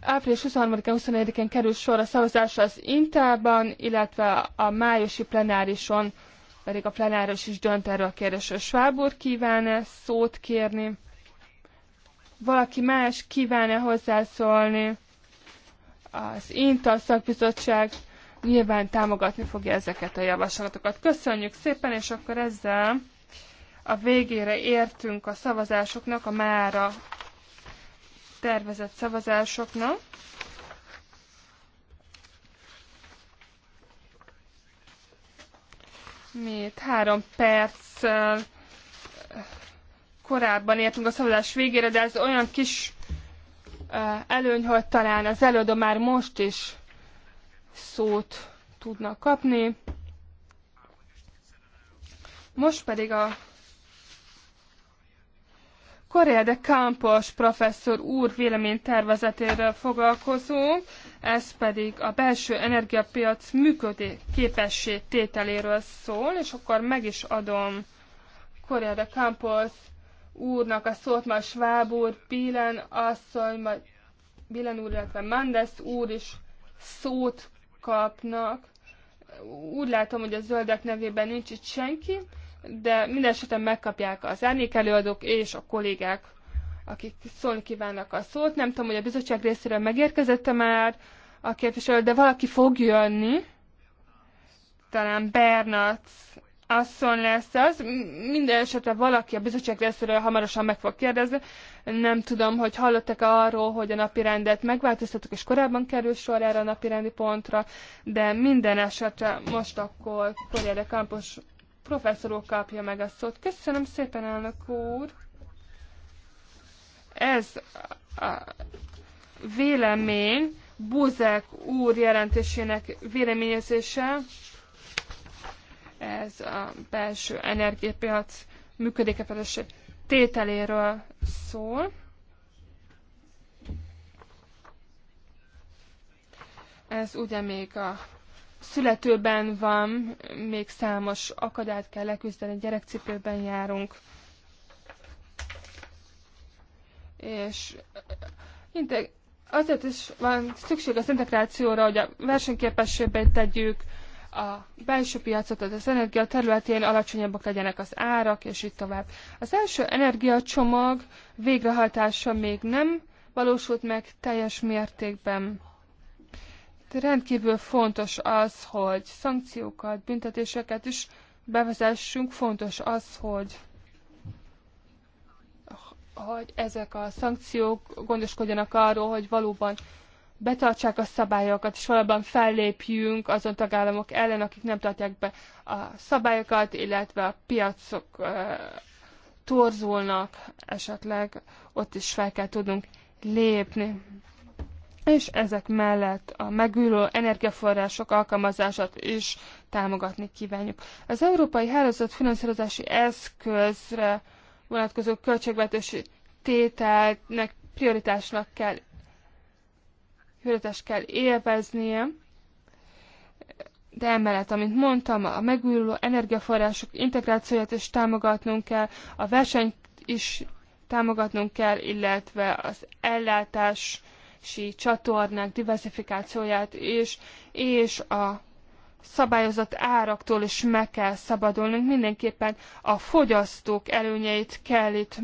április 23-án, 24-én kerül sor a szavazásra az Intában, illetve a májusi plenárison, pedig a plenáris is dönt erről a kérdésre. Svábor kíván-e szót kérni? Valaki más kíván-e hozzászólni? az INTA szakbizottság nyilván támogatni fogja ezeket a javaslatokat. Köszönjük szépen, és akkor ezzel a végére értünk a szavazásoknak, a mára tervezett szavazásoknak. Miért három perccel korábban értünk a szavazás végére, de ez olyan kis előny, hogy talán az előadó már most is szót tudnak kapni. Most pedig a Correa de Campos professzor úr véleménytervezetéről foglalkozunk, ez pedig a belső energiapiac működé képessé tételéről szól, és akkor meg is adom Correa de Campos úrnak a szót, majd Schwab úr, pílen, asszony, majd pílen úr, illetve Mendes úr is szót kapnak. Úgy látom, hogy a zöldek nevében nincs itt senki, de minden esetben megkapják az árnyék előadók és a kollégák, akik szólni kívánnak a szót. Nem tudom, hogy a bizottság részéről megérkezette már a képviselő, de valaki fog jönni. Talán Bernac asszony lesz az Minden esetre valaki a bizottság részéről hamarosan meg fog kérdezni. Nem tudom, hogy hallottak -e arról, hogy a napi rendet megváltoztatok, és korábban kerül sor erre a napi rendi pontra, de minden esetre most akkor Correa Kampos Campos professzor úr kapja meg a szót. Köszönöm szépen, elnök úr! Ez a vélemény Buzek úr jelentésének véleményezése, ez a belső energiapiac működékepedési tételéről szól. Ez ugye még a születőben van, még számos akadályt kell leküzdeni, gyerekcipőben járunk. És azért is van szükség az integrációra, hogy a versenyképessébbé tegyük, a belső piacot, az, az energia területén alacsonyabbak legyenek az árak, és így tovább. Az első energiacsomag végrehajtása még nem valósult meg teljes mértékben. De rendkívül fontos az, hogy szankciókat, büntetéseket is bevezessünk. Fontos az, hogy hogy ezek a szankciók gondoskodjanak arról, hogy valóban betartsák a szabályokat, és valóban fellépjünk azon tagállamok ellen, akik nem tartják be a szabályokat, illetve a piacok e, torzulnak esetleg, ott is fel kell tudnunk lépni. És ezek mellett a megújuló energiaforrások alkalmazását is támogatni kívánjuk. Az Európai Hálózat finanszírozási eszközre vonatkozó költségvetési tételnek prioritásnak kell hűletes kell élveznie, de emellett, amint mondtam, a megújuló energiaforrások integrációját is támogatnunk kell, a versenyt is támogatnunk kell, illetve az ellátási csatornák diversifikációját is, és a szabályozott áraktól is meg kell szabadulnunk. Mindenképpen a fogyasztók előnyeit kell itt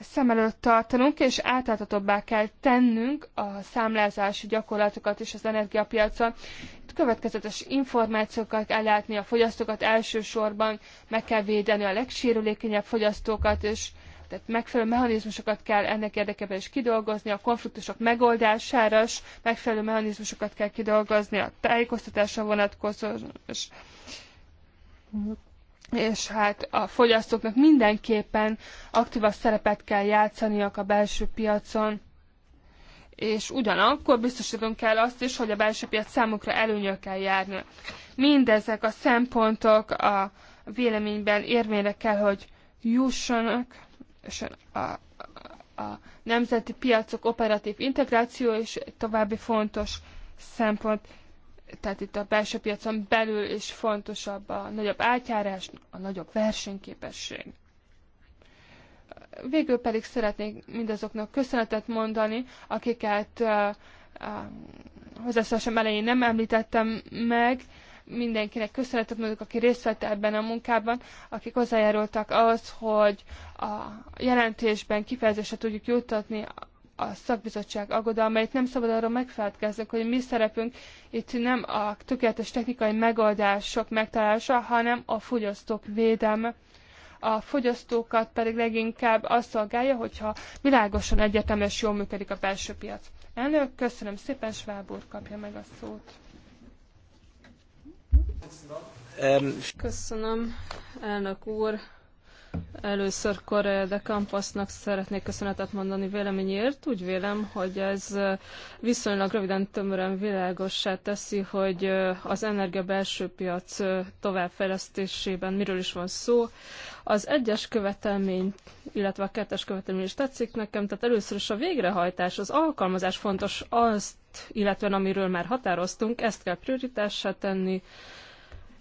szem előtt tartanunk, és átláthatóbbá kell tennünk a számlázási gyakorlatokat és az energiapiacon. Itt következetes információkat kell látni a fogyasztókat, elsősorban meg kell védeni a legsérülékenyebb fogyasztókat, és tehát megfelelő mechanizmusokat kell ennek érdekében is kidolgozni, a konfliktusok megoldására is megfelelő mechanizmusokat kell kidolgozni, a tájékoztatásra vonatkozó és és hát a fogyasztóknak mindenképpen aktívabb szerepet kell játszaniak a belső piacon, és ugyanakkor biztosítunk kell azt is, hogy a belső piac számukra kell járni. Mindezek a szempontok a véleményben érvényre kell, hogy jussanak, és a, a, a nemzeti piacok operatív integráció is további fontos szempont tehát itt a belső piacon belül is fontosabb a nagyobb átjárás, a nagyobb versenyképesség. Végül pedig szeretnék mindazoknak köszönetet mondani, akiket uh, uh, hozzászólásom elején nem említettem meg, mindenkinek köszönetet mondok, aki részt vett ebben a munkában, akik hozzájárultak az, hogy a jelentésben kifejezésre tudjuk juttatni a szakbizottság aggodalmait. Nem szabad arról megfelelkeznünk, hogy mi szerepünk itt nem a tökéletes technikai megoldások megtalálása, hanem a fogyasztók védelme. A fogyasztókat pedig leginkább azt szolgálja, hogyha világosan, egyetemes jól működik a belső piac. Elnök, köszönöm szépen, Schwab úr kapja meg a szót. Köszönöm, elnök úr. Először Korea de Campusnak szeretnék köszönetet mondani véleményért. Úgy vélem, hogy ez viszonylag röviden tömören világossá teszi, hogy az energia belső piac továbbfejlesztésében miről is van szó. Az egyes követelmény, illetve a kettes követelmény is tetszik nekem, tehát először is a végrehajtás, az alkalmazás fontos azt, illetve amiről már határoztunk, ezt kell prioritássá tenni,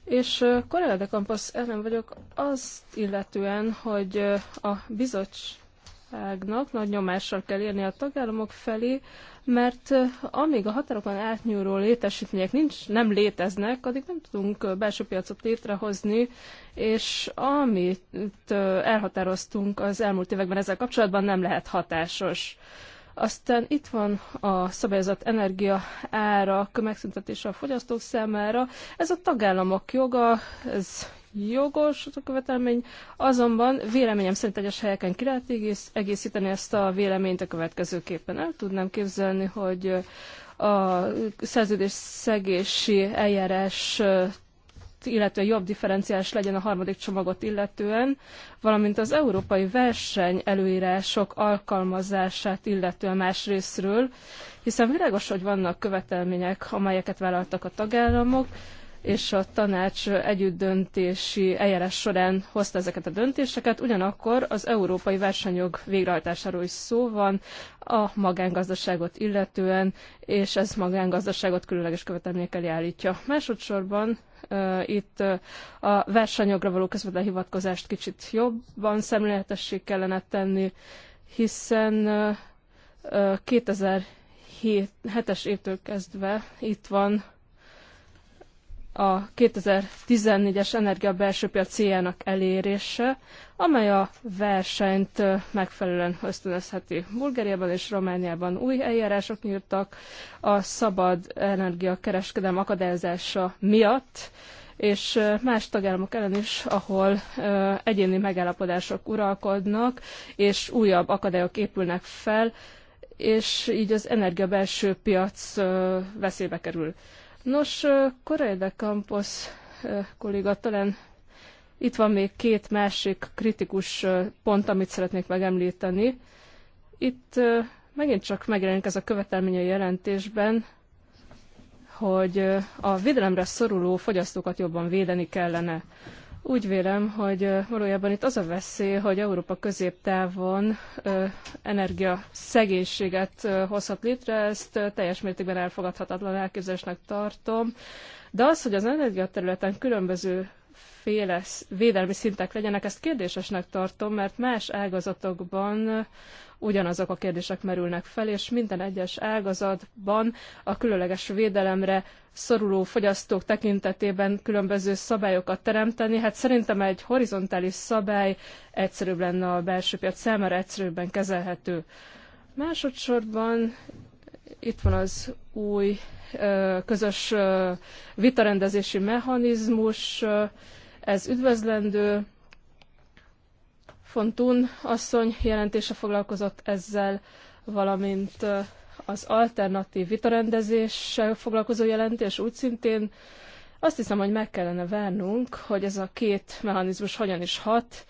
és Corella de Campos ellen vagyok azt illetően, hogy a bizottságnak nagy nyomással kell érni a tagállamok felé, mert amíg a határokon átnyúló létesítmények nincs, nem léteznek, addig nem tudunk belső piacot létrehozni, és amit elhatároztunk az elmúlt években ezzel kapcsolatban nem lehet hatásos. Aztán itt van a szabályozott energia ára megszüntetése a fogyasztók számára. Ez a tagállamok joga, ez jogos a követelmény, azonban véleményem szerint egyes helyeken ki lehet egészíteni ezt a véleményt a következőképpen. El tudnám képzelni, hogy a szerződés szegési eljárás illetve jobb differenciás legyen a harmadik csomagot illetően, valamint az európai verseny előírások alkalmazását illetően más részről, hiszen világos, hogy vannak követelmények, amelyeket vállaltak a tagállamok, és a tanács együttdöntési eljárás során hozta ezeket a döntéseket, ugyanakkor az európai versenyjog végrehajtásáról is szó van a magángazdaságot illetően, és ez magángazdaságot különleges követelményekkel állítja. Másodszorban itt a versenyjogra való közvetlen hivatkozást kicsit jobban szemléletessé kellene tenni, hiszen 2007-es évtől kezdve itt van a 2014-es energia belső piac céljának elérése, amely a versenyt megfelelően ösztönözheti. Bulgáriában és Romániában új eljárások nyíltak a szabad energiakereskedelem akadályozása miatt, és más tagállamok ellen is, ahol egyéni megállapodások uralkodnak, és újabb akadályok épülnek fel, és így az energia belső piac veszélybe kerül. Nos, Koreide Campos kolléga talán itt van még két másik kritikus pont, amit szeretnék megemlíteni. Itt megint csak megjelenik ez a követelmény a jelentésben, hogy a védelemre szoruló fogyasztókat jobban védeni kellene. Úgy vélem, hogy valójában itt az a veszély, hogy Európa középtávon energia szegénységet hozhat létre, ezt teljes mértékben elfogadhatatlan elképzelésnek tartom. De az, hogy az energiaterületen különböző féle védelmi szintek legyenek, ezt kérdésesnek tartom, mert más ágazatokban ugyanazok a kérdések merülnek fel, és minden egyes ágazatban a különleges védelemre szoruló fogyasztók tekintetében különböző szabályokat teremteni. Hát szerintem egy horizontális szabály egyszerűbb lenne a belső piac számára, egyszerűbben kezelhető. Másodszorban itt van az új közös vitarendezési mechanizmus, ez üdvözlendő. Fontún asszony jelentése foglalkozott ezzel, valamint az alternatív vitarendezéssel foglalkozó jelentés úgy szintén azt hiszem, hogy meg kellene várnunk, hogy ez a két mechanizmus hogyan is hat,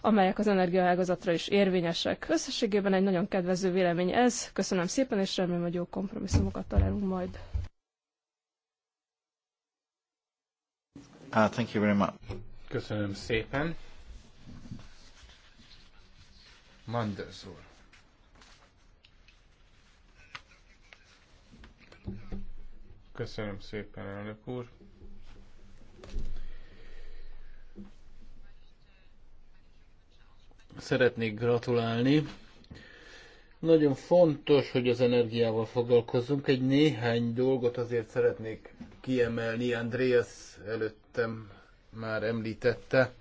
amelyek az energiaágazatra is érvényesek. Összességében egy nagyon kedvező vélemény ez. Köszönöm szépen, és remélem, hogy jó kompromisszumokat találunk majd. Uh, thank you very much. Köszönöm szépen. Manders úr. Köszönöm szépen, elnök úr. Szeretnék gratulálni nagyon fontos, hogy az energiával foglalkozzunk. Egy néhány dolgot azért szeretnék kiemelni. Andreas előttem már említette.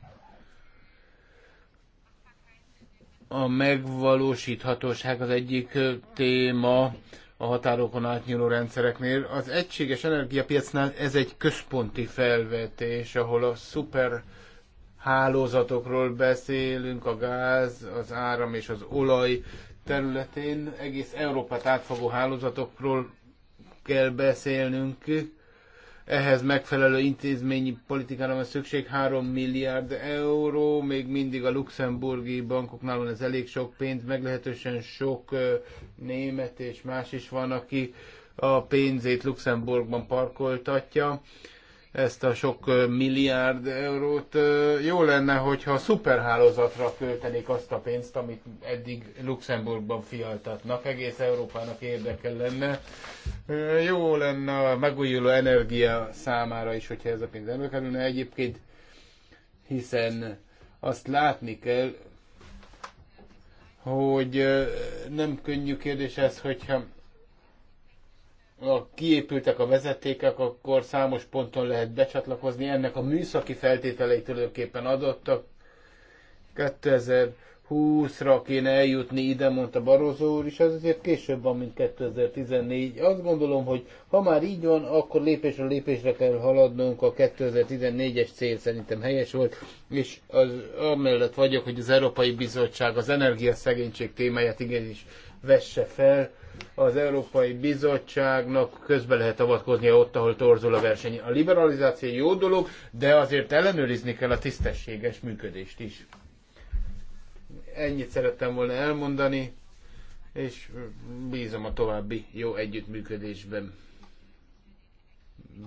A megvalósíthatóság az egyik téma a határokon átnyúló rendszereknél. Az egységes energiapiacnál ez egy központi felvetés, ahol a szuper hálózatokról beszélünk, a gáz, az áram és az olaj területén egész Európát átfogó hálózatokról kell beszélnünk. Ehhez megfelelő intézményi politikára van szükség 3 milliárd euró, még mindig a luxemburgi bankoknál van ez elég sok pénz, meglehetősen sok német és más is van, aki a pénzét Luxemburgban parkoltatja ezt a sok milliárd eurót. Jó lenne, hogyha a szuperhálózatra költenék azt a pénzt, amit eddig Luxemburgban fialtatnak. Egész Európának érdeke lenne. Jó lenne a megújuló energia számára is, hogyha ez a pénz előkerülne. Egyébként hiszen azt látni kell, hogy nem könnyű kérdés ez, hogyha a kiépültek a vezetékek, akkor számos ponton lehet becsatlakozni. Ennek a műszaki feltételei tulajdonképpen adottak. 2020-ra kéne eljutni, ide mondta Barozó úr, és ez azért később van, mint 2014. Azt gondolom, hogy ha már így van, akkor lépésről lépésre kell haladnunk, a 2014-es cél szerintem helyes volt, és az, amellett vagyok, hogy az Európai Bizottság az energiaszegénység témáját igenis vesse fel, az Európai Bizottságnak közbe lehet avatkoznia ott, ahol torzul a verseny. A liberalizáció jó dolog, de azért ellenőrizni kell a tisztességes működést is. Ennyit szerettem volna elmondani, és bízom a további jó együttműködésben.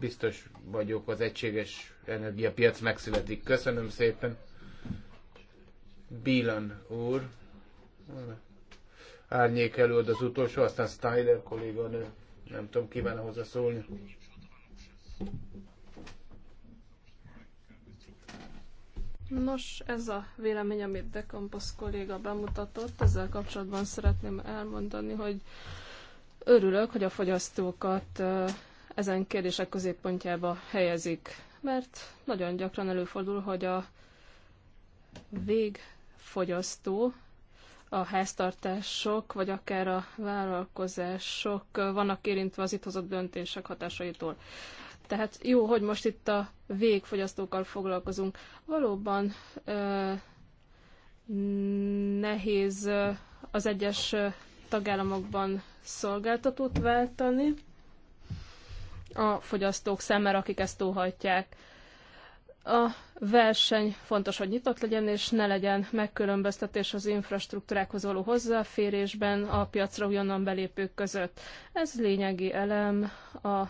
Biztos vagyok, az egységes energiapiac megszületik. Köszönöm szépen. Bílan úr árnyék előad az utolsó, aztán Steiner kolléganő. Nem tudom, kíván hozzászólni. Nos, ez a vélemény, amit Campos kolléga bemutatott, ezzel kapcsolatban szeretném elmondani, hogy örülök, hogy a fogyasztókat ezen kérdések középpontjába helyezik, mert nagyon gyakran előfordul, hogy a végfogyasztó a háztartások, vagy akár a vállalkozások vannak érintve az itt hozott döntések hatásaitól. Tehát jó, hogy most itt a végfogyasztókkal foglalkozunk. Valóban ö, nehéz az egyes tagállamokban szolgáltatót váltani a fogyasztók szemmel, akik ezt óhajtják. A verseny fontos, hogy nyitott legyen, és ne legyen megkülönböztetés az infrastruktúrákhoz való hozzáférésben a piacra újonnan belépők között. Ez lényegi elem a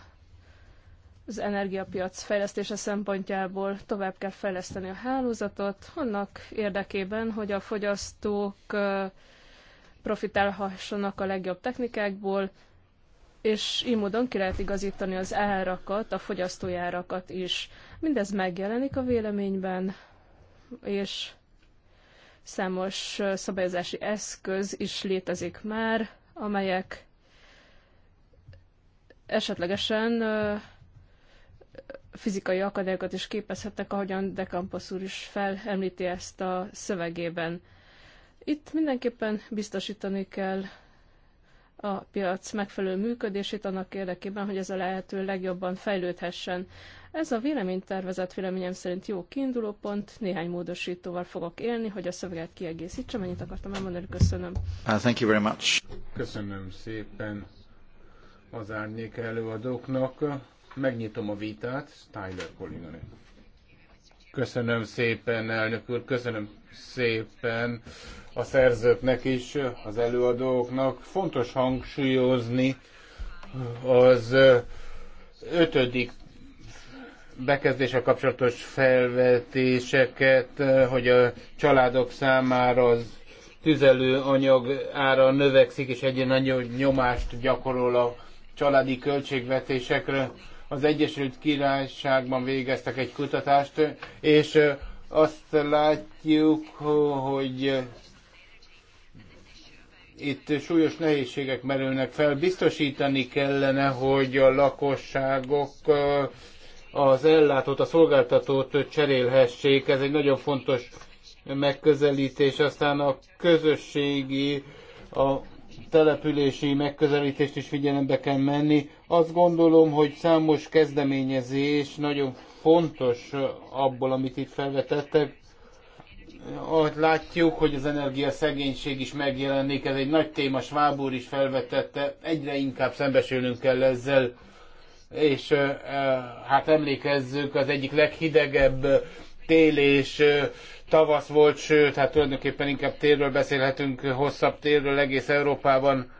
az energiapiac fejlesztése szempontjából tovább kell fejleszteni a hálózatot, annak érdekében, hogy a fogyasztók profitálhassanak a legjobb technikákból, és így módon ki lehet igazítani az árakat, a fogyasztói árakat is. Mindez megjelenik a véleményben, és számos szabályozási eszköz is létezik már, amelyek esetlegesen fizikai akadályokat is képezhettek, ahogyan De Campos úr is felemlíti ezt a szövegében. Itt mindenképpen biztosítani kell a piac megfelelő működését annak érdekében, hogy ez a lehető legjobban fejlődhessen. Ez a véleménytervezet véleményem szerint jó kiinduló pont, néhány módosítóval fogok élni, hogy a szöveget kiegészítsem, ennyit akartam elmondani, köszönöm. Uh, thank you very much. Köszönöm szépen az árnyék előadóknak. Megnyitom a vitát, Tyler Collinoni. Köszönöm szépen, elnök úr, köszönöm szépen a szerzőknek is, az előadóknak. Fontos hangsúlyozni az ötödik bekezdése kapcsolatos felvetéseket, hogy a családok számára az tüzelőanyag ára növekszik, és egyre nagy nyomást gyakorol a családi költségvetésekre az Egyesült Királyságban végeztek egy kutatást, és azt látjuk, hogy itt súlyos nehézségek merülnek fel. Biztosítani kellene, hogy a lakosságok az ellátót, a szolgáltatót cserélhessék. Ez egy nagyon fontos megközelítés. Aztán a közösségi, a települési megközelítést is figyelembe kell menni. Azt gondolom, hogy számos kezdeményezés nagyon fontos abból, amit itt felvetettek. Ahogy látjuk, hogy az energiaszegénység is megjelenik, ez egy nagy téma, úr is felvetette, egyre inkább szembesülnünk kell ezzel, és hát emlékezzük, az egyik leghidegebb tél és tavasz volt, sőt, hát tulajdonképpen inkább térről beszélhetünk, hosszabb térről egész Európában,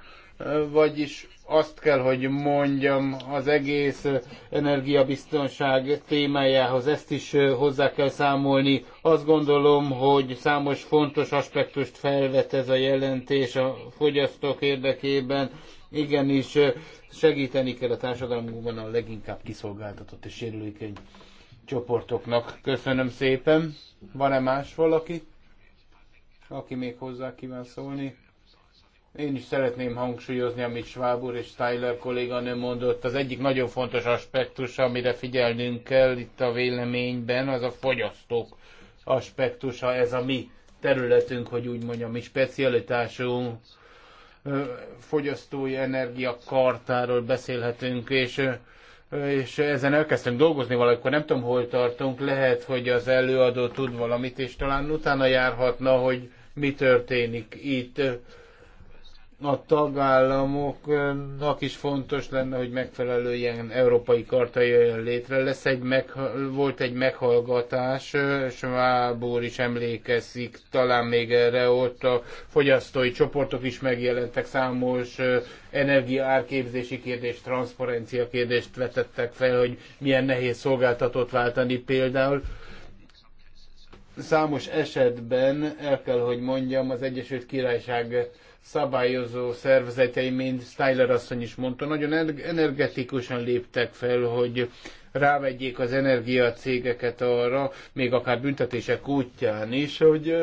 vagyis azt kell, hogy mondjam, az egész energiabiztonság témájához ezt is hozzá kell számolni. Azt gondolom, hogy számos fontos aspektust felvet ez a jelentés a fogyasztók érdekében. Igenis segíteni kell a társadalmunkban a leginkább kiszolgáltatott és sérülékeny csoportoknak. Köszönöm szépen. Van-e más valaki, aki még hozzá kíván szólni? Én is szeretném hangsúlyozni, amit Schwab úr és Tyler kolléganő mondott. Az egyik nagyon fontos aspektus, amire figyelnünk kell itt a véleményben, az a fogyasztók aspektusa. Ez a mi területünk, hogy úgy mondjam, mi specialitásunk fogyasztói energiakartáról beszélhetünk, és és ezen elkezdtünk dolgozni valamikor, nem tudom, hol tartunk, lehet, hogy az előadó tud valamit, és talán utána járhatna, hogy mi történik itt a tagállamoknak is fontos lenne, hogy megfelelő ilyen európai karta jöjjön létre. Lesz egy meg, volt egy meghallgatás, és már is emlékezik, talán még erre ott a fogyasztói csoportok is megjelentek, számos energiaárképzési kérdést, transzparencia kérdést vetettek fel, hogy milyen nehéz szolgáltatót váltani például számos esetben el kell, hogy mondjam, az Egyesült Királyság szabályozó szervezetei, mint Styler asszony is mondta, nagyon energetikusan léptek fel, hogy rávegyék az energiacégeket arra, még akár büntetések útján is, hogy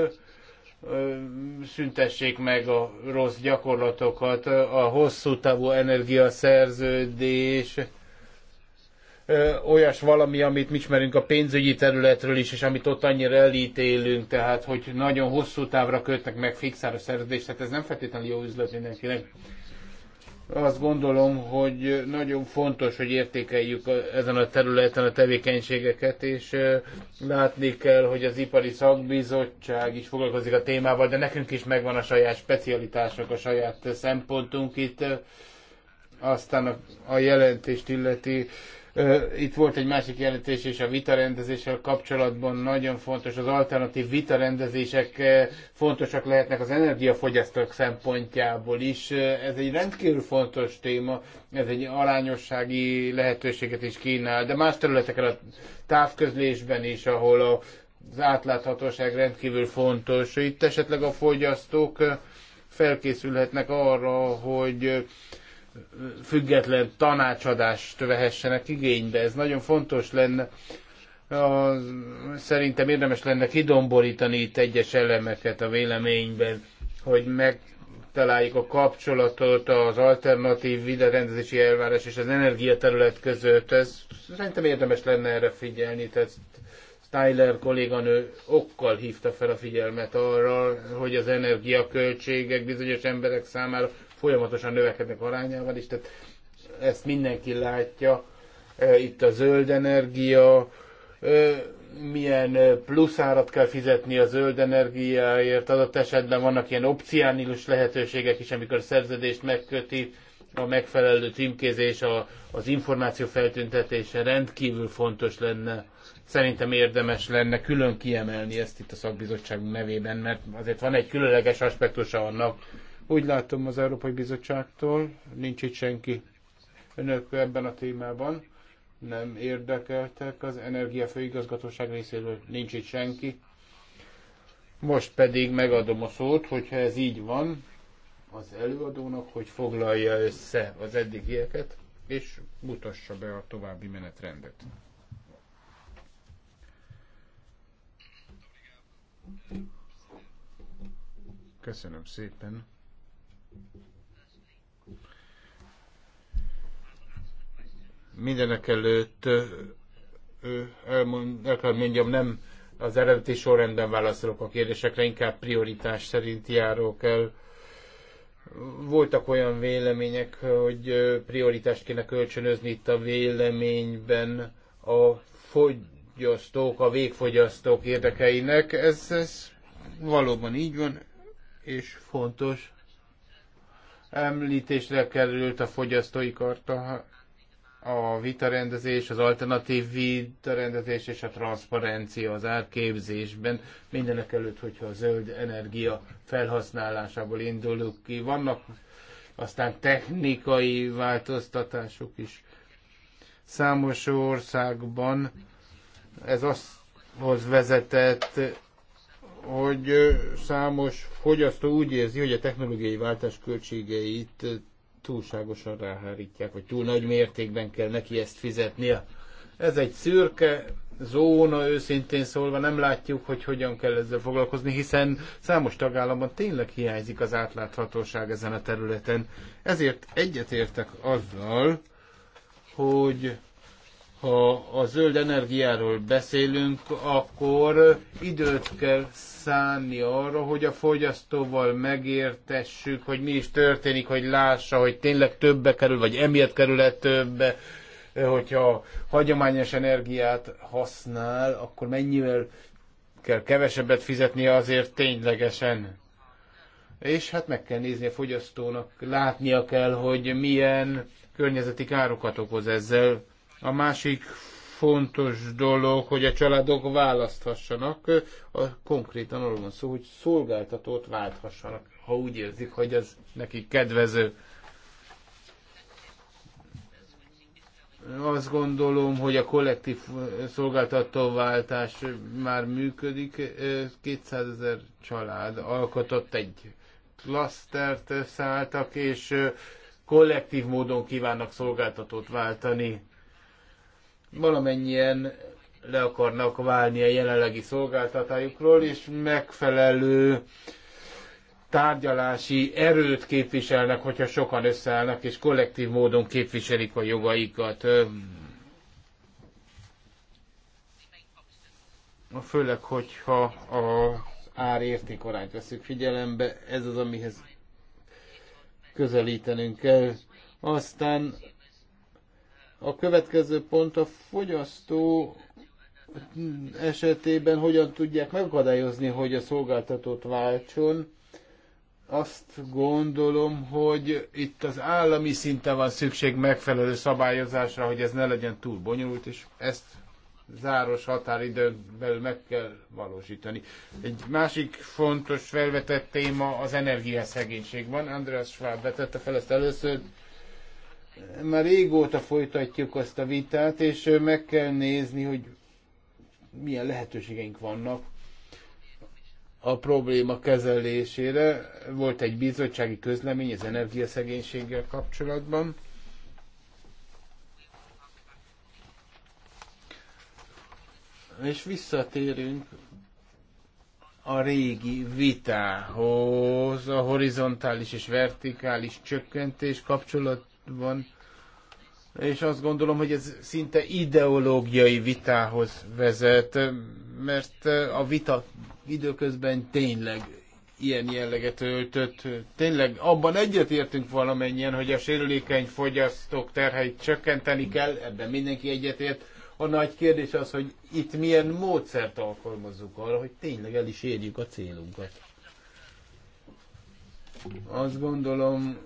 szüntessék meg a rossz gyakorlatokat, a hosszú távú energiaszerződés, olyas valami, amit mi ismerünk a pénzügyi területről is, és amit ott annyira elítélünk, tehát hogy nagyon hosszú távra kötnek meg fixára szerződést, tehát ez nem feltétlenül jó üzlet mindenkinek. Azt gondolom, hogy nagyon fontos, hogy értékeljük ezen a területen a tevékenységeket, és látni kell, hogy az ipari szakbizottság is foglalkozik a témával, de nekünk is megvan a saját specialitásunk, a saját szempontunk itt. Aztán a, a jelentést illeti itt volt egy másik jelentés is a vitarendezéssel kapcsolatban, nagyon fontos, az alternatív vitarendezések fontosak lehetnek az energiafogyasztók szempontjából is. Ez egy rendkívül fontos téma, ez egy arányossági lehetőséget is kínál, de más területeken a távközlésben is, ahol a az átláthatóság rendkívül fontos. Itt esetleg a fogyasztók felkészülhetnek arra, hogy független tanácsadást vehessenek igénybe. Ez nagyon fontos lenne. A, szerintem érdemes lenne kidomborítani itt egyes elemeket a véleményben, hogy megtaláljuk a kapcsolatot az alternatív viderendezési elvárás és az energiaterület között. Ez szerintem érdemes lenne erre figyelni. Tehát Tyler kolléganő okkal hívta fel a figyelmet arra, hogy az energiaköltségek bizonyos emberek számára folyamatosan növekednek arányával is, tehát ezt mindenki látja. E, itt a zöld energia, e, milyen e, pluszárat kell fizetni a zöld energiáért, adott esetben vannak ilyen opciánilus lehetőségek is, amikor a szerződést megköti, a megfelelő címkézés, a, az információ feltüntetése rendkívül fontos lenne. Szerintem érdemes lenne külön kiemelni ezt itt a szakbizottság nevében, mert azért van egy különleges aspektusa annak, úgy látom az Európai Bizottságtól, nincs itt senki önök ebben a témában, nem érdekeltek az Energiafőigazgatóság részéről, nincs itt senki. Most pedig megadom a szót, hogyha ez így van, az előadónak, hogy foglalja össze az eddigieket, és mutassa be a további menetrendet. Köszönöm szépen. Mindenek előtt elmond, el kell mondjam, nem az eredeti sorrendben válaszolok a kérdésekre, inkább prioritás szerint járok el. Voltak olyan vélemények, hogy prioritást kéne kölcsönözni itt a véleményben a fogyasztók, a végfogyasztók érdekeinek. Ez, ez valóban így van, és fontos. Említésre került a fogyasztói karta, a vitarendezés, az alternatív vitarendezés és a transzparencia az árképzésben, mindenek előtt, hogyha a zöld energia felhasználásából indulunk ki. Vannak aztán technikai változtatások is. Számos országban ez azt hoz vezetett, hogy számos fogyasztó úgy érzi, hogy a technológiai váltás költségeit túlságosan ráhárítják, vagy túl nagy mértékben kell neki ezt fizetnie. Ez egy szürke zóna, őszintén szólva nem látjuk, hogy hogyan kell ezzel foglalkozni, hiszen számos tagállamban tényleg hiányzik az átláthatóság ezen a területen. Ezért egyetértek azzal, hogy ha a zöld energiáról beszélünk, akkor időt kell szánni arra, hogy a fogyasztóval megértessük, hogy mi is történik, hogy lássa, hogy tényleg többe kerül, vagy emiatt kerül-e többe, hogyha hagyományos energiát használ, akkor mennyivel kell kevesebbet fizetni azért ténylegesen. És hát meg kell nézni a fogyasztónak, látnia kell, hogy milyen környezeti károkat okoz ezzel. A másik fontos dolog, hogy a családok választhassanak, a, konkrétan arról van szó, hogy szolgáltatót válthassanak, ha úgy érzik, hogy ez nekik kedvező. Azt gondolom, hogy a kollektív szolgáltatóváltás már működik. 200 ezer család alkotott egy klasztert szálltak, és kollektív módon kívánnak szolgáltatót váltani valamennyien le akarnak válni a jelenlegi szolgáltatájukról, és megfelelő tárgyalási erőt képviselnek, hogyha sokan összeállnak, és kollektív módon képviselik a jogaikat. Főleg, hogyha az árérték veszük figyelembe, ez az, amihez közelítenünk kell. Aztán a következő pont a fogyasztó esetében hogyan tudják megakadályozni, hogy a szolgáltatót váltson. Azt gondolom, hogy itt az állami szinten van szükség megfelelő szabályozásra, hogy ez ne legyen túl bonyolult, és ezt záros határidőn belül meg kell valósítani. Egy másik fontos felvetett téma az energiaszegénység van. Andreas Schwab vetette fel ezt először, már régóta folytatjuk azt a vitát, és meg kell nézni, hogy milyen lehetőségeink vannak a probléma kezelésére. Volt egy bizottsági közlemény az energiaszegénységgel kapcsolatban. És visszatérünk a régi vitához, a horizontális és vertikális csökkentés kapcsolat van, és azt gondolom, hogy ez szinte ideológiai vitához vezet, mert a vita időközben tényleg ilyen jelleget öltött. Tényleg abban egyetértünk valamennyien, hogy a sérülékeny fogyasztók terheit csökkenteni kell, ebben mindenki egyetért. A nagy kérdés az, hogy itt milyen módszert alkalmazzuk arra, hogy tényleg el is érjük a célunkat. Azt gondolom,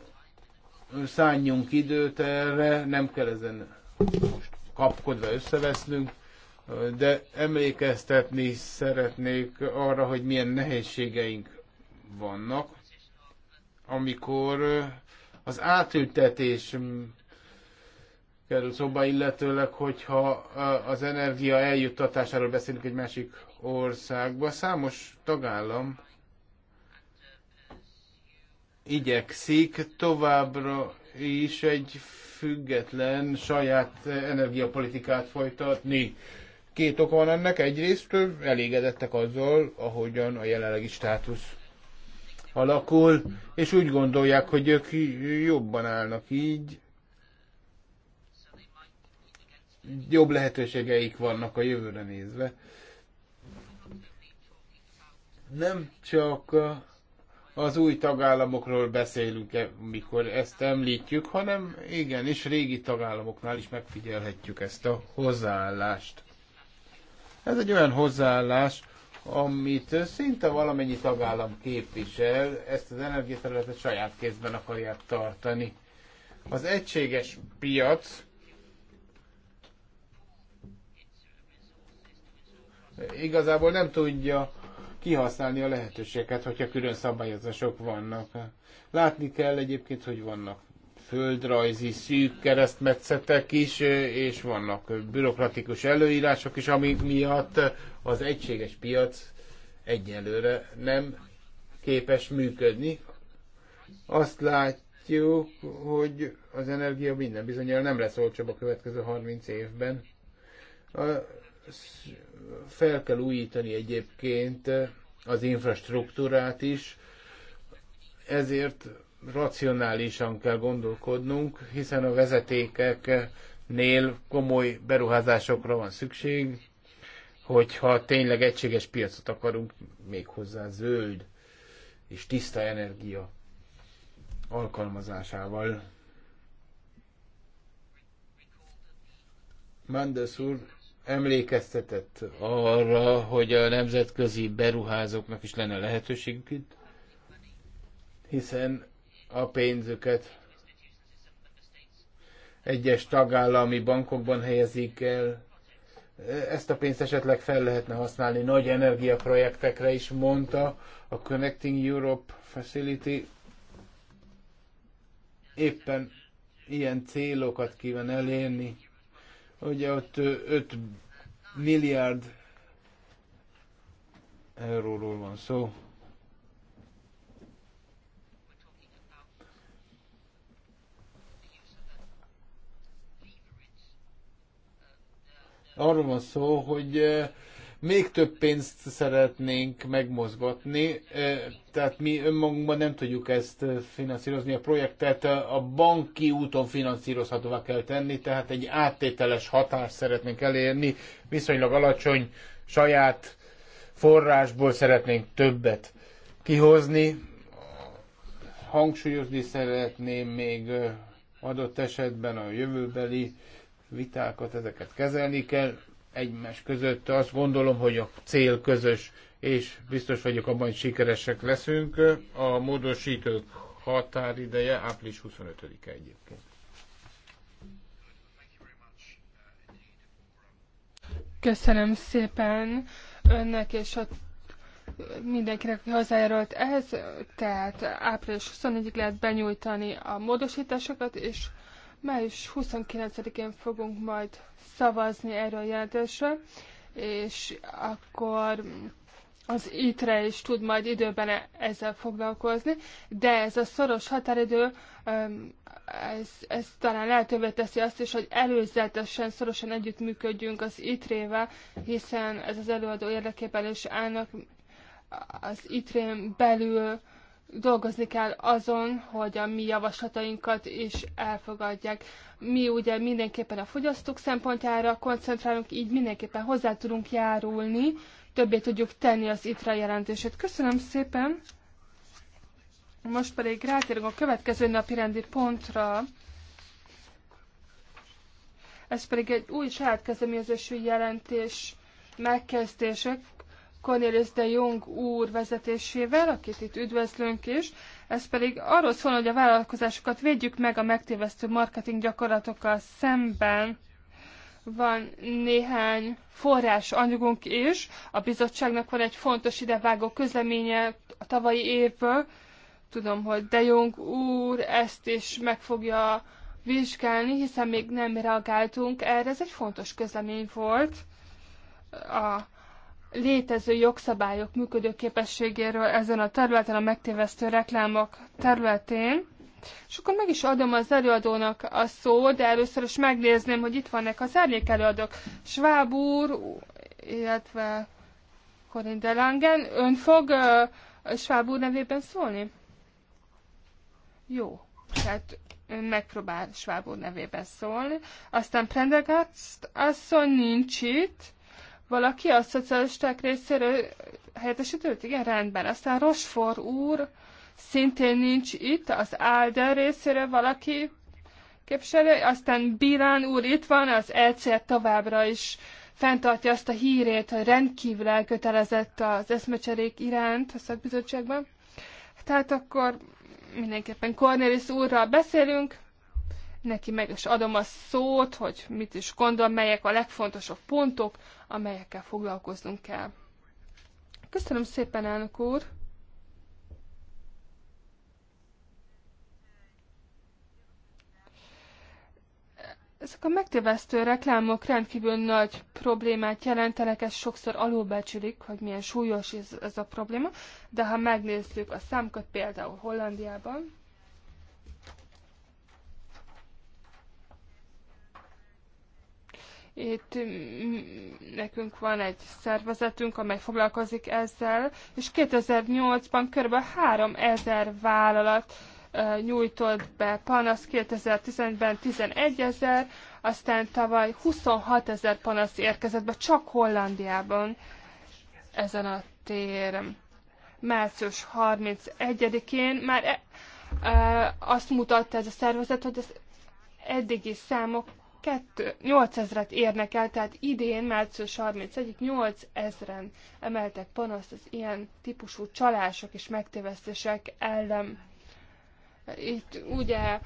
szálljunk időt erre, nem kell ezen most kapkodva összevesznünk, de emlékeztetni szeretnék arra, hogy milyen nehézségeink vannak, amikor az átültetés kerül szóba, illetőleg, hogyha az energia eljuttatásáról beszélünk egy másik országba. Számos tagállam igyekszik továbbra is egy független saját energiapolitikát folytatni. Két ok van ennek, egyrészt elégedettek azzal, ahogyan a jelenlegi státusz alakul, és úgy gondolják, hogy ők jobban állnak így, jobb lehetőségeik vannak a jövőre nézve. Nem csak az új tagállamokról beszélünk, -e, mikor ezt említjük, hanem igen, és régi tagállamoknál is megfigyelhetjük ezt a hozzáállást. Ez egy olyan hozzáállás, amit szinte valamennyi tagállam képvisel, ezt az energiaterületet saját kézben akarják tartani. Az egységes piac igazából nem tudja kihasználni a lehetőséget, hogyha külön szabályozások vannak. Látni kell egyébként, hogy vannak földrajzi szűk keresztmetszetek is, és vannak bürokratikus előírások is, ami miatt az egységes piac egyelőre nem képes működni. Azt látjuk, hogy az energia minden bizonyal nem lesz olcsóbb a következő 30 évben fel kell újítani egyébként az infrastruktúrát is, ezért racionálisan kell gondolkodnunk, hiszen a vezetékeknél komoly beruházásokra van szükség, hogyha tényleg egységes piacot akarunk, méghozzá zöld és tiszta energia alkalmazásával. Mendes úr emlékeztetett arra, hogy a nemzetközi beruházóknak is lenne lehetőségük itt, hiszen a pénzüket egyes tagállami bankokban helyezik el. Ezt a pénzt esetleg fel lehetne használni nagy energiaprojektekre is, mondta a Connecting Europe Facility. Éppen ilyen célokat kíván elérni Ugye ott 5 milliárd euróról van szó. Arról van szó, hogy uh, még több pénzt szeretnénk megmozgatni, tehát mi önmagunkban nem tudjuk ezt finanszírozni, a projektet a banki úton finanszírozhatóvá kell tenni, tehát egy áttételes hatást szeretnénk elérni, viszonylag alacsony saját forrásból szeretnénk többet kihozni. Hangsúlyozni szeretném még adott esetben a jövőbeli vitákat, ezeket kezelni kell egymás között. Azt gondolom, hogy a cél közös, és biztos vagyok abban, hogy sikeresek leszünk. A módosítók határideje április 25-e egyébként. Köszönöm szépen önnek és a mindenkinek, aki hozzájárult ehhez, tehát április 24-ig lehet benyújtani a módosításokat, és Május 29-én fogunk majd szavazni erről a jelentésről, és akkor az ITRE is tud majd időben e- ezzel foglalkozni, de ez a szoros határidő, ez, ez talán lehetővé teszi azt is, hogy előzetesen, szorosan együttműködjünk az ITRE-vel, hiszen ez az előadó érdekében is állnak az ITRE-n belül dolgozni kell azon, hogy a mi javaslatainkat is elfogadják. Mi ugye mindenképpen a fogyasztók szempontjára koncentrálunk, így mindenképpen hozzá tudunk járulni, többé tudjuk tenni az ITRA jelentését. Köszönöm szépen! Most pedig rátérünk a következő napi rendi pontra. Ez pedig egy új saját kezdeményezésű jelentés megkezdések Cornelius de Jong úr vezetésével, akit itt üdvözlünk is. Ez pedig arról szól, hogy a vállalkozásokat védjük meg a megtévesztő marketing gyakorlatokkal szemben. Van néhány forrás anyagunk is. A bizottságnak van egy fontos idevágó közleménye a tavalyi évből. Tudom, hogy De Jong úr ezt is meg fogja vizsgálni, hiszen még nem reagáltunk erre. Ez egy fontos közlemény volt a létező jogszabályok működőképességéről ezen a területen, a megtévesztő reklámok területén. És akkor meg is adom az előadónak a szót, de először is megnézném, hogy itt vannak az árnyék előadók. Schwab úr, illetve Corinne de Langen, ön fog uh, Schwab úr nevében szólni? Jó, tehát ön megpróbál Schwab úr nevében szólni. Aztán Prendergast asszony nincs itt, valaki a szocialisták részéről helyettesítőt? Igen, rendben. Aztán Rosfor úr szintén nincs itt, az Álder részéről valaki képviselő, aztán Bilán úr itt van, az ECR e továbbra is fenntartja azt a hírét, hogy rendkívül elkötelezett az eszmecserék iránt a szakbizottságban. Tehát akkor mindenképpen Cornelis úrral beszélünk, neki meg is adom a szót, hogy mit is gondol, melyek a legfontosabb pontok, amelyekkel foglalkoznunk kell. Köszönöm szépen, elnök úr! Ezek a megtévesztő reklámok rendkívül nagy problémát jelentenek, ezt sokszor alulbecsülik, hogy milyen súlyos ez, ez a probléma, de ha megnézzük a számokat például Hollandiában, Itt mm, nekünk van egy szervezetünk, amely foglalkozik ezzel, és 2008-ban kb. 3000 vállalat nyújtott be panasz, 2010-ben 11 ezer, aztán tavaly 26 ezer panasz érkezett be csak Hollandiában ezen a tér. Március 31-én már e, e, azt mutatta ez a szervezet, hogy az eddigi számok 8000-et érnek el, tehát idén, március 31-ig 8000-en emeltek panaszt az ilyen típusú csalások és megtévesztések ellen. Itt ugye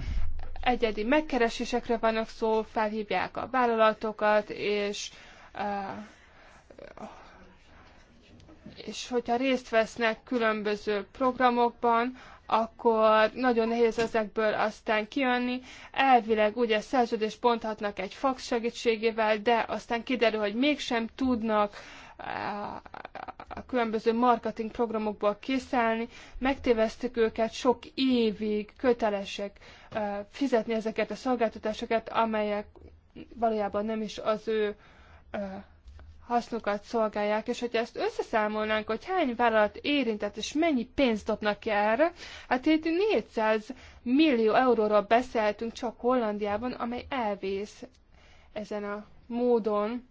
egyedi megkeresésekre vannak szó, felhívják a vállalatokat, és e, és hogyha részt vesznek különböző programokban, akkor nagyon nehéz ezekből aztán kijönni. Elvileg ugye szerződést ponthatnak egy fax segítségével, de aztán kiderül, hogy mégsem tudnak eh, a különböző marketing programokból készállni. megtévesztük őket, sok évig kötelesek eh, fizetni ezeket a szolgáltatásokat, amelyek valójában nem is az ő eh, hasznukat szolgálják, és hogyha ezt összeszámolnánk, hogy hány vállalat érintett, és mennyi pénzt dobnak ki erre, hát itt 400 millió euróról beszéltünk csak Hollandiában, amely elvész ezen a módon,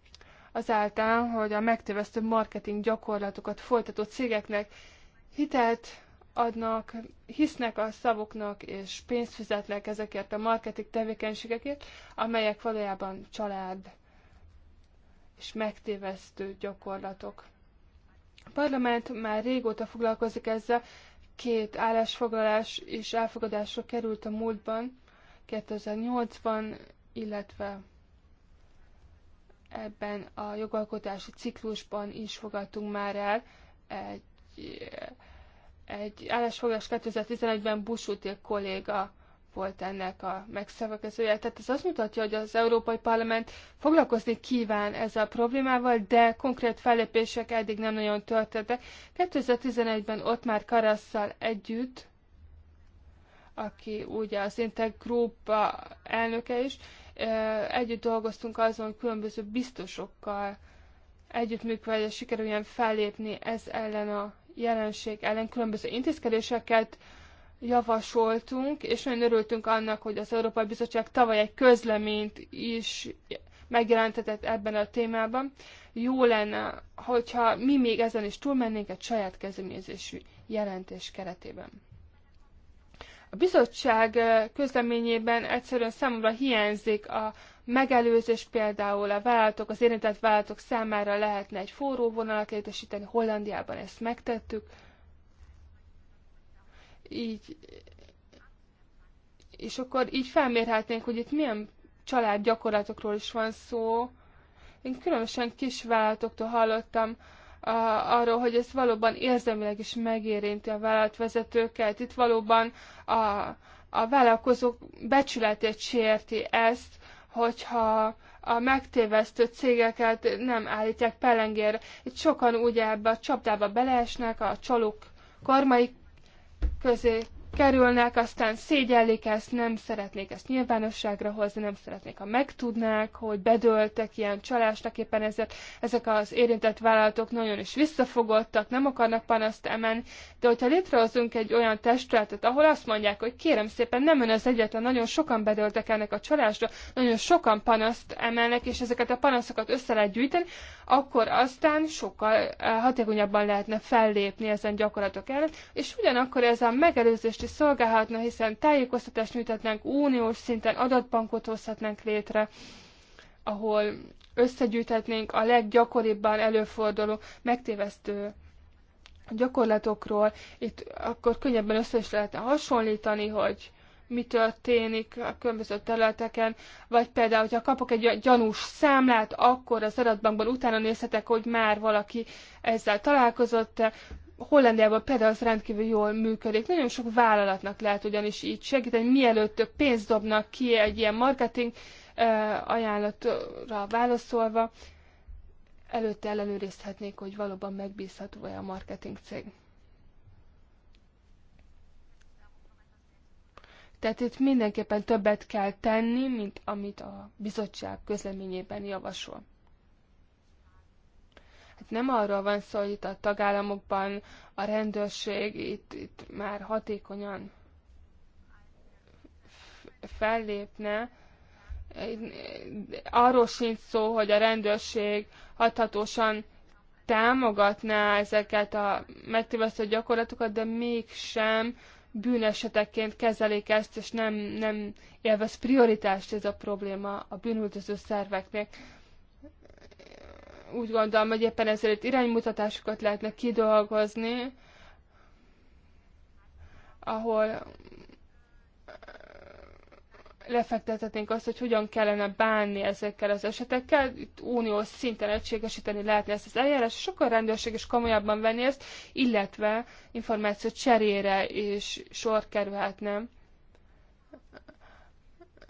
azáltal, hogy a megtévesztő marketing gyakorlatokat folytató cégeknek hitelt adnak, hisznek a szavuknak, és pénzt fizetnek ezekért a marketing tevékenységekért, amelyek valójában család és megtévesztő gyakorlatok. A parlament már régóta foglalkozik ezzel, két állásfoglalás és elfogadásra került a múltban, 2008-ban, illetve ebben a jogalkotási ciklusban is fogadtunk már el egy, egy állásfoglalás 2011-ben Busutil kolléga volt ennek a megszavakozója. Tehát ez azt mutatja, hogy az Európai Parlament foglalkozni kíván ezzel a problémával, de konkrét fellépések eddig nem nagyon történtek. 2011-ben ott már Karasszal együtt, aki ugye az Integ Group elnöke is, együtt dolgoztunk azon, hogy különböző biztosokkal együttműködve sikerüljen fellépni ez ellen a jelenség ellen különböző intézkedéseket javasoltunk, és nagyon örültünk annak, hogy az Európai Bizottság tavaly egy közleményt is megjelentetett ebben a témában. Jó lenne, hogyha mi még ezen is túlmennénk egy saját kezdeményezésű jelentés keretében. A bizottság eh, közleményében egyszerűen számomra hiányzik a megelőzés például a vállalatok, az érintett vállalatok számára lehetne egy forró vonalat létesíteni, Hollandiában ezt megtettük, így, és akkor így felmérhetnénk, hogy itt milyen család gyakorlatokról is van szó. Én különösen kis vállalatoktól hallottam a, arról, hogy ez valóban érzelmileg is megérinti a vállalatvezetőket. Itt valóban a, a vállalkozók becsületét sérti ezt, hogyha a megtévesztő cégeket nem állítják pelengér, Itt sokan ugye ebbe a csapdába beleesnek, a csalók karmai közé kerülnek, aztán szégyellik ezt, nem szeretnék ezt nyilvánosságra hozni, nem szeretnék, ha megtudnák, hogy bedöltek ilyen csalásnak, éppen ezért ezek az érintett vállalatok nagyon is visszafogottak, nem akarnak panaszt emelni, de hogyha létrehozunk egy olyan testületet, ahol azt mondják, hogy kérem szépen, nem ön az egyetlen, nagyon sokan bedöltek ennek a csalásra, nagyon sokan panaszt emelnek, és ezeket a panaszokat össze lehet gyűjteni, akkor aztán sokkal eh, hatékonyabban lehetne fellépni ezen gyakorlatok ellen, és ugyanakkor ez a megelőzést is szolgálhatna, hiszen tájékoztatást nyújtatnánk uniós szinten, adatbankot hozhatnánk létre, ahol összegyűjthetnénk a leggyakoribban előforduló megtévesztő gyakorlatokról, itt akkor könnyebben össze is lehetne hasonlítani, hogy mi történik a különböző területeken, vagy például, hogyha kapok egy gyanús számlát, akkor az adatbankban utána nézhetek, hogy már valaki ezzel találkozott, Hollandiában például az rendkívül jól működik. Nagyon sok vállalatnak lehet ugyanis így segíteni, mielőtt pénzt dobnak ki egy ilyen marketing ajánlatra válaszolva, előtte ellenőrizhetnék, hogy valóban megbízható-e a marketing cég. Tehát itt mindenképpen többet kell tenni, mint amit a bizottság közleményében javasol. Hát nem arról van szó, hogy itt a tagállamokban a rendőrség itt, itt már hatékonyan fellépne. Arról sincs szó, hogy a rendőrség hathatósan támogatná ezeket a megtévesztő gyakorlatokat, de mégsem bűneseteként kezelik ezt, és nem, nem élvez prioritást ez a probléma a bűnüldöző szerveknek. Úgy gondolom, hogy éppen ezért iránymutatásokat lehetne kidolgozni, ahol lefektethetnénk azt, hogy hogyan kellene bánni ezekkel az esetekkel, itt uniós szinten egységesíteni lehetne ezt az eljárás, és akkor rendőrség is komolyabban venni ezt, illetve információ cserére is sor kerülhetne.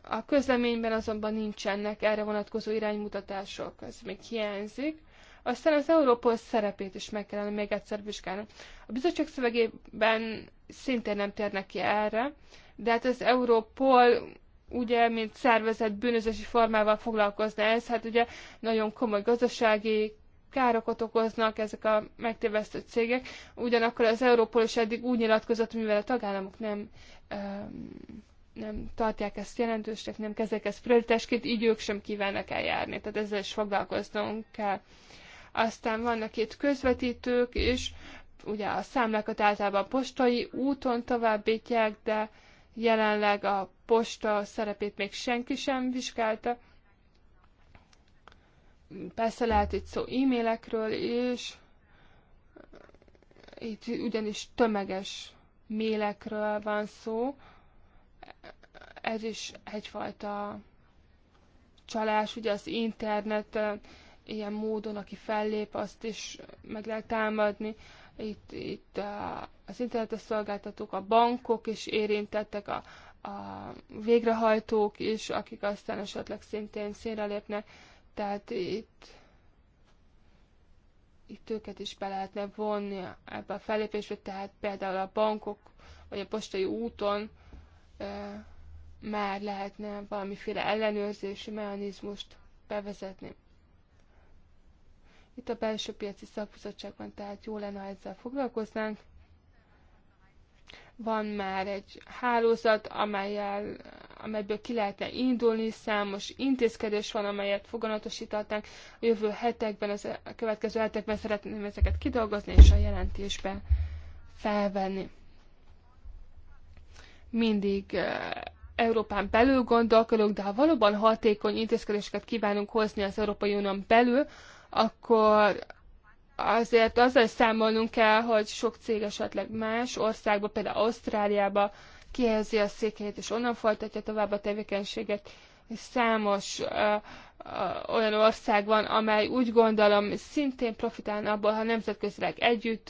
A közleményben azonban nincsenek erre vonatkozó iránymutatások, ez még hiányzik. Aztán az Európol szerepét is meg kellene még egyszer vizsgálni. A bizottság szövegében szintén nem térnek ki erre, de hát az Európol ugye, mint szervezet bűnözési formával foglalkozna ez, hát ugye nagyon komoly gazdasági károkat okoznak ezek a megtévesztő cégek. Ugyanakkor az Európol is eddig úgy nyilatkozott, mivel a tagállamok nem, nem tartják ezt jelentősnek, nem kezdek ezt prioritásként, így ők sem kívánnak eljárni. Tehát ezzel is foglalkoznunk kell. Aztán vannak itt közvetítők is, ugye a számlákat általában postai úton továbbítják, de Jelenleg a posta szerepét még senki sem vizsgálta. Persze lehet itt szó e-mailekről is, itt ugyanis tömeges mélekről van szó. Ez is egyfajta csalás, ugye az internet ilyen módon, aki fellép, azt is meg lehet támadni itt, itt a, az internetes szolgáltatók, a bankok is érintettek, a, a végrehajtók is, akik aztán esetleg szintén színre lépnek, tehát itt, itt őket is be lehetne vonni ebbe a felépésbe, tehát például a bankok vagy a postai úton e, már lehetne valamiféle ellenőrzési mechanizmust bevezetni. Itt a belső piaci szakbizottságban, tehát jó lenne, ha ezzel foglalkoznánk. Van már egy hálózat, amelyel, amelyből ki lehetne indulni, számos intézkedés van, amelyet foganatosítatnánk. A jövő hetekben, az, e, a következő hetekben szeretném ezeket kidolgozni és a jelentésbe felvenni. Mindig e, Európán belül gondolkodunk, de ha valóban hatékony intézkedéseket kívánunk hozni az Európai Unión belül, akkor azért azzal is számolnunk kell, hogy sok cég esetleg más országba, például Ausztráliába kihelyezi a székét, és onnan folytatja tovább a tevékenységet. Számos ö, ö, olyan ország van, amely úgy gondolom szintén profitálna abból, ha nemzetközileg együtt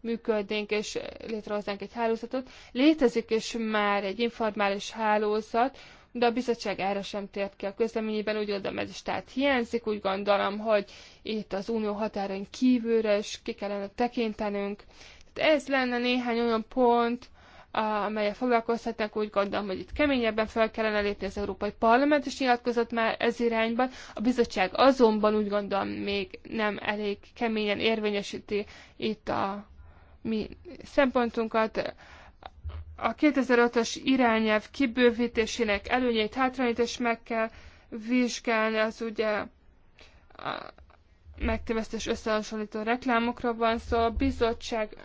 működnénk és létrehoznánk egy hálózatot. Létezik is már egy informális hálózat, de a bizottság erre sem tért ki a közleményében, úgy gondolom ez is tehát hiányzik, úgy gondolom, hogy itt az unió határain kívülre is ki kellene tekintenünk. Tehát ez lenne néhány olyan pont, amelyek foglalkozhatnak, úgy gondolom, hogy itt keményebben fel kellene lépni az Európai Parlament, és nyilatkozott már ez irányban. A bizottság azonban úgy gondolom még nem elég keményen érvényesíti itt a mi szempontunkat a 2005-ös irányelv kibővítésének előnyeit, hátrányait is meg kell vizsgálni, az ugye a megtévesztés összehasonlító reklámokra van szó. Szóval a bizottság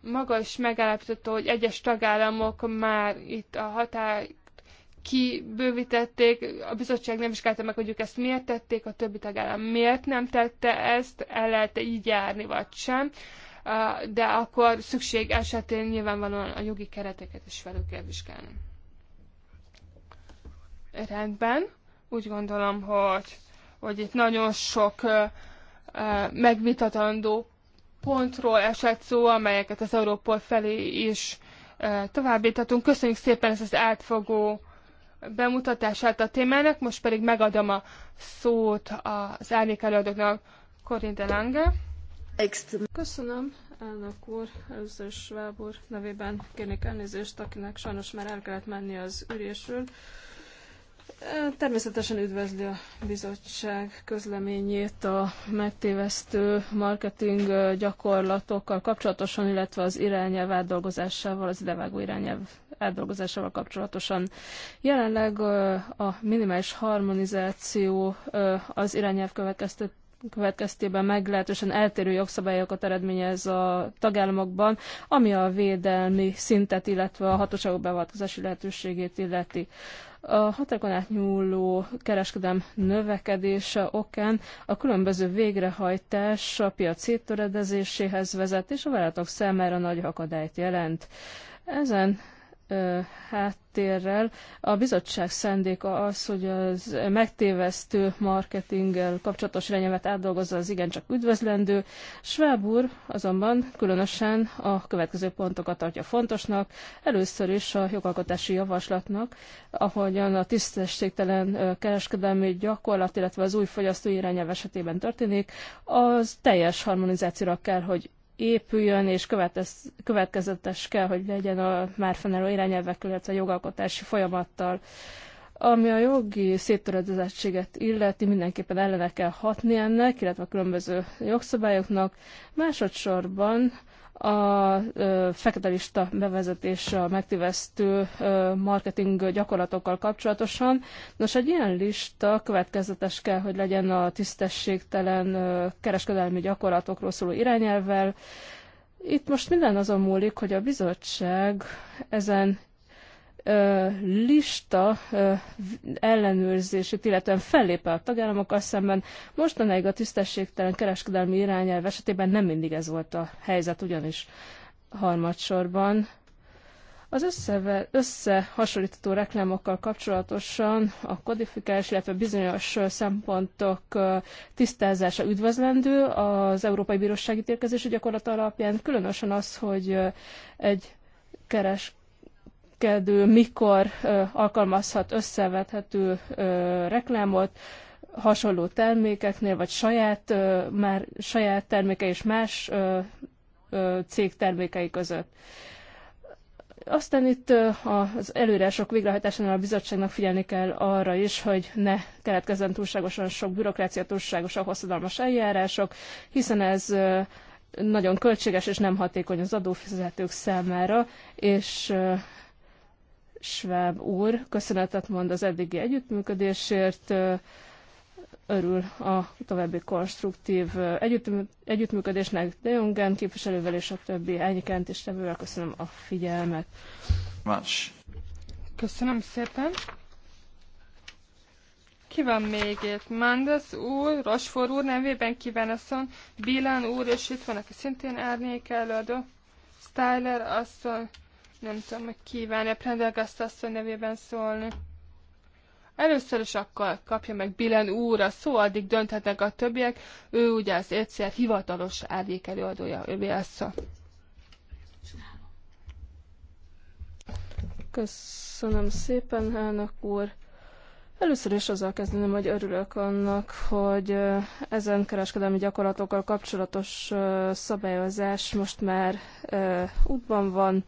maga is megállapította, hogy egyes tagállamok már itt a határ kibővítették, a bizottság nem vizsgálta meg, hogy ők ezt miért tették, a többi tagállam miért nem tette ezt, el lehet -e így járni, vagy sem de akkor szükség esetén nyilvánvalóan a jogi kereteket is felül kell vizsgálni. Rendben, úgy gondolom, hogy, hogy itt nagyon sok megvitatandó pontról esett szó, amelyeket az Európol felé is továbbítatunk. Köszönjük szépen ezt az átfogó bemutatását a témának, most pedig megadom a szót az árnyék előadóknak Corinne de Lange. Köszönöm, elnök úr, először Schwab úr nevében kérnék elnézést, akinek sajnos már el kellett menni az ürésről. E, természetesen üdvözli a bizottság közleményét a megtévesztő marketing e, gyakorlatokkal kapcsolatosan, illetve az irányelv átdolgozásával, az idevágó irányelv átdolgozásával kapcsolatosan. Jelenleg e, a minimális harmonizáció az irányelv következtet következtében meglehetősen eltérő jogszabályokat eredményez a tagállamokban, ami a védelmi szintet, illetve a hatóságok beavatkozási lehetőségét illeti. A határokon átnyúló kereskedem növekedése okán a különböző végrehajtás a piac széttöredezéséhez vezet, és a vállalatok számára nagy akadályt jelent. Ezen háttérrel. A bizottság szándéka az, hogy az megtévesztő marketinggel kapcsolatos irányelvet átdolgozza, az igencsak üdvözlendő. Schwab úr azonban különösen a következő pontokat tartja fontosnak. Először is a jogalkotási javaslatnak, ahogyan a tisztességtelen kereskedelmi gyakorlat, illetve az új fogyasztói irányelv esetében történik, az teljes harmonizációra kell, hogy épüljön, és következetes kell, hogy legyen a már fennálló irányelvekkel, illetve a jogalkotási folyamattal. Ami a jogi széttöredezettséget illeti, mindenképpen ellene kell hatni ennek, illetve a különböző jogszabályoknak. Másodszorban a fekete lista bevezetése a megtévesztő marketing gyakorlatokkal kapcsolatosan. Nos, egy ilyen lista következetes kell, hogy legyen a tisztességtelen kereskedelmi gyakorlatokról szóló irányelvvel. Itt most minden azon múlik, hogy a bizottság ezen lista ellenőrzését, illetően fellépe a tagállamokkal szemben. Mostanáig a tisztességtelen kereskedelmi irányelv esetében nem mindig ez volt a helyzet, ugyanis harmadsorban az összeve, összehasonlítható reklámokkal kapcsolatosan a kodifikás, illetve bizonyos szempontok tisztázása üdvözlendő az Európai Bíróság ítélkezési gyakorlat alapján, különösen az, hogy egy keres kereskedő mikor alkalmazhat összevethető reklámot, hasonló termékeknél, vagy saját, már saját terméke és más cég termékei között. Aztán itt az előírások végrehajtásánál a bizottságnak figyelni kell arra is, hogy ne keletkezzen túlságosan sok bürokrácia, túlságosan hosszadalmas eljárások, hiszen ez nagyon költséges és nem hatékony az adófizetők számára, és Schwab úr. Köszönetet mond az eddigi együttműködésért, örül a további konstruktív együttműködésnek De Jungen képviselővel és a többi elnyikent és tevővel. Köszönöm a figyelmet. Más. Köszönöm szépen. Ki van még itt? Mandes úr, Rosfor úr nevében Kiveneszon, Bilan úr, és itt van, aki szintén árnyék előadó, Styler asszony, nem tudom, hogy kíván a Prendergast asszony nevében szólni. Először is akkor kapja meg Billen úr a szó, addig dönthetnek a többiek. Ő ugye az egyszer hivatalos árnyék előadója, ővé a Köszönöm szépen, elnök úr. Először is azzal kezdeném, hogy örülök annak, hogy ezen kereskedelmi gyakorlatokkal kapcsolatos szabályozás most már útban van,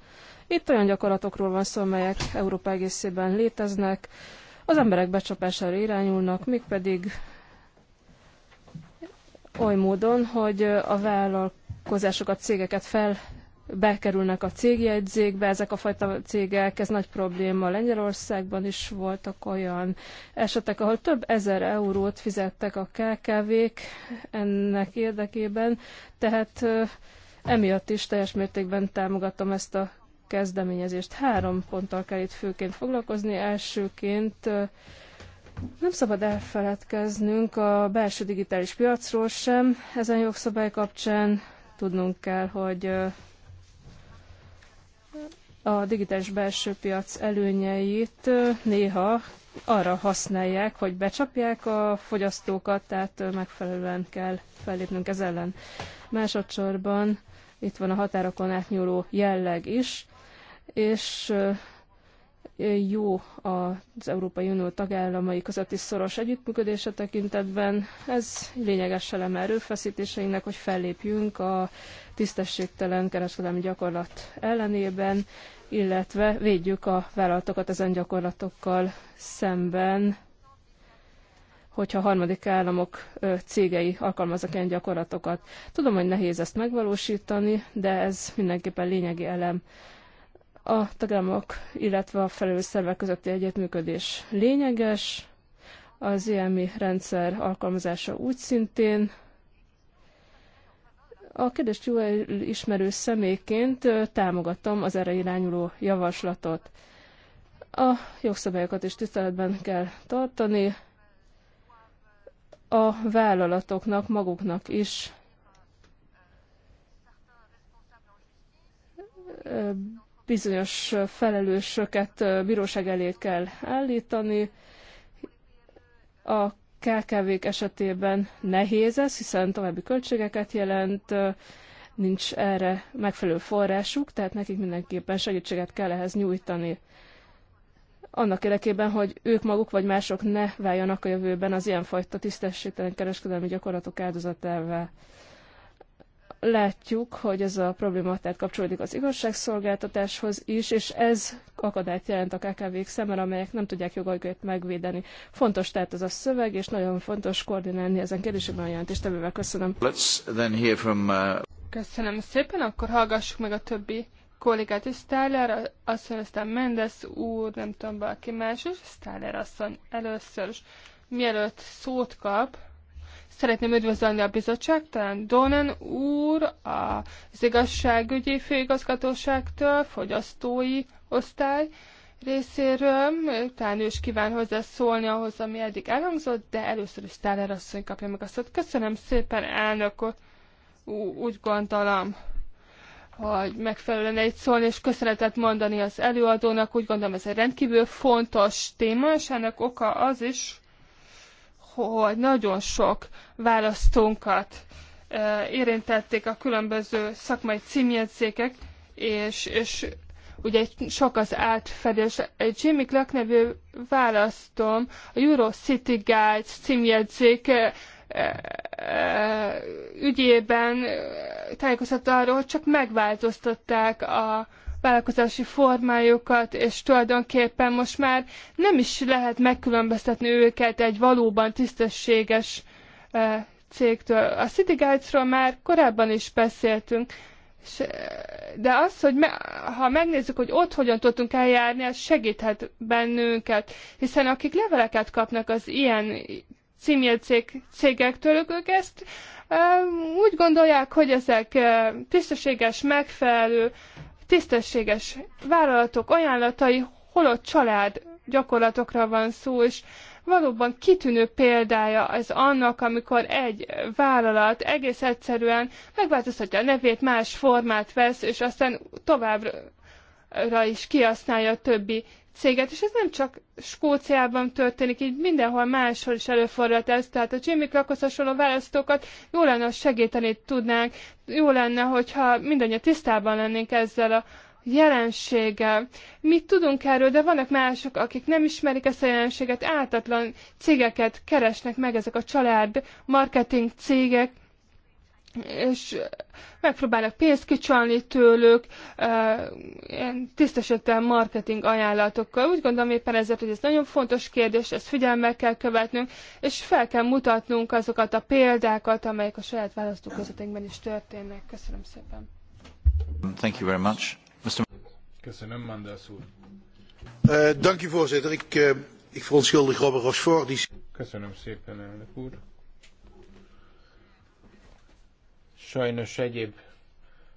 itt olyan gyakorlatokról van szó, amelyek Európa egészében léteznek, az emberek becsapására irányulnak, mégpedig oly módon, hogy a vállalkozásokat, cégeket fel bekerülnek a cégjegyzékbe, ezek a fajta cégek, ez nagy probléma. Lengyelországban is voltak olyan esetek, ahol több ezer eurót fizettek a KKV-k ennek érdekében, tehát emiatt is teljes mértékben támogatom ezt a kezdeményezést. Három ponttal kell itt főként foglalkozni. Elsőként nem szabad elfeledkeznünk a belső digitális piacról sem. Ezen jogszabály kapcsán tudnunk kell, hogy a digitális belső piac előnyeit néha arra használják, hogy becsapják a fogyasztókat, tehát megfelelően kell fellépnünk ez ellen. Másodszorban itt van a határokon átnyúló jelleg is és jó az Európai Unió tagállamai közötti szoros együttműködése tekintetben. Ez lényeges eleme erőfeszítéseinek, hogy fellépjünk a tisztességtelen kereskedelmi gyakorlat ellenében, illetve védjük a vállalatokat ezen gyakorlatokkal szemben, hogyha harmadik államok cégei alkalmaznak ilyen gyakorlatokat. Tudom, hogy nehéz ezt megvalósítani, de ez mindenképpen lényegi elem a tagállamok, illetve a felelős szervek közötti együttműködés lényeges, az IMI rendszer alkalmazása úgy szintén. A kedves jó ismerő személyként támogatom az erre irányuló javaslatot. A jogszabályokat is tiszteletben kell tartani, a vállalatoknak, maguknak is bizonyos felelősöket bíróság elé kell állítani. A KKV-k esetében nehéz ez, hiszen további költségeket jelent, nincs erre megfelelő forrásuk, tehát nekik mindenképpen segítséget kell ehhez nyújtani. Annak érdekében, hogy ők maguk vagy mások ne váljanak a jövőben az ilyenfajta tisztességtelen kereskedelmi gyakorlatok áldozatává látjuk, hogy ez a probléma tehát kapcsolódik az igazságszolgáltatáshoz is, és ez akadályt jelent a KKV-k szemben, amelyek nem tudják jogaikat megvédeni. Fontos tehát ez a szöveg, és nagyon fontos koordinálni ezen kérdésekben a jelentéstevővel. Köszönöm. Let's then hear from, uh... Köszönöm szépen, akkor hallgassuk meg a többi kollégát is. Stáler asszony, aztán Mendes úr, nem tudom, valaki más is. Stáler asszony először Mielőtt szót kap, Szeretném üdvözölni a bizottság, talán Donen úr az igazságügyi főigazgatóságtól, fogyasztói osztály részéről, talán ő is kíván szólni ahhoz, ami eddig elhangzott, de először is Táler asszony kapja meg a szót. Köszönöm szépen, elnök úr. Úgy gondolom, hogy megfelelően egy szólni, és köszönetet mondani az előadónak. Úgy gondolom, ez egy rendkívül fontos téma, és ennek oka az is, hogy nagyon sok választónkat érintették a különböző szakmai címjegyzékek, és, és ugye sok az átfedés. Egy Jimmy Clark nevű választom a Eurocity Guide Guides címjegyzék ügyében tájékoztatta arról, hogy csak megváltoztatták a vállalkozási formájukat, és tulajdonképpen most már nem is lehet megkülönböztetni őket egy valóban tisztességes eh, cégtől. A City Guides-ról már korábban is beszéltünk, eh, de az, hogy me, ha megnézzük, hogy ott hogyan tudtunk eljárni, ez segíthet bennünket, hiszen akik leveleket kapnak az ilyen címjegycég cégektől, ők ezt eh, úgy gondolják, hogy ezek tisztességes, megfelelő tisztességes vállalatok ajánlatai, holott család gyakorlatokra van szó, és valóban kitűnő példája az annak, amikor egy vállalat egész egyszerűen megváltoztatja a nevét, más formát vesz, és aztán továbbra is kihasználja a többi céget, és ez nem csak Skóciában történik, így mindenhol máshol is előfordulhat ez, tehát a Jimmy Krakosz hasonló választókat jó lenne, hogy segíteni tudnánk, jó lenne, hogyha mindannyian tisztában lennénk ezzel a jelenséggel. Mi tudunk erről, de vannak mások, akik nem ismerik ezt a jelenséget, áltatlan cégeket keresnek meg ezek a család marketing cégek, és megpróbálnak pénzt kicsalni tőlük, ilyen tisztességtelen marketing ajánlatokkal. Úgy gondolom éppen ezért, hogy ez nagyon fontos kérdés, ezt figyelmel kell követnünk, és fel kell mutatnunk azokat a példákat, amelyek a saját választóközötünkben is történnek. Köszönöm szépen. Thank you very much. Mr. Köszönöm, Mandelsz úr. Uh, dank voorzitter. Ik, uh, ik verontschuldig Robert Rochefort. Die... Köszönöm szépen, elnök úr. Sajnos egyéb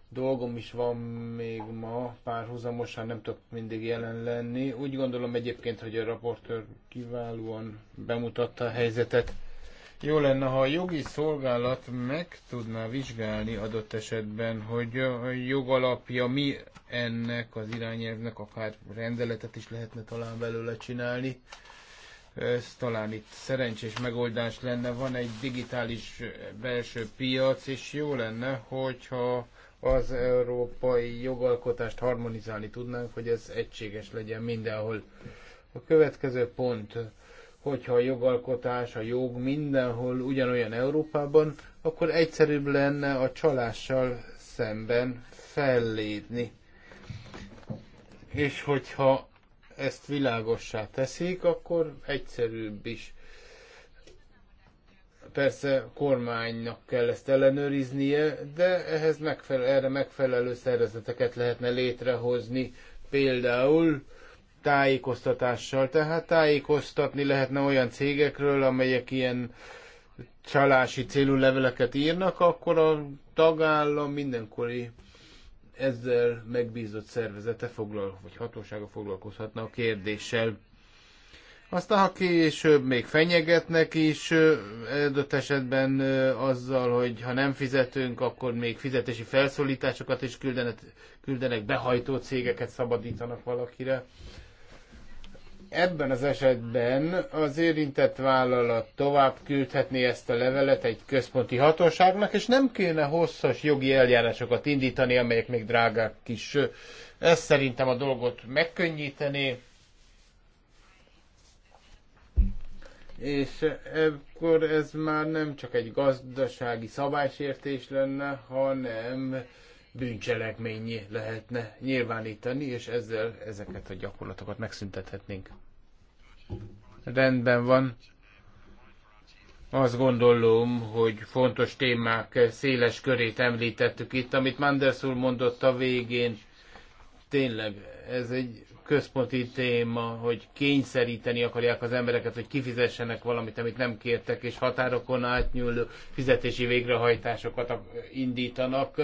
dolgom is van még ma, párhuzamosan nem tudok mindig jelen lenni. Úgy gondolom egyébként, hogy a raportőr kiválóan bemutatta a helyzetet. Jó lenne, ha a jogi szolgálat meg tudná vizsgálni adott esetben, hogy a jogalapja mi ennek az irányelvnek, akár rendeletet is lehetne talán belőle csinálni. Ez talán itt szerencsés megoldás lenne. Van egy digitális belső piac, és jó lenne, hogyha az európai jogalkotást harmonizálni tudnánk, hogy ez egységes legyen mindenhol. A következő pont, hogyha a jogalkotás, a jog mindenhol ugyanolyan Európában, akkor egyszerűbb lenne a csalással szemben fellédni. És hogyha ezt világossá teszik, akkor egyszerűbb is. Persze kormánynak kell ezt ellenőriznie, de ehhez megfelel, erre megfelelő szervezeteket lehetne létrehozni, például tájékoztatással. Tehát tájékoztatni lehetne olyan cégekről, amelyek ilyen csalási célú leveleket írnak, akkor a tagállam mindenkori ezzel megbízott szervezete foglal, vagy hatósága foglalkozhatna a kérdéssel. Aztán, ha később még fenyegetnek is, adott esetben azzal, hogy ha nem fizetünk, akkor még fizetési felszólításokat is küldenek, küldenek behajtó cégeket szabadítanak valakire. Ebben az esetben az érintett vállalat tovább küldhetné ezt a levelet egy központi hatóságnak, és nem kéne hosszas jogi eljárásokat indítani, amelyek még drágák is. Ez szerintem a dolgot megkönnyíteni. És akkor ez már nem csak egy gazdasági szabálysértés lenne, hanem bűncselekményé lehetne nyilvánítani, és ezzel ezeket a gyakorlatokat megszüntethetnénk. Rendben van. Azt gondolom, hogy fontos témák széles körét említettük itt, amit Manders úr mondott a végén. Tényleg, ez egy központi téma, hogy kényszeríteni akarják az embereket, hogy kifizessenek valamit, amit nem kértek, és határokon átnyúló fizetési végrehajtásokat indítanak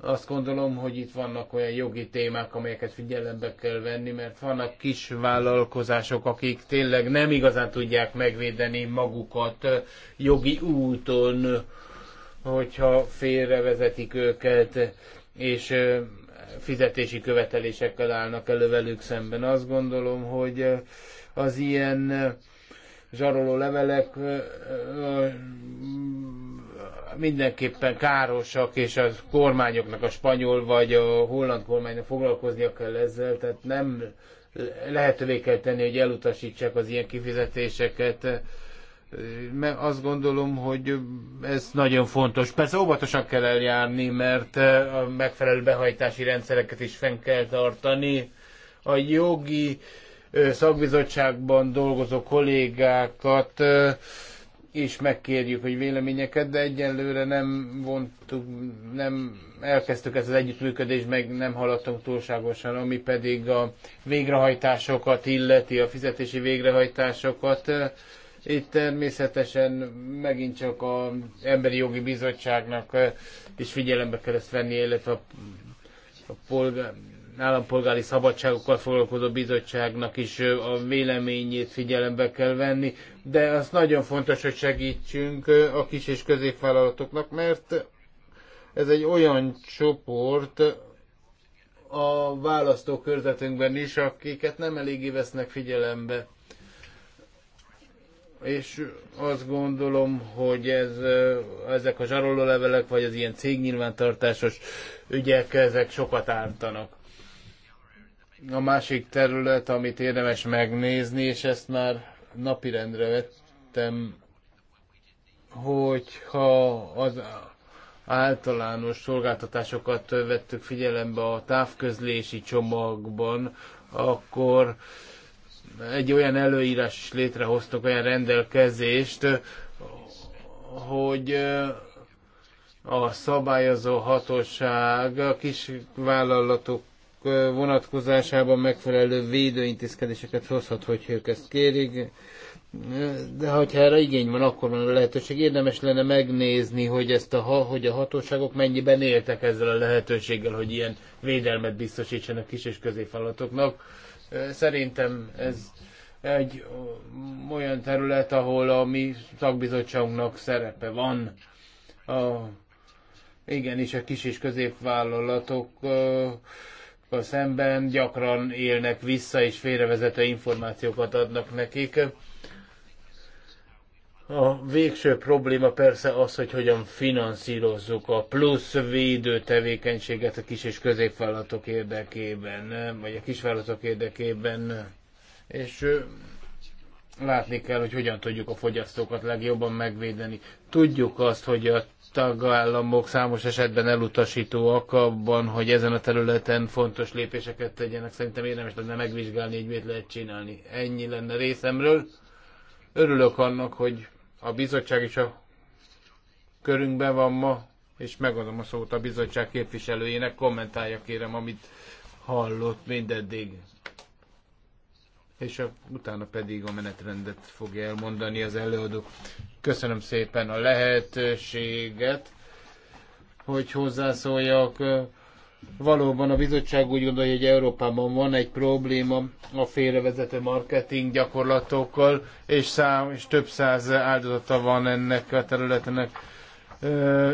azt gondolom, hogy itt vannak olyan jogi témák, amelyeket figyelembe kell venni, mert vannak kis vállalkozások, akik tényleg nem igazán tudják megvédeni magukat jogi úton, hogyha félrevezetik őket, és fizetési követelésekkel állnak elő velük szemben. Azt gondolom, hogy az ilyen zsaroló levelek mindenképpen károsak, és a kormányoknak, a spanyol vagy a holland kormánynak foglalkoznia kell ezzel, tehát nem lehetővé kell tenni, hogy elutasítsák az ilyen kifizetéseket. Mert azt gondolom, hogy ez nagyon fontos. Persze óvatosan kell eljárni, mert a megfelelő behajtási rendszereket is fenn kell tartani. A jogi szakbizottságban dolgozó kollégákat és megkérjük, hogy véleményeket, de egyenlőre nem vontuk, nem elkezdtük ezt az együttműködést, meg nem haladtunk túlságosan, ami pedig a végrehajtásokat illeti, a fizetési végrehajtásokat. Itt természetesen megint csak az Emberi Jogi Bizottságnak is figyelembe kell ezt venni, illetve a, a polgár, állampolgári szabadságokkal foglalkozó bizottságnak is a véleményét figyelembe kell venni, de az nagyon fontos, hogy segítsünk a kis és középvállalatoknak, mert ez egy olyan csoport a választókörzetünkben is, akiket nem eléggé vesznek figyelembe. És azt gondolom, hogy ez, ezek a levelek vagy az ilyen cégnyilvántartásos ügyek, ezek sokat ártanak. A másik terület, amit érdemes megnézni, és ezt már napirendre vettem, hogyha az általános szolgáltatásokat vettük figyelembe a távközlési csomagban, akkor egy olyan előírás is létrehoztok, olyan rendelkezést, hogy a szabályozó hatóság a kis vállalatok vonatkozásában megfelelő védőintézkedéseket hozhat, hogy ők ezt kérik. De ha erre igény van, akkor van a lehetőség. Érdemes lenne megnézni, hogy, ezt a, hogy a hatóságok mennyiben éltek ezzel a lehetőséggel, hogy ilyen védelmet biztosítsanak kis- és középvállalatoknak. Szerintem ez egy olyan terület, ahol a mi szakbizottságunknak szerepe van. A, igen, és a kis- és középvállalatok szemben gyakran élnek vissza, és félrevezető információkat adnak nekik. A végső probléma persze az, hogy hogyan finanszírozzuk a plusz védő tevékenységet a kis és középvállalatok érdekében, vagy a kisvállalatok érdekében. És látni kell, hogy hogyan tudjuk a fogyasztókat legjobban megvédeni. Tudjuk azt, hogy a tagállamok számos esetben elutasítóak abban, hogy ezen a területen fontos lépéseket tegyenek. Szerintem érdemes lenne megvizsgálni, hogy mit lehet csinálni. Ennyi lenne részemről. Örülök annak, hogy a bizottság is a körünkben van ma, és megadom a szót a bizottság képviselőjének, kommentálja kérem, amit hallott mindeddig és a, utána pedig a menetrendet fogja elmondani az előadó. Köszönöm szépen a lehetőséget, hogy hozzászóljak. Valóban a bizottság úgy gondolja, hogy Európában van egy probléma a félrevezető marketing gyakorlatokkal, és, szám, és több száz áldozata van ennek a területnek.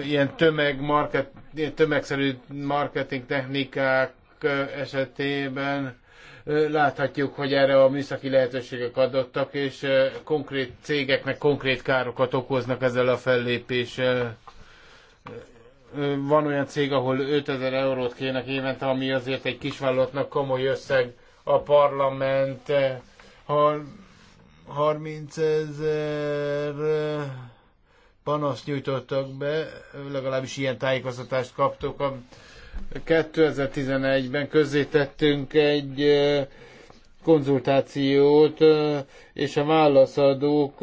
Ilyen tömeg market, ilyen tömegszerű marketing technikák esetében Láthatjuk, hogy erre a műszaki lehetőségek adottak, és konkrét cégeknek konkrét károkat okoznak ezzel a fellépéssel. Van olyan cég, ahol 5000 eurót kének évente, ami azért egy kisvállalatnak komoly összeg. A parlament 30 ezer panaszt nyújtottak be, legalábbis ilyen tájékoztatást kaptuk. 2011-ben közzétettünk egy konzultációt, és a válaszadók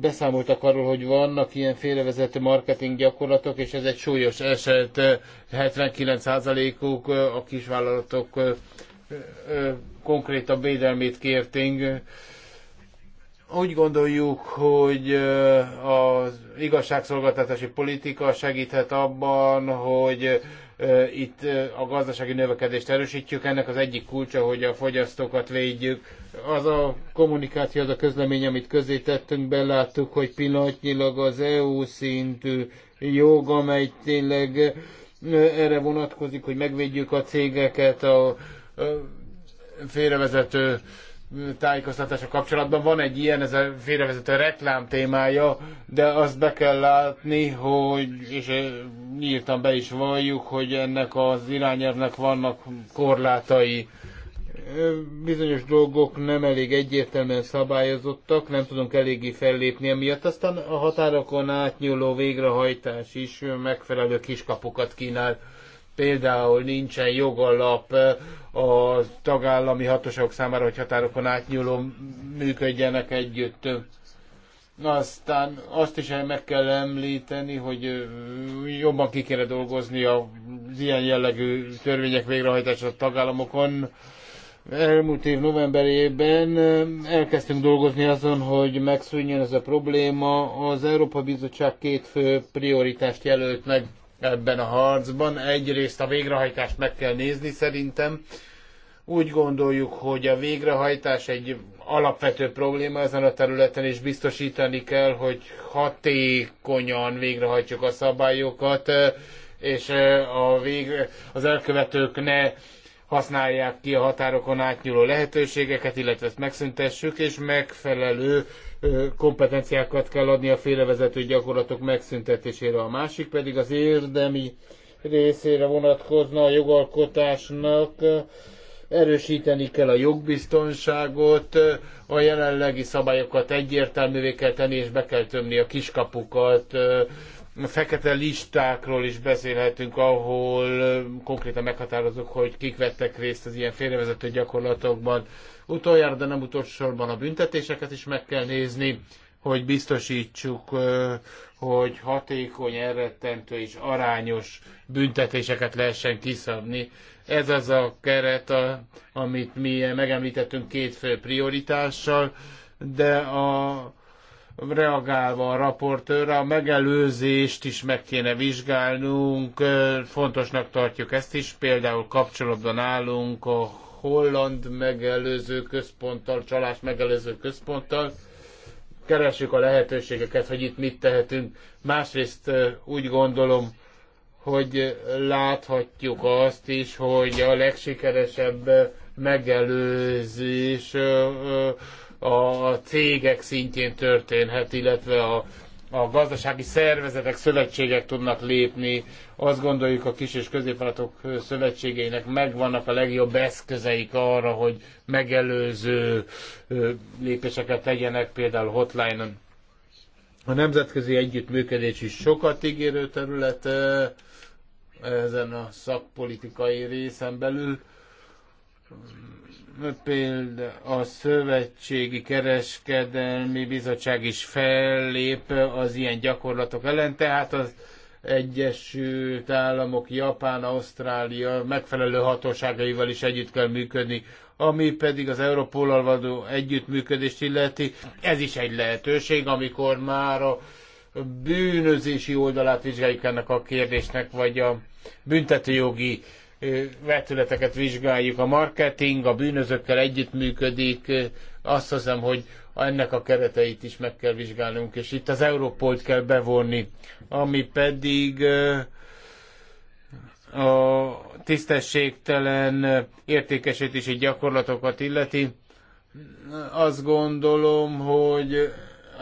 beszámoltak arról, hogy vannak ilyen félrevezető marketing gyakorlatok, és ez egy súlyos eset, 79%-uk a kisvállalatok konkrétabb védelmét kérténk. Úgy gondoljuk, hogy az igazságszolgáltatási politika segíthet abban, hogy itt a gazdasági növekedést erősítjük. Ennek az egyik kulcsa, hogy a fogyasztókat védjük. Az a kommunikáció, az a közlemény, amit közé tettünk, beláttuk, hogy pillanatnyilag az EU szintű jog, amely tényleg erre vonatkozik, hogy megvédjük a cégeket a félrevezető tájékoztatása kapcsolatban van egy ilyen, ez a félrevezető reklám témája, de azt be kell látni, hogy, és eh, nyíltan be is valljuk, hogy ennek az irányelvnek vannak korlátai. Bizonyos dolgok nem elég egyértelműen szabályozottak, nem tudunk eléggé fellépni emiatt. Aztán a határokon átnyúló végrehajtás is megfelelő kiskapukat kínál Például nincsen jogalap a tagállami hatóságok számára, hogy határokon átnyúló működjenek együtt. Aztán azt is meg kell említeni, hogy jobban ki kéne dolgozni az ilyen jellegű törvények végrehajtását a tagállamokon. Elmúlt év novemberében elkezdtünk dolgozni azon, hogy megszűnjön ez a probléma. Az Európa Bizottság két fő prioritást jelölt meg ebben a harcban. Egyrészt a végrehajtást meg kell nézni szerintem. Úgy gondoljuk, hogy a végrehajtás egy alapvető probléma ezen a területen, és biztosítani kell, hogy hatékonyan végrehajtjuk a szabályokat, és eh, a vég, az elkövetők ne használják ki a határokon átnyúló lehetőségeket, illetve ezt megszüntessük, és megfelelő kompetenciákat kell adni a félrevezető gyakorlatok megszüntetésére. A másik pedig az érdemi részére vonatkozna a jogalkotásnak, erősíteni kell a jogbiztonságot, a jelenlegi szabályokat egyértelművé kell tenni, és be kell tömni a kiskapukat, fekete listákról is beszélhetünk, ahol konkrétan meghatározok, hogy kik vettek részt az ilyen félrevezető gyakorlatokban. Utoljára, de nem utolsósorban a büntetéseket is meg kell nézni, hogy biztosítsuk, hogy hatékony, elrettentő és arányos büntetéseket lehessen kiszabni. Ez az a keret, amit mi megemlítettünk két fő prioritással, de a reagálva a raportőrre, a megelőzést is meg kéne vizsgálnunk, fontosnak tartjuk ezt is, például kapcsolatban állunk a holland megelőző központtal, csalás megelőző központtal, Keresjük a lehetőségeket, hogy itt mit tehetünk. Másrészt úgy gondolom, hogy láthatjuk azt is, hogy a legsikeresebb megelőzés a cégek szintjén történhet, illetve a, a gazdasági szervezetek, szövetségek tudnak lépni. Azt gondoljuk, a kis és középvállalatok szövetségeinek megvannak a legjobb eszközeik arra, hogy megelőző lépéseket tegyenek, például hotline-on. A nemzetközi együttműködés is sokat ígérő terület ezen a szakpolitikai részen belül például a Szövetségi Kereskedelmi Bizottság is fellép az ilyen gyakorlatok ellen, tehát az Egyesült Államok, Japán, Ausztrália megfelelő hatóságaival is együtt kell működni, ami pedig az Európollal való együttműködést illeti. Ez is egy lehetőség, amikor már a bűnözési oldalát vizsgáljuk ennek a kérdésnek, vagy a büntetőjogi vetületeket vizsgáljuk. A marketing a bűnözökkel együttműködik, azt hiszem, hogy ennek a kereteit is meg kell vizsgálnunk, és itt az Európolt kell bevonni, ami pedig a tisztességtelen értékesítési gyakorlatokat illeti. Azt gondolom, hogy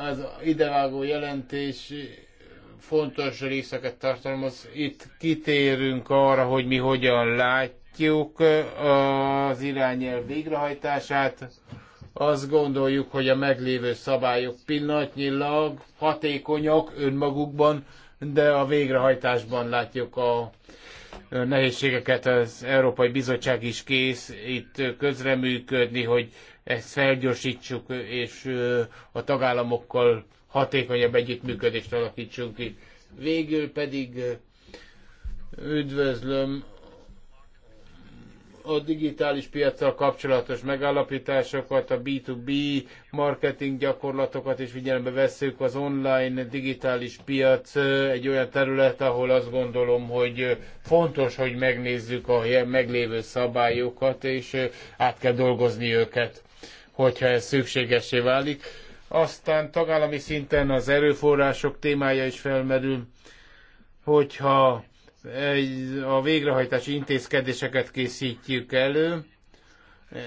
az idevágó jelentés fontos részeket tartalmaz. Itt kitérünk arra, hogy mi hogyan látjuk az irányelv végrehajtását. Azt gondoljuk, hogy a meglévő szabályok pillanatnyilag hatékonyak önmagukban, de a végrehajtásban látjuk a nehézségeket. Az Európai Bizottság is kész itt közreműködni, hogy ezt felgyorsítsuk, és a tagállamokkal hatékonyabb együttműködést alakítsunk ki. Végül pedig eh, üdvözlöm a digitális piacsal kapcsolatos megállapításokat, a B2B marketing gyakorlatokat is figyelembe vesszük. Az online digitális piac eh, egy olyan terület, ahol azt gondolom, hogy eh, fontos, hogy megnézzük a meglévő szabályokat, és át kell dolgozni őket, hogyha ez szükségessé válik aztán tagállami szinten az erőforrások témája is felmerül, hogyha a végrehajtási intézkedéseket készítjük elő,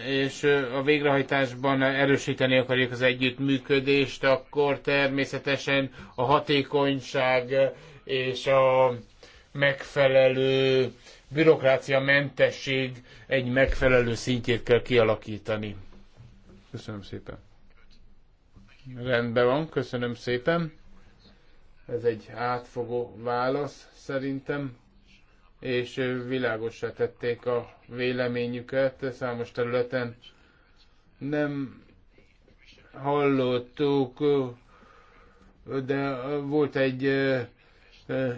és a végrehajtásban erősíteni akarjuk az együttműködést, akkor természetesen a hatékonyság és a megfelelő bürokrácia mentesség egy megfelelő szintjét kell kialakítani. Köszönöm szépen. Rendben van, köszönöm szépen. Ez egy átfogó válasz szerintem, és világosra tették a véleményüket számos területen. Nem hallottuk, de volt egy eh,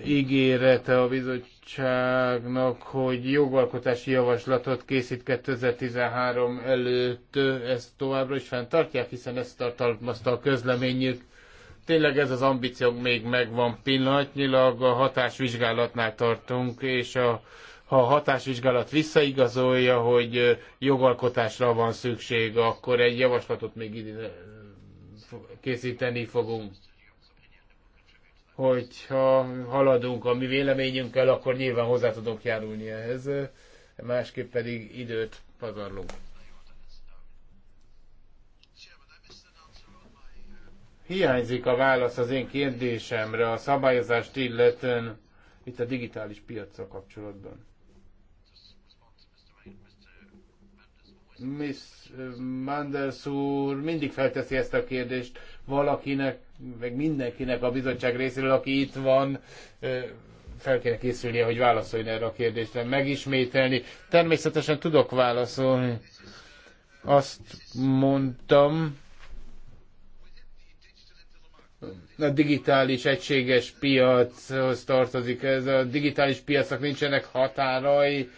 ígéret a bizottság bizottságnak, hogy jogalkotási javaslatot készít 2013 előtt, ezt továbbra is fenntartják, hiszen ezt tartalmazta a közleményük. Tényleg ez az ambíció még megvan pillanatnyilag, a hatásvizsgálatnál tartunk, és a, ha a hatásvizsgálat visszaigazolja, hogy jogalkotásra van szükség, akkor egy javaslatot még készíteni fogunk hogyha haladunk a mi véleményünkkel, akkor nyilván hozzá tudunk járulni ehhez, másképp pedig időt pazarlunk. Hiányzik a válasz az én kérdésemre a szabályozást illetően itt a digitális piacra kapcsolatban. Miss Manders úr mindig felteszi ezt a kérdést valakinek, meg mindenkinek a bizottság részéről, aki itt van, fel kéne készülnie, hogy válaszoljon erre a kérdésre, megismételni. Természetesen tudok válaszolni. Azt mondtam, a digitális egységes piachoz tartozik. Ez a digitális piacnak nincsenek határai,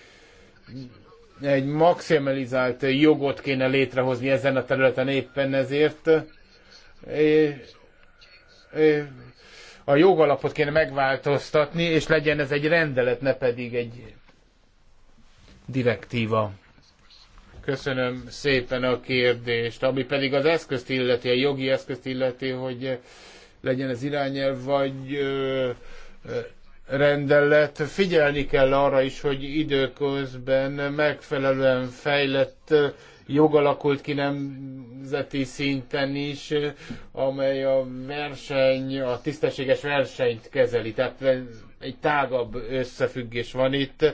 egy maximalizált jogot kéne létrehozni ezen a területen éppen ezért. A jogalapot kéne megváltoztatni, és legyen ez egy rendelet, ne pedig egy direktíva. Köszönöm szépen a kérdést. Ami pedig az eszközt illeti, a jogi eszközt illeti, hogy legyen ez irányelv, vagy rendelet. Figyelni kell arra is, hogy időközben megfelelően fejlett jog alakult ki nemzeti szinten is, amely a verseny, a tisztességes versenyt kezeli. Tehát egy tágabb összefüggés van itt.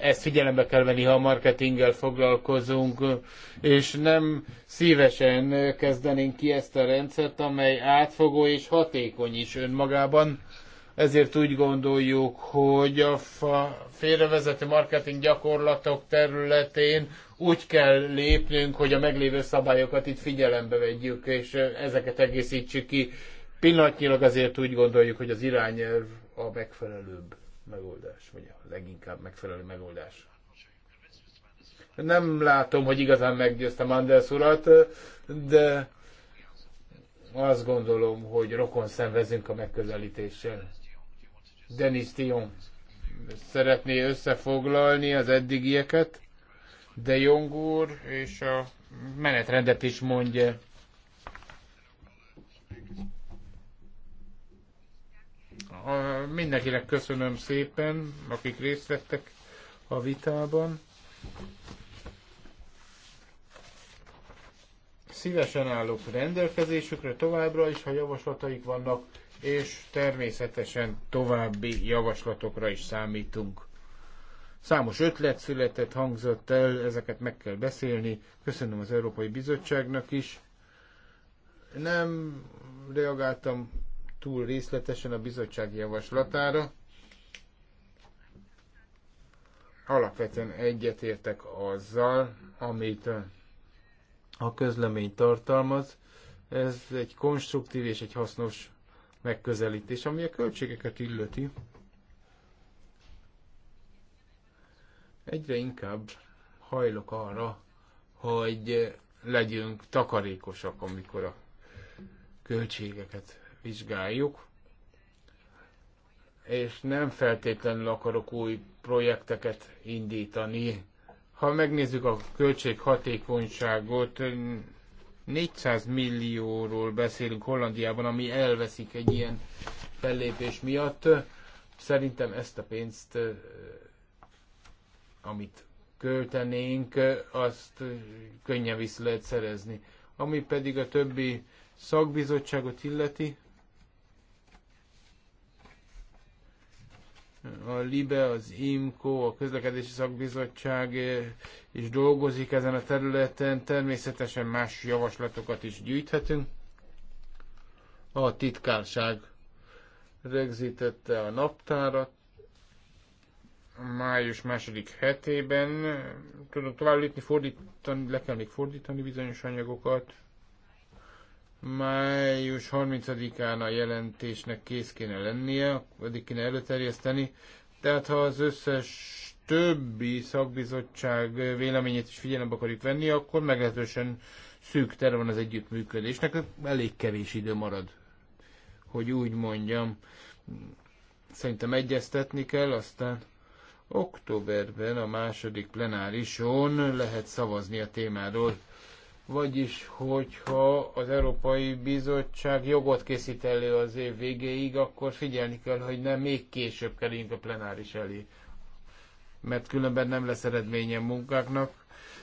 Ezt figyelembe kell venni, ha a marketinggel foglalkozunk, és nem szívesen kezdenénk ki ezt a rendszert, amely átfogó és hatékony is önmagában ezért úgy gondoljuk, hogy a félrevezető marketing gyakorlatok területén úgy kell lépnünk, hogy a meglévő szabályokat itt figyelembe vegyük, és ezeket egészítsük ki. Pillanatnyilag azért úgy gondoljuk, hogy az irányelv a megfelelőbb megoldás, vagy a leginkább megfelelő megoldás. Nem látom, hogy igazán meggyőztem Anders urat, de azt gondolom, hogy rokon szenvezünk a megközelítéssel. Denis Dion szeretné összefoglalni az eddigieket, de Jong úr és a menetrendet is mondja. A, mindenkinek köszönöm szépen, akik részt vettek a vitában. Szívesen állok rendelkezésükre továbbra is, ha javaslataik vannak és természetesen további javaslatokra is számítunk. Számos ötlet született, hangzott el, ezeket meg kell beszélni. Köszönöm az Európai Bizottságnak is. Nem reagáltam túl részletesen a bizottság javaslatára. Alapvetően egyetértek azzal, amit a közlemény tartalmaz. Ez egy konstruktív és egy hasznos megközelítés, ami a költségeket illeti. Egyre inkább hajlok arra, hogy legyünk takarékosak, amikor a költségeket vizsgáljuk, és nem feltétlenül akarok új projekteket indítani. Ha megnézzük a költséghatékonyságot, 400 millióról beszélünk Hollandiában, ami elveszik egy ilyen fellépés miatt. Szerintem ezt a pénzt, amit költenénk, azt könnyen vissza lehet szerezni. Ami pedig a többi szakbizottságot illeti, a LIBE, az IMCO, a közlekedési szakbizottság eh, is dolgozik ezen a területen, természetesen más javaslatokat is gyűjthetünk. A titkárság rögzítette a naptárat május második hetében. Eh, tudom tovább lépni, fordítani, le kell még fordítani bizonyos anyagokat május 30-án a jelentésnek kész kéne lennie, addig kéne előterjeszteni. Tehát ha az összes többi szakbizottság véleményét is figyelembe akarjuk venni, akkor meglehetősen szűk tere van az együttműködésnek, elég kevés idő marad, hogy úgy mondjam. Szerintem egyeztetni kell, aztán októberben a második plenárison lehet szavazni a témáról. Vagyis, hogyha az Európai Bizottság jogot készít elő az év végéig, akkor figyelni kell, hogy nem még később kerüljünk a plenáris elé. Mert különben nem lesz eredménye munkáknak.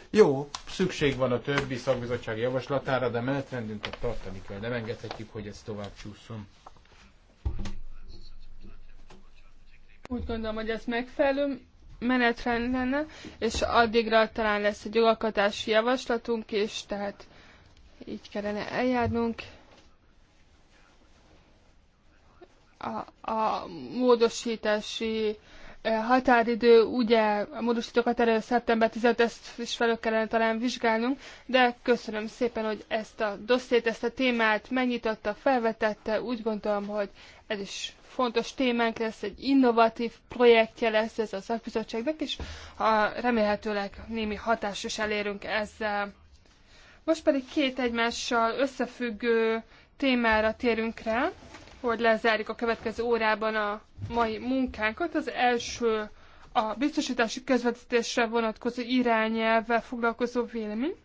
Jó, szükség van a többi szakbizottság javaslatára, de menetrendünket tartani kell. Nem engedhetjük, hogy ez tovább csúszom. Úgy gondolom, hogy ez megfelelő menetrend lenne, és addigra talán lesz egy jogalkotási javaslatunk és tehát így kellene eljárnunk. A, a módosítási határidő, ugye a módosítók határidő szeptember 10 ezt is fel kellene talán vizsgálnunk, de köszönöm szépen, hogy ezt a dosszét, ezt a témát megnyitotta, felvetette, úgy gondolom, hogy ez is fontos témánk lesz, egy innovatív projektje lesz ez a szakbizottságnak, és a remélhetőleg némi hatás is elérünk ezzel. Most pedig két egymással összefüggő témára térünk rá, hogy lezárjuk a következő órában a mai munkánkat. Az első a biztosítási közvetítésre vonatkozó irányelvvel foglalkozó vélemény,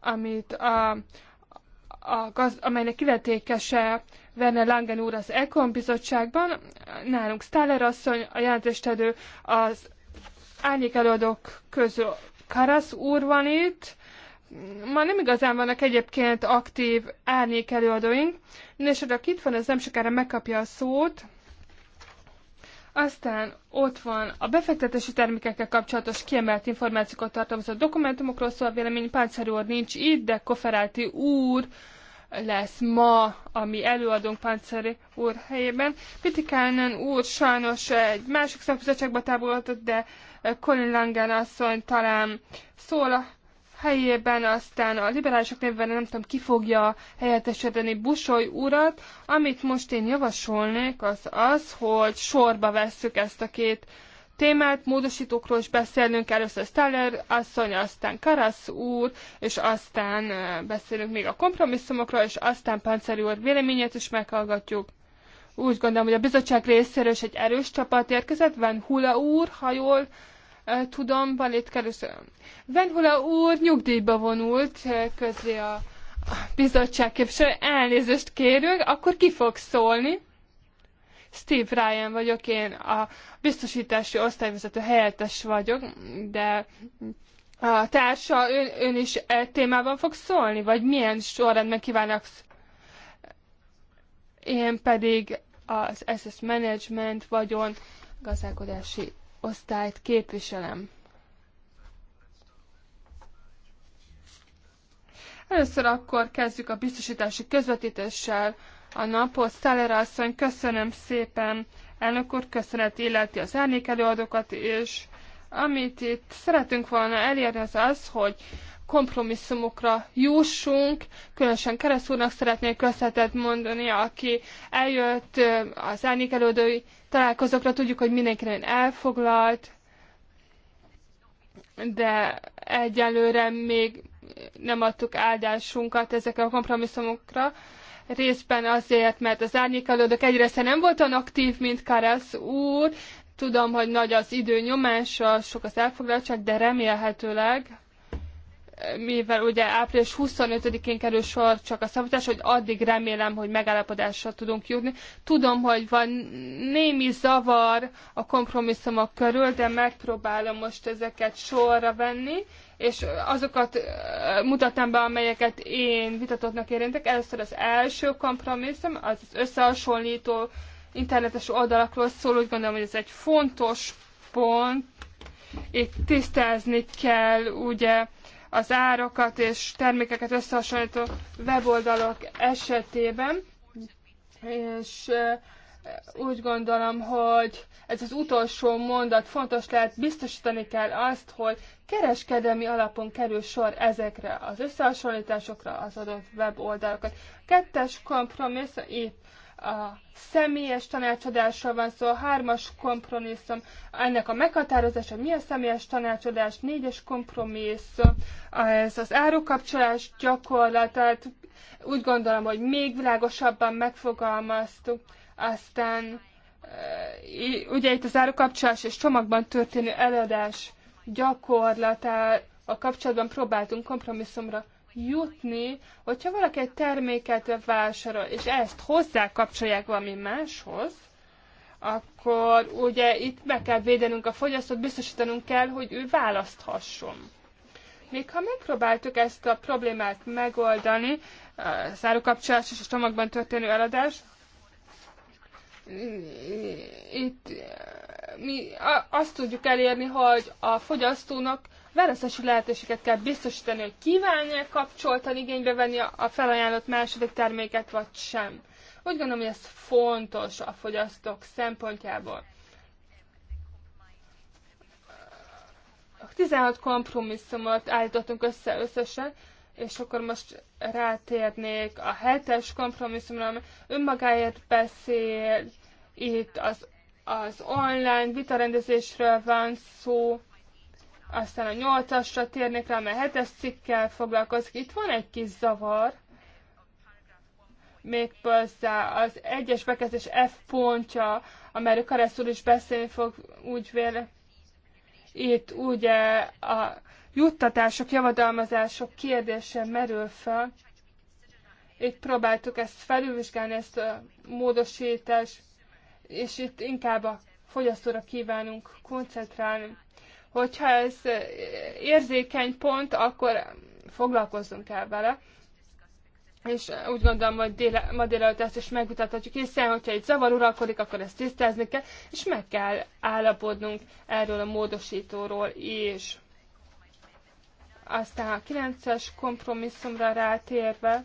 amit a, a gaz, amelynek illetékese Werner Langen úr az ECON bizottságban, nálunk Stáler asszony, a jelentéstedő az árnyék előadók közül Karasz úr van itt, ma nem igazán vannak egyébként aktív árnyék előadóink, és aki itt van, ez nem sokára megkapja a szót. Aztán ott van a befektetési termékekkel kapcsolatos kiemelt információkat tartalmazó dokumentumokról szól a vélemény. Páncer úr nincs itt, de Koferálti úr, lesz ma a mi előadónk Panceri úr helyében. Pitikánen úr sajnos egy másik szakbizottságba távolodott, de Colin Langen asszony talán szól a helyében, aztán a liberálisok névben nem tudom ki fogja helyettesíteni Busoly urat. Amit most én javasolnék, az az, hogy sorba vesszük ezt a két uh, témát, módosítókról is beszélnünk, először Steller asszony, aztán Karasz úr, és aztán beszélünk még a kompromisszumokról, és aztán Panceri úr véleményét is meghallgatjuk. Úgy gondolom, hogy a bizottság részéről is egy erős csapat érkezett, Van Hula úr, ha jól e, tudom, van itt kerülször. Van Hula úr nyugdíjba vonult közé a, a bizottság képviselő, elnézést kérünk, akkor ki fog szólni? Steve Ryan vagyok, én a biztosítási osztályvezető helyettes vagyok, de a társa ön, ön is e témában fog szólni, vagy milyen sorrendben kívánok? Én pedig az SS Management vagyon gazdálkodási osztályt képviselem. Először akkor kezdjük a biztosítási közvetítéssel, a napot. Szeller asszony, köszönöm szépen, elnök úr, köszönet illeti az elnékelőadókat, és amit itt szeretünk volna elérni az az, hogy kompromisszumokra jussunk. Különösen Keresz úrnak szeretnék köszönetet mondani, aki eljött az elnékelődői találkozókra. Tudjuk, hogy mindenki nagyon elfoglalt, de egyelőre még nem adtuk áldásunkat ezekre a kompromisszumokra részben azért, mert az árnyékelődők egyrészt nem volt olyan aktív, mint Karasz úr, tudom, hogy nagy az idő nyomása, sok az elfoglaltság, de remélhetőleg mivel ugye április 25-én kerül sor csak a szavazás, hogy addig remélem, hogy megállapodásra tudunk jutni. Tudom, hogy van némi zavar a kompromisszumok körül, de megpróbálom most ezeket sorra venni, és azokat mutattam be, amelyeket én vitatottnak érintek. Először az első kompromisszum, az összehasonlító internetes oldalakról szól, úgy gondolom, hogy ez egy fontos pont. Itt tisztázni kell ugye az árakat és termékeket összehasonlító weboldalak esetében, és úgy gondolom, hogy ez az utolsó mondat fontos lehet, biztosítani kell azt, hogy kereskedelmi alapon kerül sor ezekre az összehasonlításokra, az adott weboldalakat. Kettes kompromisszum itt a személyes tanácsadásra van szó, a hármas kompromisszum, ennek a meghatározása, mi a személyes tanácsadás, négyes kompromisszum, ez az árukapcsolás gyakorlatát úgy gondolom, hogy még világosabban megfogalmaztuk. Aztán ugye itt az árukapcsolás és csomagban történő eladás a kapcsolatban próbáltunk kompromisszumra jutni, hogyha valaki egy terméket vásárol, és ezt hozzá kapcsolják valami máshoz, akkor ugye itt meg kell védenünk a fogyasztót, biztosítanunk kell, hogy ő választhasson. Még ha megpróbáltuk ezt a problémát megoldani, szárukapcsolás és a csomagban történő eladás, itt mi azt tudjuk elérni, hogy a fogyasztónak választási lehetőséget kell biztosítani, hogy kívánja kapcsoltan igénybe venni a felajánlott második terméket, vagy sem. Úgy gondolom, hogy ez fontos a fogyasztók szempontjából. A 16 kompromisszumot állítottunk össze összesen, és akkor most rátérnék a hetes kompromisszumra, ami önmagáért beszél, itt az, az online vitarendezésről van szó, aztán a nyolcasra térnék rá, mert hetes cikkkel foglalkozik. Itt van egy kis zavar, még pozzá az egyes bekezdés F pontja, amelyről Karesz is beszélni fog, úgy vélem. Itt ugye a juttatások, javadalmazások kérdése merül fel. Itt próbáltuk ezt felülvizsgálni, ezt a módosítást, és itt inkább a fogyasztóra kívánunk koncentrálni. Hogyha ez érzékeny pont, akkor foglalkozzunk el vele. És úgy gondolom, hogy déle, ma délelőtt ezt is megmutathatjuk, hiszen hogyha egy zavar uralkodik, akkor ezt tisztázni kell, és meg kell állapodnunk erről a módosítóról is. Aztán a 9-es kompromisszumra rátérve,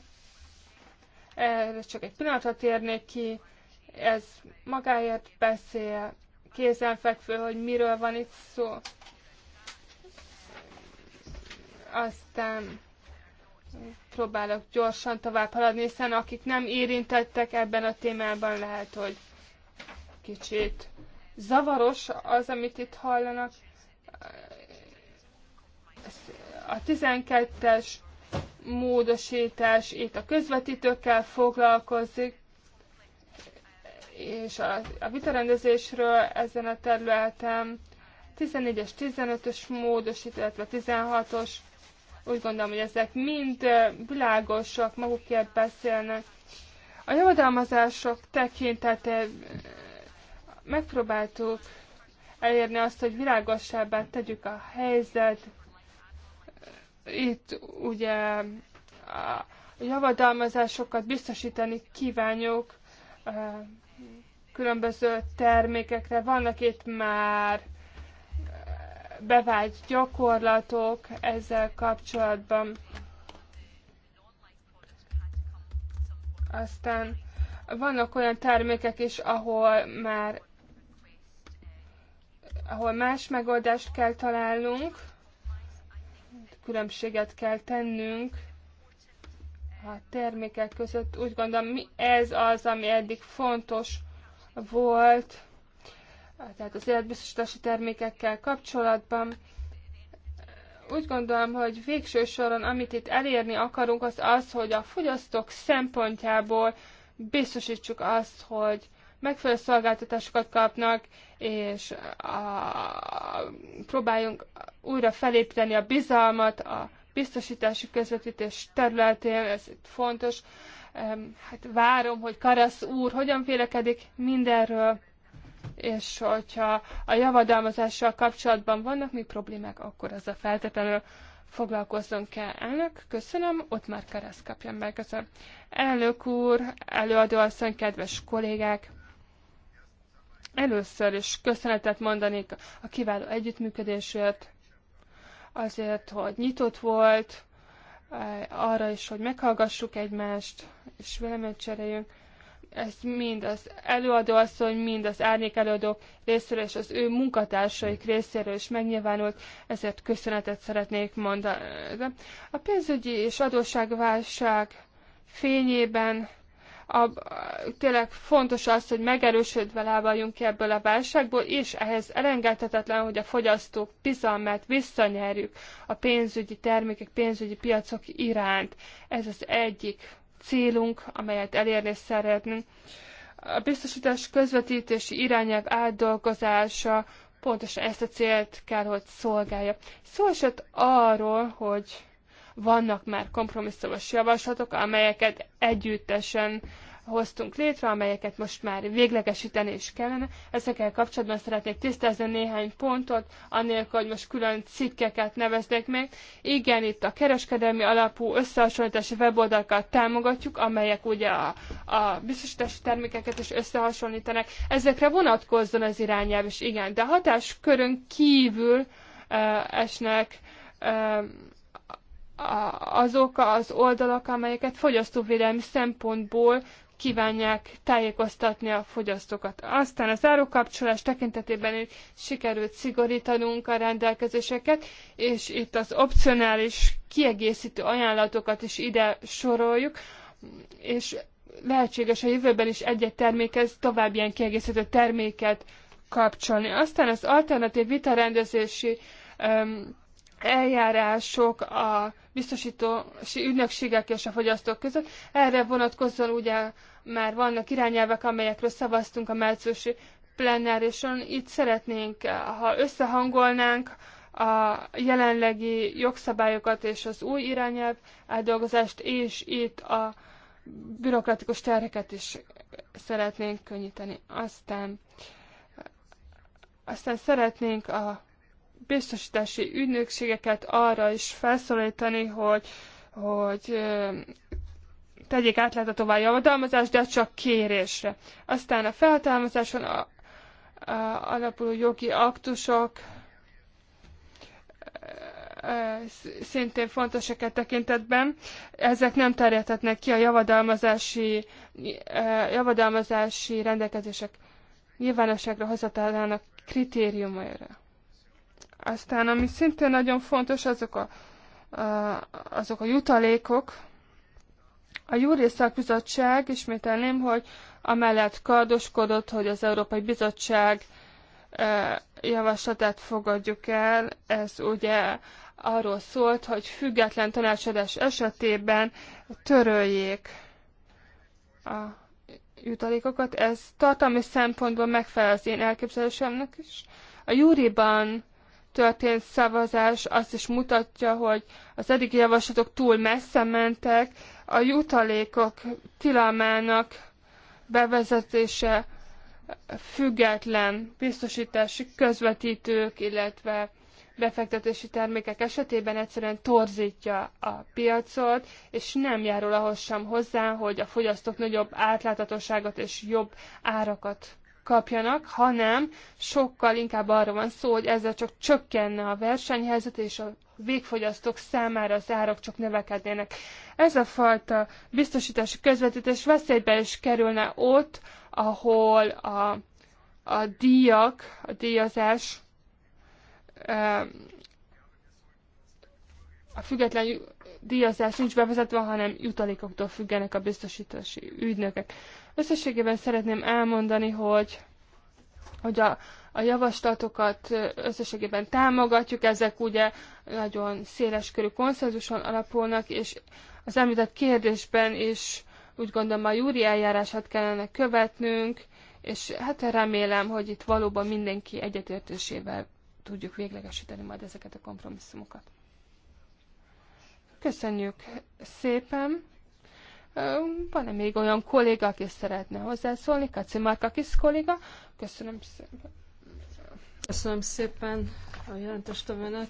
erre csak egy pillanatra térnék ki, ez magáért beszél, kézenfekvő, hogy miről van itt szó. Aztán próbálok gyorsan tovább haladni, hiszen akik nem érintettek ebben a témában, lehet, hogy kicsit zavaros az, amit itt hallanak. A 12-es módosítás itt a közvetítőkkel foglalkozik, és a, a vitarendezésről ezen a területen 14-es, 15-ös módosítás, illetve 16-os, úgy gondolom, hogy ezek mind világosak, magukért beszélnek. A javadalmazások tekintete megpróbáltuk elérni azt, hogy világosabbá tegyük a helyzet, itt ugye a javadalmazásokat biztosítani kívánjuk különböző termékekre. Vannak itt már bevált gyakorlatok ezzel kapcsolatban. Aztán vannak olyan termékek is, ahol már ahol más megoldást kell találnunk különbséget kell tennünk a termékek között. Úgy gondolom, mi ez az, ami eddig fontos volt, tehát az életbiztosítási termékekkel kapcsolatban. Úgy gondolom, hogy végső soron, amit itt elérni akarunk, az az, hogy a fogyasztók szempontjából biztosítsuk azt, hogy megfelelő szolgáltatásokat kapnak, és a, próbáljunk újra felépíteni a bizalmat a biztosítási közvetítés területén, ez itt fontos. Hát várom, hogy Karasz úr hogyan vélekedik mindenről, és hogyha a javadalmazással kapcsolatban vannak még problémák, akkor a feltétlenül foglalkozzon kell. Elnök, köszönöm, ott már kereszt kapjam meg. Köszönöm. Elnök úr, előadóasszony, kedves kollégák! Először is köszönetet mondanék a kiváló együttműködésért, azért, hogy nyitott volt, eh, arra is, hogy meghallgassuk egymást, és véleményt cseréljünk. Ezt mind az előadó asszony, mind az árnyék előadók részéről és az ő munkatársaik részéről is megnyilvánult, ezért köszönetet szeretnék mondani. A pénzügyi és adósságválság fényében a, tényleg fontos az, hogy megerősödve lábaljunk ki ebből a válságból, és ehhez elengedhetetlen, hogy a fogyasztók bizalmát visszanyerjük a pénzügyi termékek, pénzügyi piacok iránt. Ez az egyik célunk, amelyet elérni szeretnénk. A biztosítás közvetítési irányelv átdolgozása pontosan ezt a célt kell, hogy szolgálja. Szó esett arról, hogy vannak már kompromisszumos javaslatok, amelyeket együttesen hoztunk létre, amelyeket most már véglegesíteni is kellene. Ezekkel kapcsolatban szeretnék tisztázni néhány pontot, annélkül, hogy most külön cikkeket neveznék meg. Igen, itt a kereskedelmi alapú összehasonlítási weboldalkat támogatjuk, amelyek ugye a, a biztosítási termékeket is összehasonlítanak. Ezekre vonatkozzon az irányelv is, igen, de hatáskörön kívül uh, esnek uh, azok az oldalak, amelyeket fogyasztóvédelmi szempontból kívánják tájékoztatni a fogyasztókat. Aztán az árukapcsolás tekintetében is sikerült szigorítanunk a rendelkezéseket, és itt az opcionális kiegészítő ajánlatokat is ide soroljuk, és lehetséges a jövőben is egy-egy termékhez tovább ilyen kiegészítő terméket kapcsolni. Aztán az alternatív vitarendezési eljárások, a biztosítósi ügynökségek és a fogyasztók között. Erre vonatkozóan ugye már vannak irányelvek, amelyekről szavaztunk a márciusi plenárison. Itt szeretnénk, ha összehangolnánk a jelenlegi jogszabályokat és az új irányelv eldolgozást és itt a bürokratikus terheket is szeretnénk könnyíteni. Aztán, aztán szeretnénk a biztosítási ügynökségeket arra is felszólítani, hogy, hogy tegyék átláthatóvá a javadalmazást, de csak kérésre. Aztán a felhatalmazáson a, a, alapuló jogi aktusok szintén fontosak e tekintetben. Ezek nem terjedhetnek ki a javadalmazási, javadalmazási rendelkezések nyilvánosságra hozatálának kritériumaira. Aztán, ami szintén nagyon fontos, azok a, a, azok a jutalékok. A Júri Bizottság, ismételném, hogy amellett kardoskodott, hogy az Európai Bizottság e, javaslatát fogadjuk el. Ez ugye arról szólt, hogy független tanácsadás esetében töröljék a jutalékokat. Ez tartalmi szempontból megfelel az én elképzelésemnek is. A júriban történt szavazás azt is mutatja, hogy az eddigi javaslatok túl messze mentek, a jutalékok tilalmának bevezetése független biztosítási közvetítők, illetve befektetési termékek esetében egyszerűen torzítja a piacot, és nem járul ahhoz sem hozzá, hogy a fogyasztók nagyobb átláthatóságot és jobb árakat kapjanak, hanem sokkal inkább arra van szó, hogy ezzel csak csökkenne a versenyhelyzet, és a végfogyasztók számára az árak csak növekednének. Ez a fajta biztosítási közvetítés veszélybe is kerülne ott, ahol a, a díjak, a díjazás a független díjazás nincs bevezetve, hanem jutalékoktól függenek a biztosítási ügynökek. Összességében szeretném elmondani, hogy, hogy a, a javaslatokat összességében támogatjuk, ezek ugye nagyon széles körű konszenzuson alapulnak, és az említett kérdésben is úgy gondolom a júri eljárását kellene követnünk, és hát remélem, hogy itt valóban mindenki egyetértésével tudjuk véglegesíteni majd ezeket a kompromisszumokat. Köszönjük szépen! Van-e még olyan kolléga, aki szeretne hozzászólni? Kaci kis kolléga. Köszönöm szépen. Köszönöm szépen a jelentéstevőnek.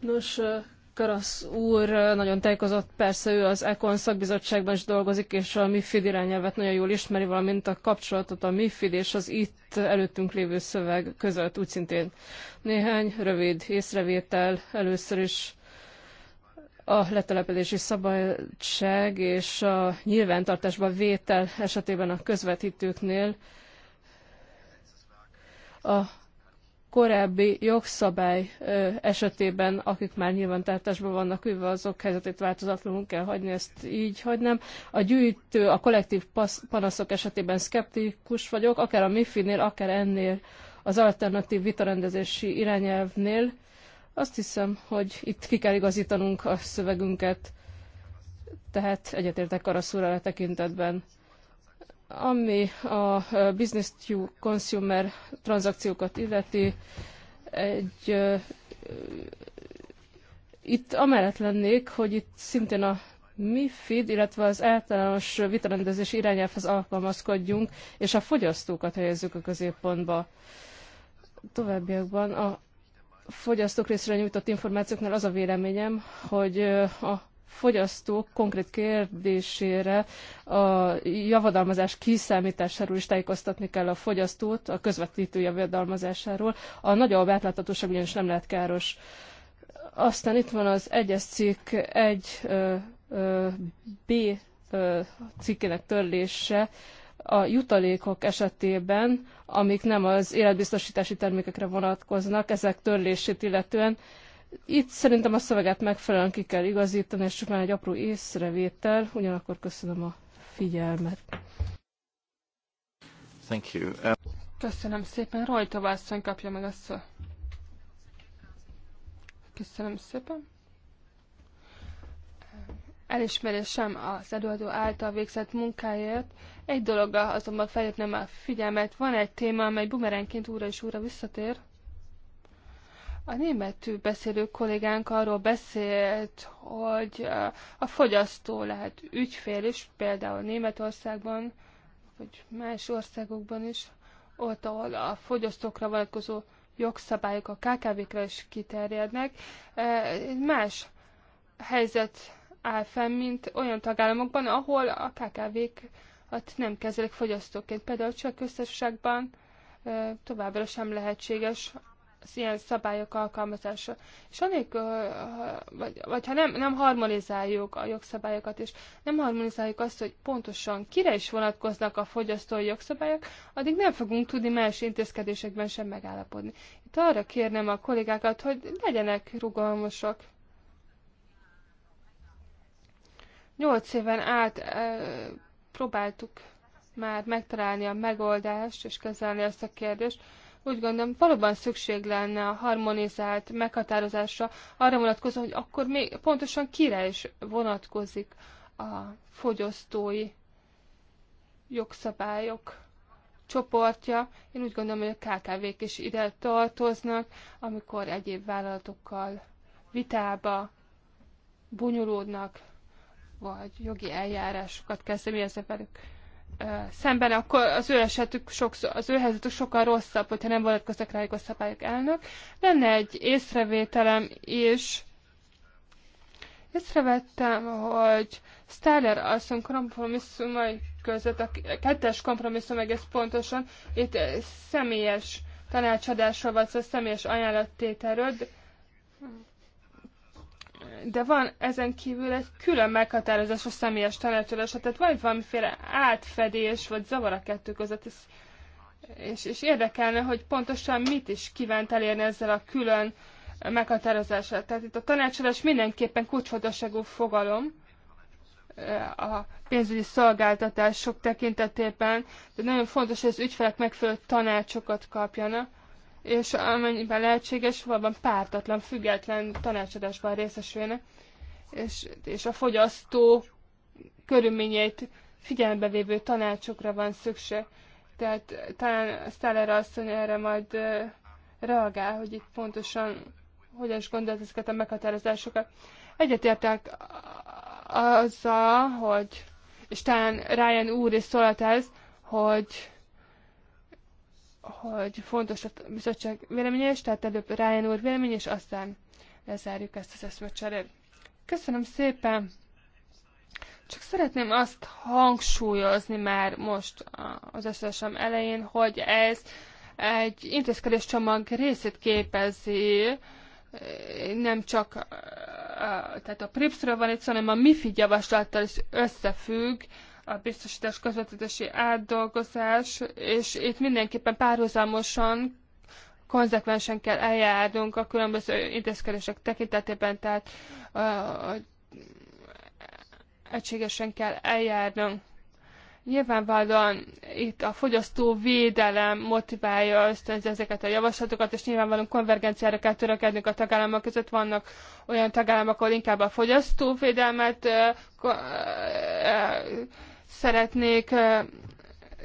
Nos, Karasz úr nagyon tájékozott, persze ő az Econ szakbizottságban is dolgozik, és a MIFID irányelvet nagyon jól ismeri, valamint a kapcsolatot a MIFID és az itt előttünk lévő szöveg között úgy szintén. Néhány rövid észrevétel először is a letelepedési szabadság és a nyilvántartásba vétel esetében a közvetítőknél a korábbi jogszabály esetében, akik már nyilvántartásban vannak ülve, azok helyzetét változatlanul kell hagyni, ezt így hagynám. A gyűjtő, a kollektív panaszok esetében szkeptikus vagyok, akár a MIFI-nél, akár ennél az alternatív vitarendezési irányelvnél, azt hiszem, hogy itt ki kell igazítanunk a szövegünket, tehát egyetértek arra a tekintetben. Ami a business to consumer tranzakciókat illeti, egy itt amellett lennék, hogy itt szintén a MIFID, illetve az általános vitarendezés irányelvhez alkalmazkodjunk, és a fogyasztókat helyezzük a középpontba. Továbbiakban a fogyasztók részre nyújtott információknál az a véleményem, hogy a fogyasztók konkrét kérdésére a javadalmazás kiszámításáról is tájékoztatni kell a fogyasztót, a közvetítő javadalmazásáról. A nagyobb átláthatóság ugyanis nem lehet káros. Aztán itt van az egyes cikk egy ö, ö, B ö, cikkének törlése, a jutalékok esetében, amik nem az életbiztosítási termékekre vonatkoznak, ezek törlését illetően. Itt szerintem a szöveget megfelelően ki kell igazítani, és csak már egy apró észrevétel, ugyanakkor köszönöm a figyelmet. Thank you. Um... Köszönöm szépen. Rajta Vászony kapja meg a szó. Köszönöm szépen elismerésem az előadó által végzett munkáért. Egy dologra azonban felhívnám a figyelmet. Van egy téma, amely bumerenként újra és újra visszatér. A németű beszélő kollégánk arról beszélt, hogy a fogyasztó lehet ügyfél is, például Németországban, vagy más országokban is, ott, ahol a fogyasztókra vonatkozó jogszabályok a KKV-kra is kiterjednek. Más helyzet áll fenn, mint olyan tagállamokban, ahol a KKV-kat nem kezelik fogyasztóként. Például csak köztársaságban továbbra sem lehetséges az ilyen szabályok alkalmazása. És anélkül, vagy, vagy ha nem, nem harmonizáljuk a jogszabályokat, és nem harmonizáljuk azt, hogy pontosan kire is vonatkoznak a fogyasztói jogszabályok, addig nem fogunk tudni más intézkedésekben sem megállapodni. Itt arra kérnem a kollégákat, hogy legyenek rugalmasak. Nyolc éven át ö, próbáltuk már megtalálni a megoldást és kezelni ezt a kérdést. Úgy gondolom, valóban szükség lenne a harmonizált meghatározásra arra vonatkozóan, hogy akkor még pontosan kire is vonatkozik a fogyasztói jogszabályok csoportja. Én úgy gondolom, hogy a KKV-k is ide tartoznak, amikor egyéb vállalatokkal vitába bonyolódnak, vagy jogi eljárásokat kezdeményezve velük szemben, akkor az ő esetük sokszor, az ő helyzetük sokkal rosszabb, hogyha nem vonatkoztak rájuk a szabályok elnök. Lenne egy észrevételem is. Észrevettem, hogy Steller asszony kompromisszumai között, a kettes kompromisszum egész pontosan, itt személyes tanácsadásról van szó, szóval személyes ajánlattételről, de van ezen kívül egy külön meghatározás a személyes tanácsadásra, tehát van valamiféle átfedés vagy zavar a kettő között, és, és, és érdekelne, hogy pontosan mit is kívánt elérni ezzel a külön meghatározással. Tehát itt a tanácsadás mindenképpen kulcsfontosságú fogalom eh, a pénzügyi szolgáltatások tekintetében, de nagyon fontos, hogy az ügyfelek megfelelő tanácsokat kapjanak és amennyiben lehetséges, valóban pártatlan, független tanácsadásban részesülne, és, és a fogyasztó körülményeit figyelembe vévő tanácsokra van szükség. Tehát talán Steller asszony erre majd reagál, hogy itt pontosan hogyan is gondolt ezeket a meghatározásokat. Egyetértek azzal, hogy, és talán Ryan úr is szólt ez, hogy hogy fontos a bizottság véleménye is, tehát előbb Ryan úr vélemény, és aztán lezárjuk ezt az eszmecserét. Köszönöm szépen! Csak szeretném azt hangsúlyozni már most az eszmecserem elején, hogy ez egy intézkedés csomag részét képezi, nem csak tehát a prips van itt, hanem a MIFID javaslattal is összefügg, a biztosítás közvetítési átdolgozás, és itt mindenképpen párhuzamosan konzekvensen kell eljárnunk a különböző intézkedések tekintetében, tehát uh, egységesen kell eljárnunk. Nyilvánvalóan itt a fogyasztó védelem motiválja ösztönzi ezeket a javaslatokat, és nyilvánvalóan konvergenciára kell törekednünk a tagállamok között. Vannak olyan tagállamok, ahol inkább a uh, uh, uh, szeretnék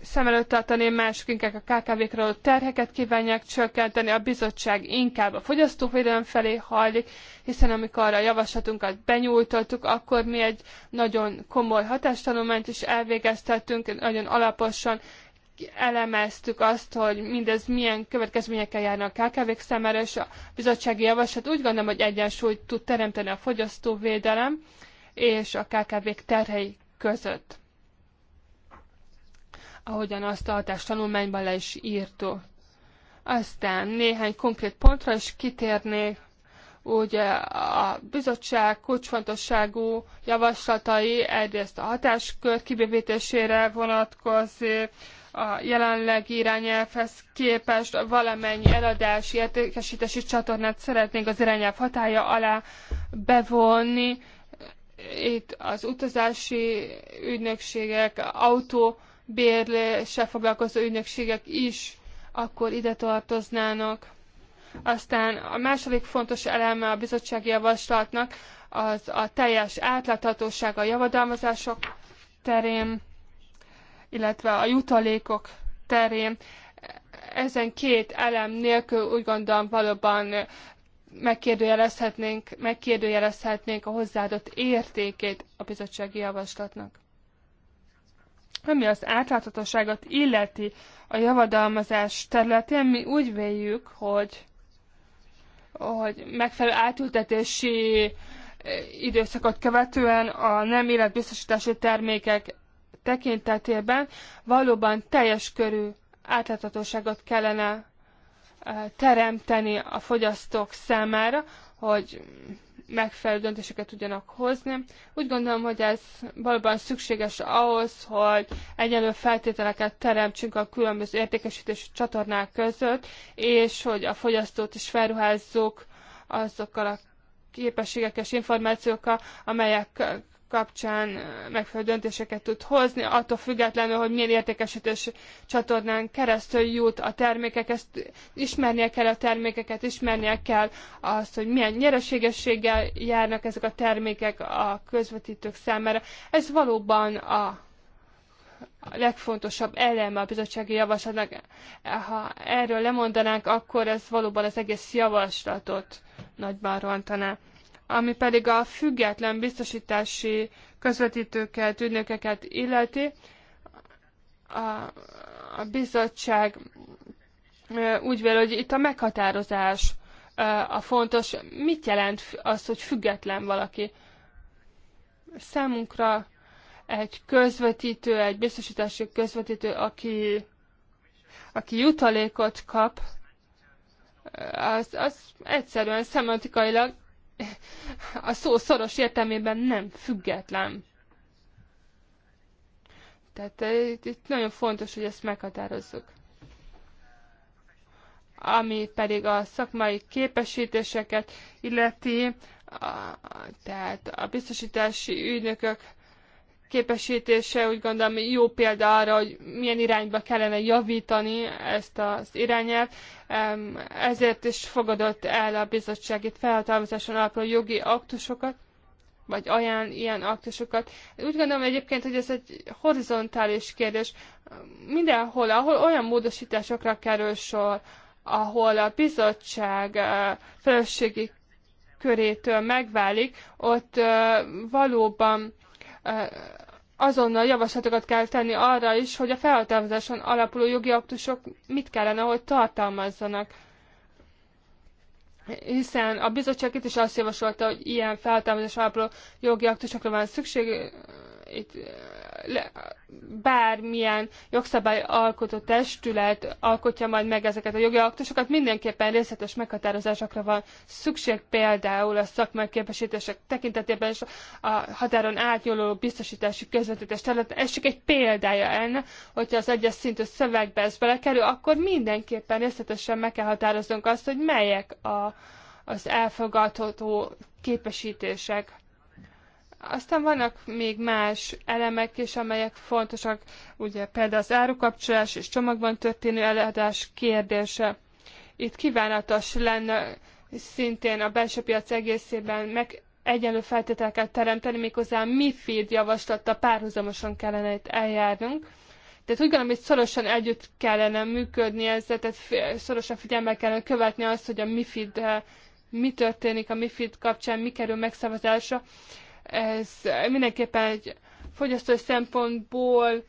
szem előtt tartani, mások inkább a KKV-kra adott terheket kívánják csökkenteni, a bizottság inkább a fogyasztóvédelem felé hajlik, hiszen amikor a javaslatunkat benyújtottuk, akkor mi egy nagyon komoly hatástanulmányt is elvégeztettünk, nagyon alaposan elemeztük azt, hogy mindez milyen következményekkel járna a KKV-k számára, és a bizottsági javaslat úgy gondolom, hogy egyensúlyt tud teremteni a fogyasztóvédelem és a KKV-k terhei között ahogyan azt a tanulmányban le is írtó, Aztán néhány konkrét pontra is kitérnék, ugye a bizottság kulcsfontosságú javaslatai egyrészt a hatáskör kibővítésére vonatkozik, a jelenleg irányelvhez képest valamennyi eladási, értékesítési csatornát szeretnénk az irányelv hatája alá bevonni. Itt az utazási ügynökségek, autó bérléssel foglalkozó ügynökségek is akkor ide tartoznának. Aztán a második fontos eleme a bizottsági javaslatnak az a teljes átláthatóság a javadalmazások terén, illetve a jutalékok terén. Ezen két elem nélkül úgy gondolom valóban megkérdőjelezhetnénk, megkérdőjelezhetnénk a hozzáadott értékét a bizottsági javaslatnak. Ami az átláthatóságot illeti a javadalmazás területén, mi úgy véljük, hogy, hogy megfelelő átültetési eh, időszakot követően a nem életbiztosítási termékek tekintetében valóban teljes körű átláthatóságot kellene eh, teremteni a fogyasztók számára, hogy megfelelő döntéseket tudjanak hozni. Úgy gondolom, hogy ez valóban szükséges ahhoz, hogy egyenlő feltételeket teremtsünk a különböző értékesítési csatornák között, és hogy a fogyasztót is felruházzuk azokkal a képességekkel és információkkal, amelyek kapcsán megfelelő döntéseket tud hozni, attól függetlenül, hogy milyen értékesítés csatornán keresztül jut a termékek, ezt ismernie kell a termékeket, ismernie kell azt, hogy milyen nyereségességgel járnak ezek a termékek a közvetítők számára. Ez valóban a a legfontosabb eleme a bizottsági javaslatnak. Ha erről lemondanánk, akkor ez valóban az egész javaslatot nagyban rontaná ami pedig a független biztosítási közvetítőket, ügynökeket illeti. A, a bizottság úgy vél, hogy itt a meghatározás a fontos. Mit jelent az, hogy független valaki? Számunkra egy közvetítő, egy biztosítási közvetítő, aki, aki jutalékot kap, az, az egyszerűen szemantikailag a szó szoros értelmében nem független. Tehát eh, itt nagyon fontos, hogy ezt meghatározzuk. Ami pedig a szakmai képesítéseket illeti, a, tehát a biztosítási ügynökök képesítése úgy gondolom jó példa arra, hogy milyen irányba kellene javítani ezt az irányát. Ezért is fogadott el a bizottság itt felhatalmazáson alapuló jogi aktusokat, vagy ajánl ilyen aktusokat. Úgy gondolom egyébként, hogy ez egy horizontális kérdés. Mindenhol, ahol olyan módosításokra kerül sor, ahol a bizottság eh, felelősségi körétől megválik, ott eh, valóban azonnal javaslatokat kell tenni arra is, hogy a felhatalmazáson alapuló jogi aktusok mit kellene, hogy tartalmazzanak. Hiszen a bizottság itt is azt javasolta, hogy ilyen feltámadás alapuló jogi aktusokra van szükség, itt bármilyen jogszabály alkotó testület alkotja majd meg ezeket a jogi aktusokat, mindenképpen részletes meghatározásokra van szükség például a szakmai képesítések tekintetében és a határon átnyúló biztosítási közvetítés területen. Ez csak egy példája ennek, hogyha az egyes szintű szövegbe ez belekerül, akkor mindenképpen részletesen meg kell határoznunk azt, hogy melyek a, az elfogadható képesítések aztán vannak még más elemek is, amelyek fontosak, ugye például az árukapcsolás és csomagban történő eladás kérdése. Itt kívánatos lenne szintén a belső piac egészében meg egyenlő feltételeket teremteni, méghozzá MIFID javaslata párhuzamosan kellene itt eljárnunk. Tehát úgy gondolom, hogy szorosan együtt kellene működni ezzel, tehát szorosan figyelme kellene követni azt, hogy a MIFID eh, mi történik a MIFID kapcsán, mi kerül megszavazásra, ez mindenképpen egy fogyasztói szempontból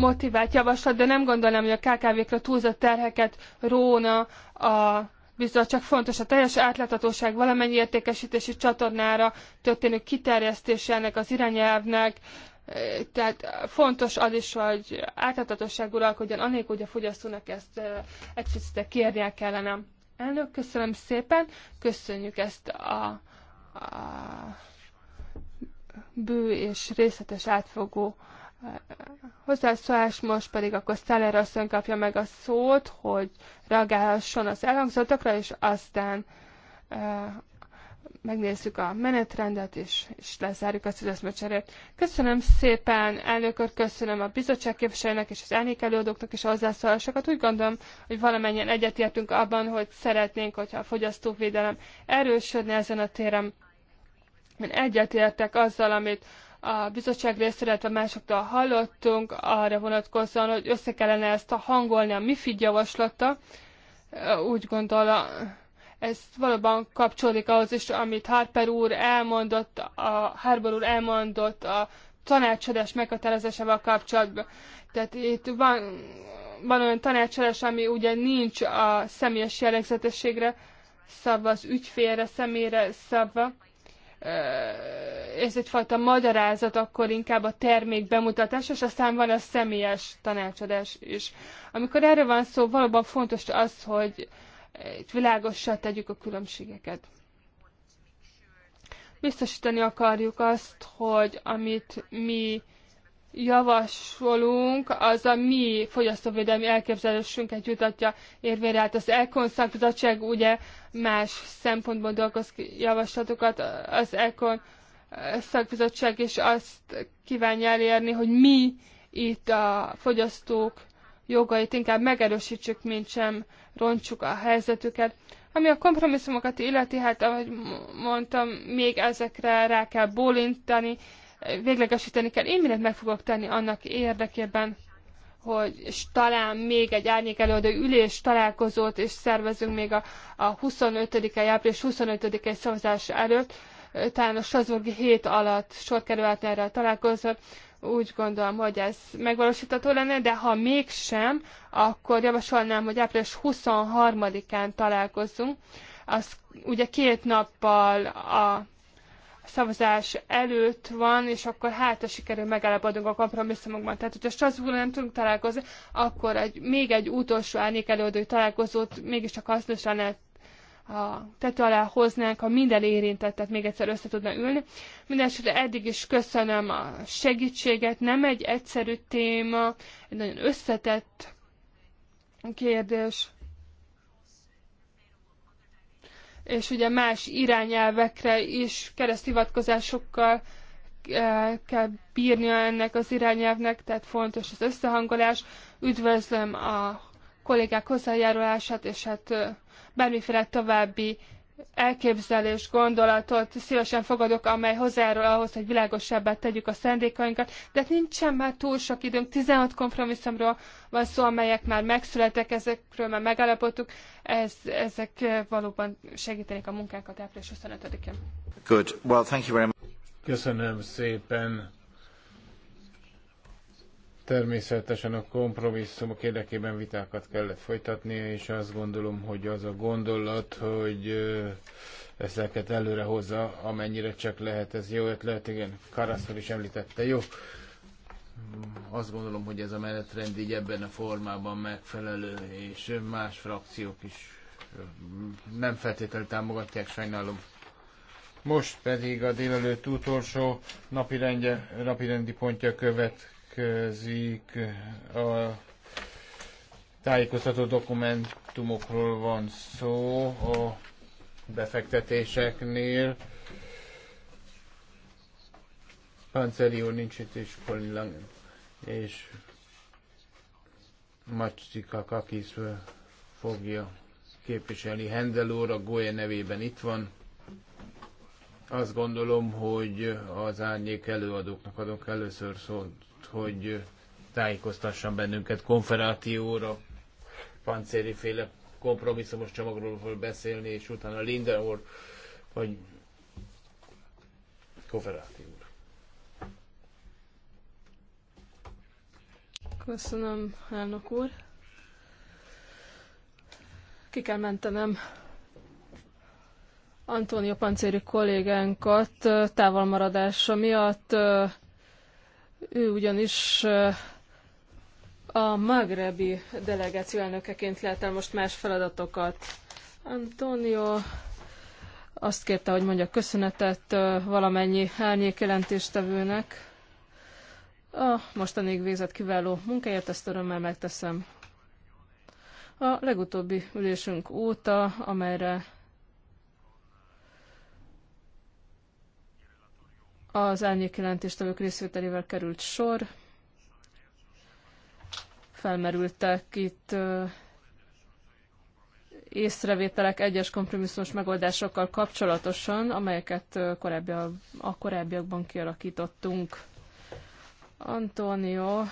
motivált javaslat, de nem gondolom, hogy a KKV-kra túlzott terheket róna a csak Fontos a teljes átláthatóság valamennyi értékesítési csatornára történő kiterjesztése ennek az irányelvnek, tehát fontos az is, hogy átláthatóság uralkodjon, anélkül, hogy a fogyasztónak ezt explicite kérnie kellene. Elnök, köszönöm szépen, köszönjük ezt a, a bő és részletes átfogó eh, hozzászólás, most pedig akkor Szeller asszony kapja meg a szót, hogy reagálhasson az elhangzatokra, és aztán eh, megnézzük a menetrendet, és, és lezárjuk a szüzeszmecserét. Köszönöm szépen, elnök úr, köszönöm a bizottság képviselőnek és az elnék előadóknak és a hozzászólásokat. Úgy gondolom, hogy valamennyien egyetértünk abban, hogy szeretnénk, hogyha a fogyasztóvédelem erősödne ezen a téren. Mert egyetértek azzal, amit a bizottság részéről, illetve másoktól hallottunk, arra vonatkozóan, hogy össze kellene ezt a hangolni a MIFID javaslata. Úgy gondolom, ez valóban kapcsolódik ahhoz is, amit Harper úr elmondott, a Harper úr elmondott a tanácsadás meghatározásával kapcsolatban. Tehát itt van, van olyan tanácsadás, ami ugye nincs a személyes jellegzetességre szabva, az ügyfélre, személyre szabva ez egyfajta magyarázat, akkor inkább a termék bemutatás, és aztán van a személyes tanácsadás is. Amikor erre van szó, valóban fontos az, hogy itt világossá tegyük a különbségeket. Biztosítani akarjuk azt, hogy amit mi javasolunk, az a mi fogyasztóvédelmi elképzelésünket jutatja érvényre. Hát az Econ szakbizottság ugye más szempontból dolgoz ki javaslatokat, az Econ eh, szakbizottság is azt kívánja elérni, hogy mi itt a fogyasztók jogait inkább megerősítsük, mint sem rontsuk a helyzetüket. Ami a kompromisszumokat illeti, hát ahogy mondtam, még ezekre rá kell bólintani, véglegesíteni kell. Én mindent meg fogok tenni annak érdekében, hogy és talán még egy árnyék előadó ülés találkozót és szervezünk még a, a 25 -e, április 25 e szavazás előtt, talán a Strasburgi hét alatt sor kerülhetne erre a találkozót. Úgy gondolom, hogy ez megvalósítható lenne, de ha mégsem, akkor javasolnám, hogy április 23-án találkozzunk. Az ugye két nappal a szavazás előtt van, és akkor hát, sikerül megállapodunk a kompromisszumokban. Tehát, hogyha Strasbourg nem tudunk találkozni, akkor egy, még egy utolsó előadói találkozót mégiscsak hasznosan lehet a tető alá hoznánk, ha minden érintettet még egyszer össze tudna ülni. Mindenesetre eddig is köszönöm a segítséget, nem egy egyszerű téma, egy nagyon összetett kérdés. és ugye más irányelvekre is kereszthivatkozásokkal eh, kell bírnia ennek az irányelvnek, tehát fontos az összehangolás. Üdvözlöm a kollégák hozzájárulását, és hát eh, bármiféle további elképzelés, gondolatot szívesen fogadok, amely hozzájárul ahhoz, hogy világosabbá tegyük a szándékainkat, de nincsen már túl sok időnk, 16 kompromisszumról van szó, amelyek már megszületek, ezekről már megállapodtuk, ez, ezek valóban segítenek a munkánkat április 25-én. Good. Well, thank you very much. Köszönöm szépen. Természetesen a kompromisszumok érdekében vitákat kellett folytatni, és azt gondolom, hogy az a gondolat, hogy ezeket előre hozza, amennyire csak lehet, ez jó ötlet, igen, Karaszor is említette, jó. Azt gondolom, hogy ez a menetrend így ebben a formában megfelelő, és más frakciók is nem feltétlenül támogatják, sajnálom. Most pedig a délelőtt utolsó napirendje, napirendi pontja követ következik. A tájékoztató dokumentumokról van szó a befektetéseknél. Panceri úr nincs itt, és Kolilang, és Macsika Kakis fogja képviselni. Hendel úr a Goye nevében itt van. Azt gondolom, hogy az árnyék előadóknak adok először szót hogy tájékoztassam bennünket konferációra, pancéri féle kompromisszumos csomagról fog beszélni, és utána Linda úr, vagy konferáció Köszönöm, elnök úr. Ki kell mentenem Antónia Pancéri kollégánkat távolmaradása miatt ő ugyanis a magrebi delegáció elnökeként lát el most más feladatokat. Antonio azt kérte, hogy mondja köszönetet valamennyi árnyék jelentéstevőnek. A mostanig végzett kiváló munkáért ezt örömmel megteszem. A legutóbbi ülésünk óta, amelyre Az árnyékjelentéstevők részvételével került sor. Felmerültek itt észrevételek egyes kompromisszumos megoldásokkal kapcsolatosan, amelyeket korábbi, a korábbiakban kialakítottunk. Antonio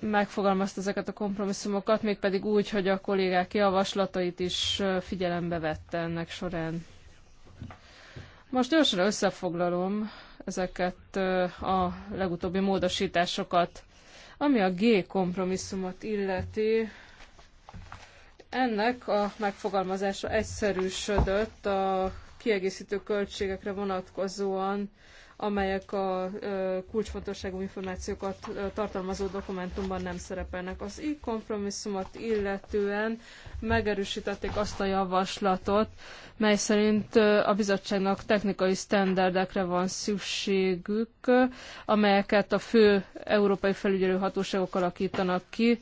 megfogalmazta ezeket a kompromisszumokat, mégpedig úgy, hogy a kollégák javaslatait is figyelembe vette ennek során. Most gyorsan összefoglalom ezeket a legutóbbi módosításokat. Ami a G kompromisszumot illeti, ennek a megfogalmazása egyszerűsödött a kiegészítő költségekre vonatkozóan amelyek a kulcsfontosságú információkat tartalmazó dokumentumban nem szerepelnek. Az így kompromisszumot illetően megerősítették azt a javaslatot, mely szerint a bizottságnak technikai sztenderdekre van szükségük, amelyeket a fő európai felügyelő hatóságok alakítanak ki,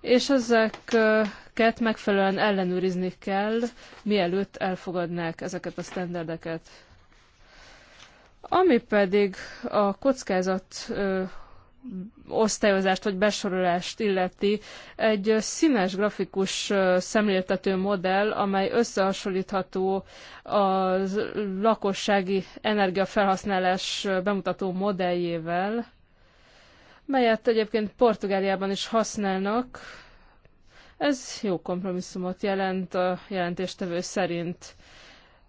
és ezeket megfelelően ellenőrizni kell, mielőtt elfogadnák ezeket a sztenderdeket. Ami pedig a kockázat ö, osztályozást vagy besorolást illeti, egy színes grafikus szemléltető modell, amely összehasonlítható a lakossági energiafelhasználás bemutató modelljével, melyet egyébként Portugáliában is használnak. Ez jó kompromisszumot jelent a jelentéstevő szerint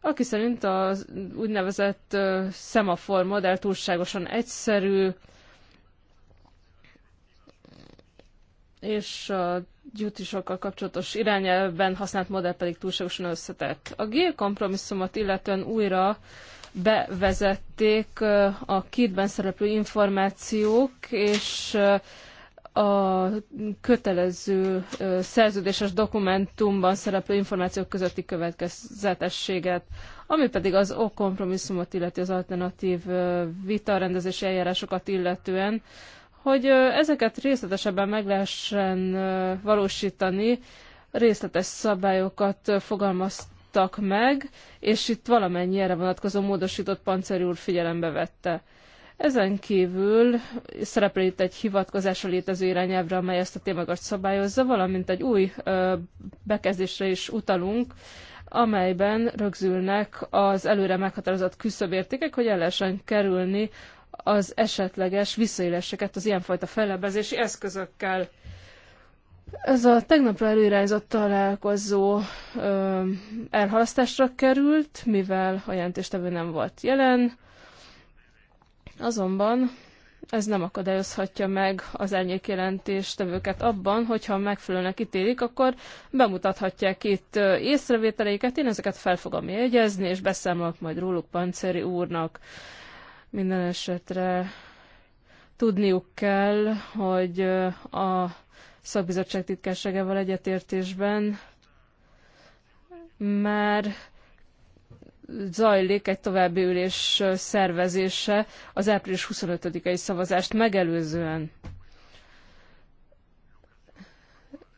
aki szerint az úgynevezett szemafor modell túlságosan egyszerű, és a gyutisokkal kapcsolatos irányelvben használt modell pedig túlságosan összetett. A G kompromisszumot illetően újra bevezették a kitben szereplő információk, és a kötelező szerződéses dokumentumban szereplő információk közötti következetességet, ami pedig az okompromisszumot illeti az alternatív vitarendezési eljárásokat illetően, hogy ezeket részletesebben meg lehessen valósítani, részletes szabályokat fogalmaztak meg, és itt valamennyi erre vonatkozó módosított pancer úr figyelembe vette. Ezen kívül szerepel itt egy hivatkozás a létező irányelvre, amely ezt a témakört szabályozza, valamint egy új bekezdésre is utalunk, amelyben rögzülnek az előre meghatározott küszöbértékek, hogy el lehessen kerülni az esetleges visszaéléseket az ilyenfajta fellebezési eszközökkel. Ez a tegnapra előirányzott találkozó ö, elhalasztásra került, mivel a jelentéstevő nem volt jelen, Azonban ez nem akadályozhatja meg az árnyékjelentéstevőket abban, hogyha megfelelőnek ítélik, akkor bemutathatják itt észrevételeiket, én ezeket fel fogom jegyezni, és beszámolok majd róluk Panceri úrnak. Minden esetre tudniuk kell, hogy a szakbizottság titkárságával egyetértésben már zajlik egy további ülés szervezése az április 25-i szavazást megelőzően.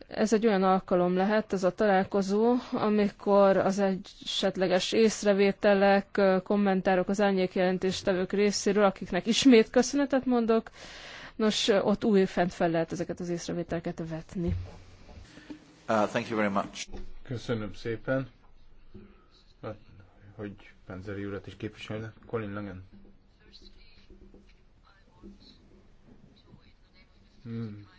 Ez egy olyan alkalom lehet, ez a találkozó, amikor az esetleges észrevételek, kommentárok az árnyékjelentéstevők részéről, akiknek ismét köszönetet mondok, nos, ott újfent fel lehet ezeket az észrevételeket vetni. Uh, thank you very much. Köszönöm szépen hogy Penzeri urat is képviselne. Colin Langen. Hmm.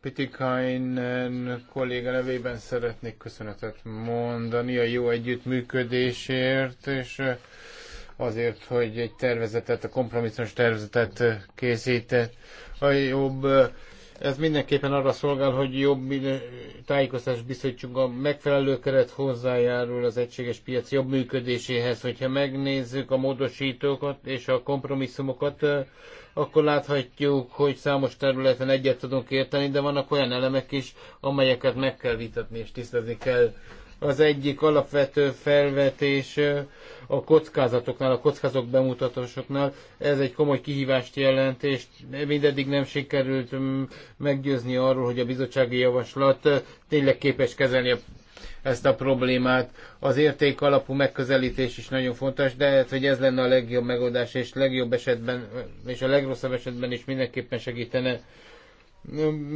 Pitikainen kolléga nevében szeretnék köszönetet mondani a jó együttműködésért, és azért, hogy egy tervezetet, a kompromisszumos tervezetet készített. A jobb ez mindenképpen arra szolgál, hogy jobb tájékoztatást biztosítsunk, a megfelelő keret hozzájárul az egységes piac jobb működéséhez. Hogyha megnézzük a módosítókat és a kompromisszumokat, akkor láthatjuk, hogy számos területen egyet tudunk érteni, de vannak olyan elemek is, amelyeket meg kell vitatni és tisztázni kell. Az egyik alapvető felvetés a kockázatoknál, a kockázatok bemutatásoknál. Ez egy komoly kihívást jelent, és mindeddig nem sikerült mm, meggyőzni arról, hogy a bizottsági javaslat tényleg képes kezelni a ezt a problémát. Az érték alapú megközelítés is nagyon fontos, de hát, hogy ez lenne a legjobb megoldás, és legjobb esetben, és a legrosszabb esetben is mindenképpen segítene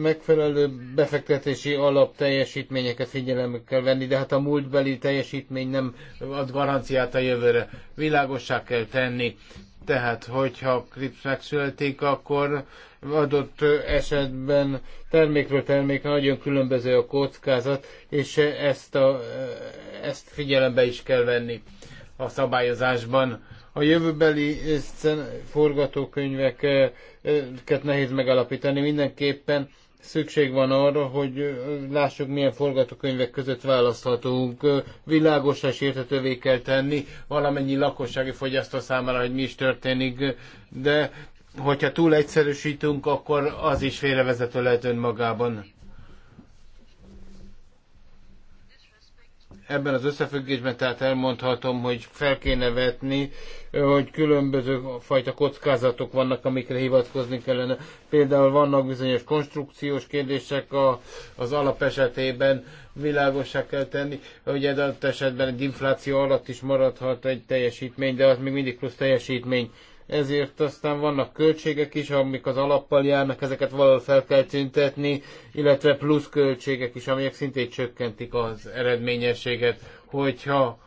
megfelelő befektetési alap teljesítményeket figyelembe kell venni, de hát a múltbeli teljesítmény nem ad garanciát a jövőre. Világossá kell tenni. Tehát, hogyha klipsz megszületik, akkor adott esetben termékről termékre nagyon különböző a kockázat, és ezt, a, ezt figyelembe is kell venni a szabályozásban a jövőbeli eh, forgatókönyveket eh, eh, nehéz megalapítani. Mindenképpen szükség van arra, hogy lássuk, milyen forgatókönyvek között választhatunk. Világosra és értetővé kell tenni valamennyi lakossági fogyasztó számára, hogy mi is történik, de hogyha túl egyszerűsítünk, akkor az is félrevezető lehet önmagában. ebben az összefüggésben tehát elmondhatom, hogy fel kéne vetni, hogy különböző fajta kockázatok vannak, amikre hivatkozni kellene. Például vannak bizonyos konstrukciós kérdések a, az alap esetében, világosá kell tenni, hogy adott esetben egy infláció alatt is maradhat egy teljesítmény, de az még mindig plusz teljesítmény ezért aztán vannak költségek is, amik az alappal járnak, ezeket valahol fel kell tüntetni, illetve plusz költségek is, amelyek szintén csökkentik az eredményességet, hogyha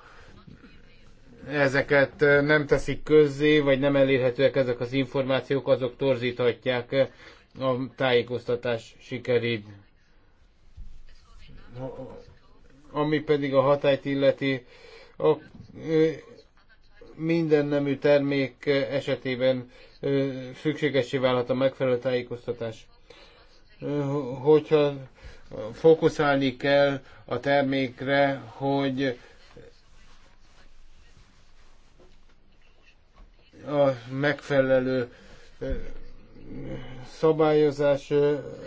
ezeket nem teszik közzé, vagy nem elérhetőek ezek az információk, azok torzíthatják a tájékoztatás sikerét. Ami pedig a hatályt illeti, a, minden nemű termék esetében szükségessé válhat a megfelelő tájékoztatás. Hogyha fókuszálni kell a termékre, hogy a megfelelő szabályozás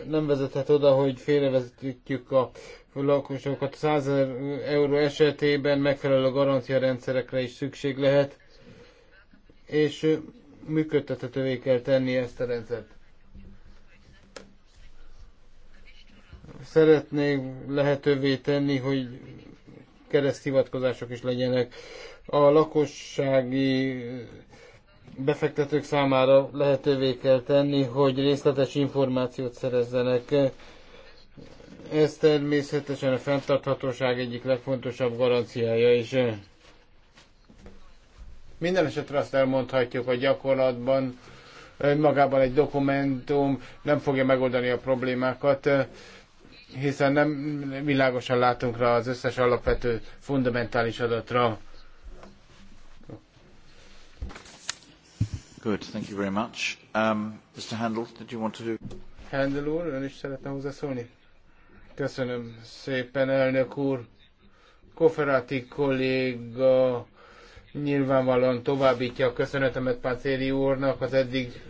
nem vezethet oda, hogy félrevezetjük a lakosokat. 100 euró esetében megfelelő rendszerekre is szükség lehet, és működtetővé kell tenni ezt a rendszert. Szeretnék lehetővé tenni, hogy kereszthivatkozások is legyenek. A lakossági befektetők számára lehetővé kell tenni, hogy részletes információt szerezzenek ez természetesen a fenntarthatóság egyik legfontosabb garanciája, és eh, minden esetre azt elmondhatjuk, hogy gyakorlatban magában egy dokumentum nem fogja megoldani a problémákat, eh, hiszen nem világosan látunk rá az összes alapvető fundamentális adatra. Good, thank you very much. Um, Mr. Handel, did you want to do... Handel úr, ön is szeretne hozzászólni? Köszönöm szépen, elnök úr. Koferáti kolléga nyilvánvalóan továbbítja a köszönetemet Páncéli úrnak az eddig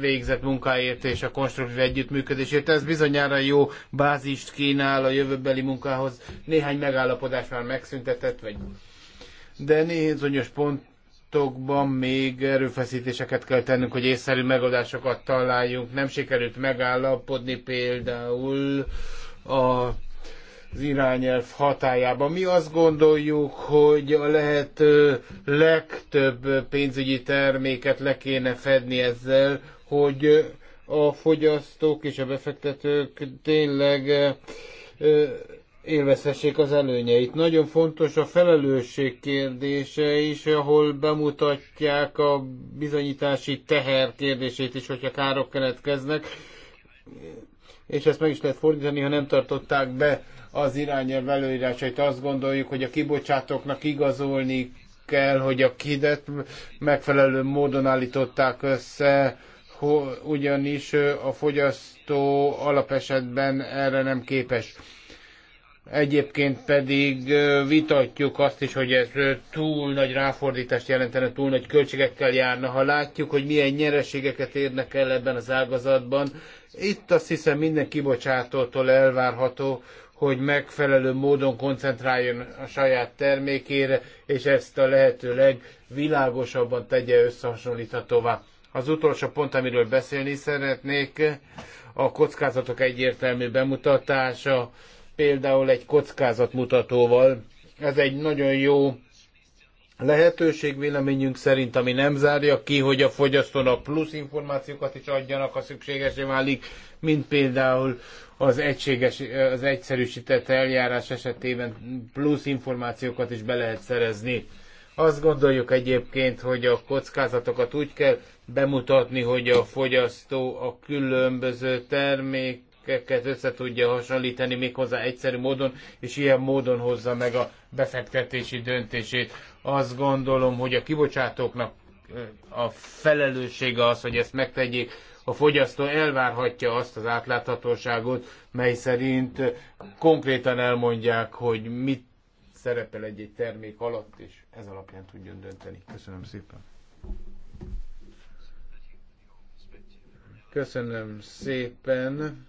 végzett munkáért és a konstruktív együttműködésért. Ez bizonyára jó bázist kínál a jövőbeli munkához. Néhány megállapodás már megszüntetett, vagy... de néhány bizonyos pontokban még erőfeszítéseket kell tennünk, hogy észszerű megoldásokat találjunk. Nem sikerült megállapodni például a az irányelv hatájába. Mi azt gondoljuk, hogy a lehető legtöbb pénzügyi terméket le kéne fedni ezzel, hogy a fogyasztók és a befektetők tényleg élvezhessék az előnyeit. Nagyon fontos a felelősség kérdése is, ahol bemutatják a bizonyítási teher kérdését is, hogyha károk keletkeznek és ezt meg is lehet fordítani, ha nem tartották be az irányelv előírásait. Azt gondoljuk, hogy a kibocsátóknak igazolni kell, hogy a kidet megfelelő módon állították össze, ugyanis a fogyasztó alapesetben erre nem képes. Egyébként pedig vitatjuk azt is, hogy ez túl nagy ráfordítást jelentene, túl nagy költségekkel járna, ha látjuk, hogy milyen nyereségeket érnek el ebben az ágazatban. Itt azt hiszem minden kibocsátótól elvárható, hogy megfelelő módon koncentráljon a saját termékére, és ezt a lehető legvilágosabban tegye összehasonlíthatóvá. Az utolsó pont, amiről beszélni szeretnék, a kockázatok egyértelmű bemutatása, például egy kockázatmutatóval. Ez egy nagyon jó lehetőség véleményünk szerint, ami nem zárja ki, hogy a fogyasztónak plusz információkat is adjanak, ha szükségesé válik, mint például az, egységes, az egyszerűsített eljárás esetében plusz információkat is be lehet szerezni. Azt gondoljuk egyébként, hogy a kockázatokat úgy kell bemutatni, hogy a fogyasztó a különböző termék értékeket össze tudja hasonlítani méghozzá egyszerű módon, és ilyen módon hozza meg a befektetési döntését. Azt gondolom, hogy a kibocsátóknak a felelőssége az, hogy ezt megtegyék. A fogyasztó elvárhatja azt az átláthatóságot, mely szerint konkrétan elmondják, hogy mit szerepel egy-egy termék alatt, és ez alapján tudjon dönteni. Köszönöm szépen. Köszönöm szépen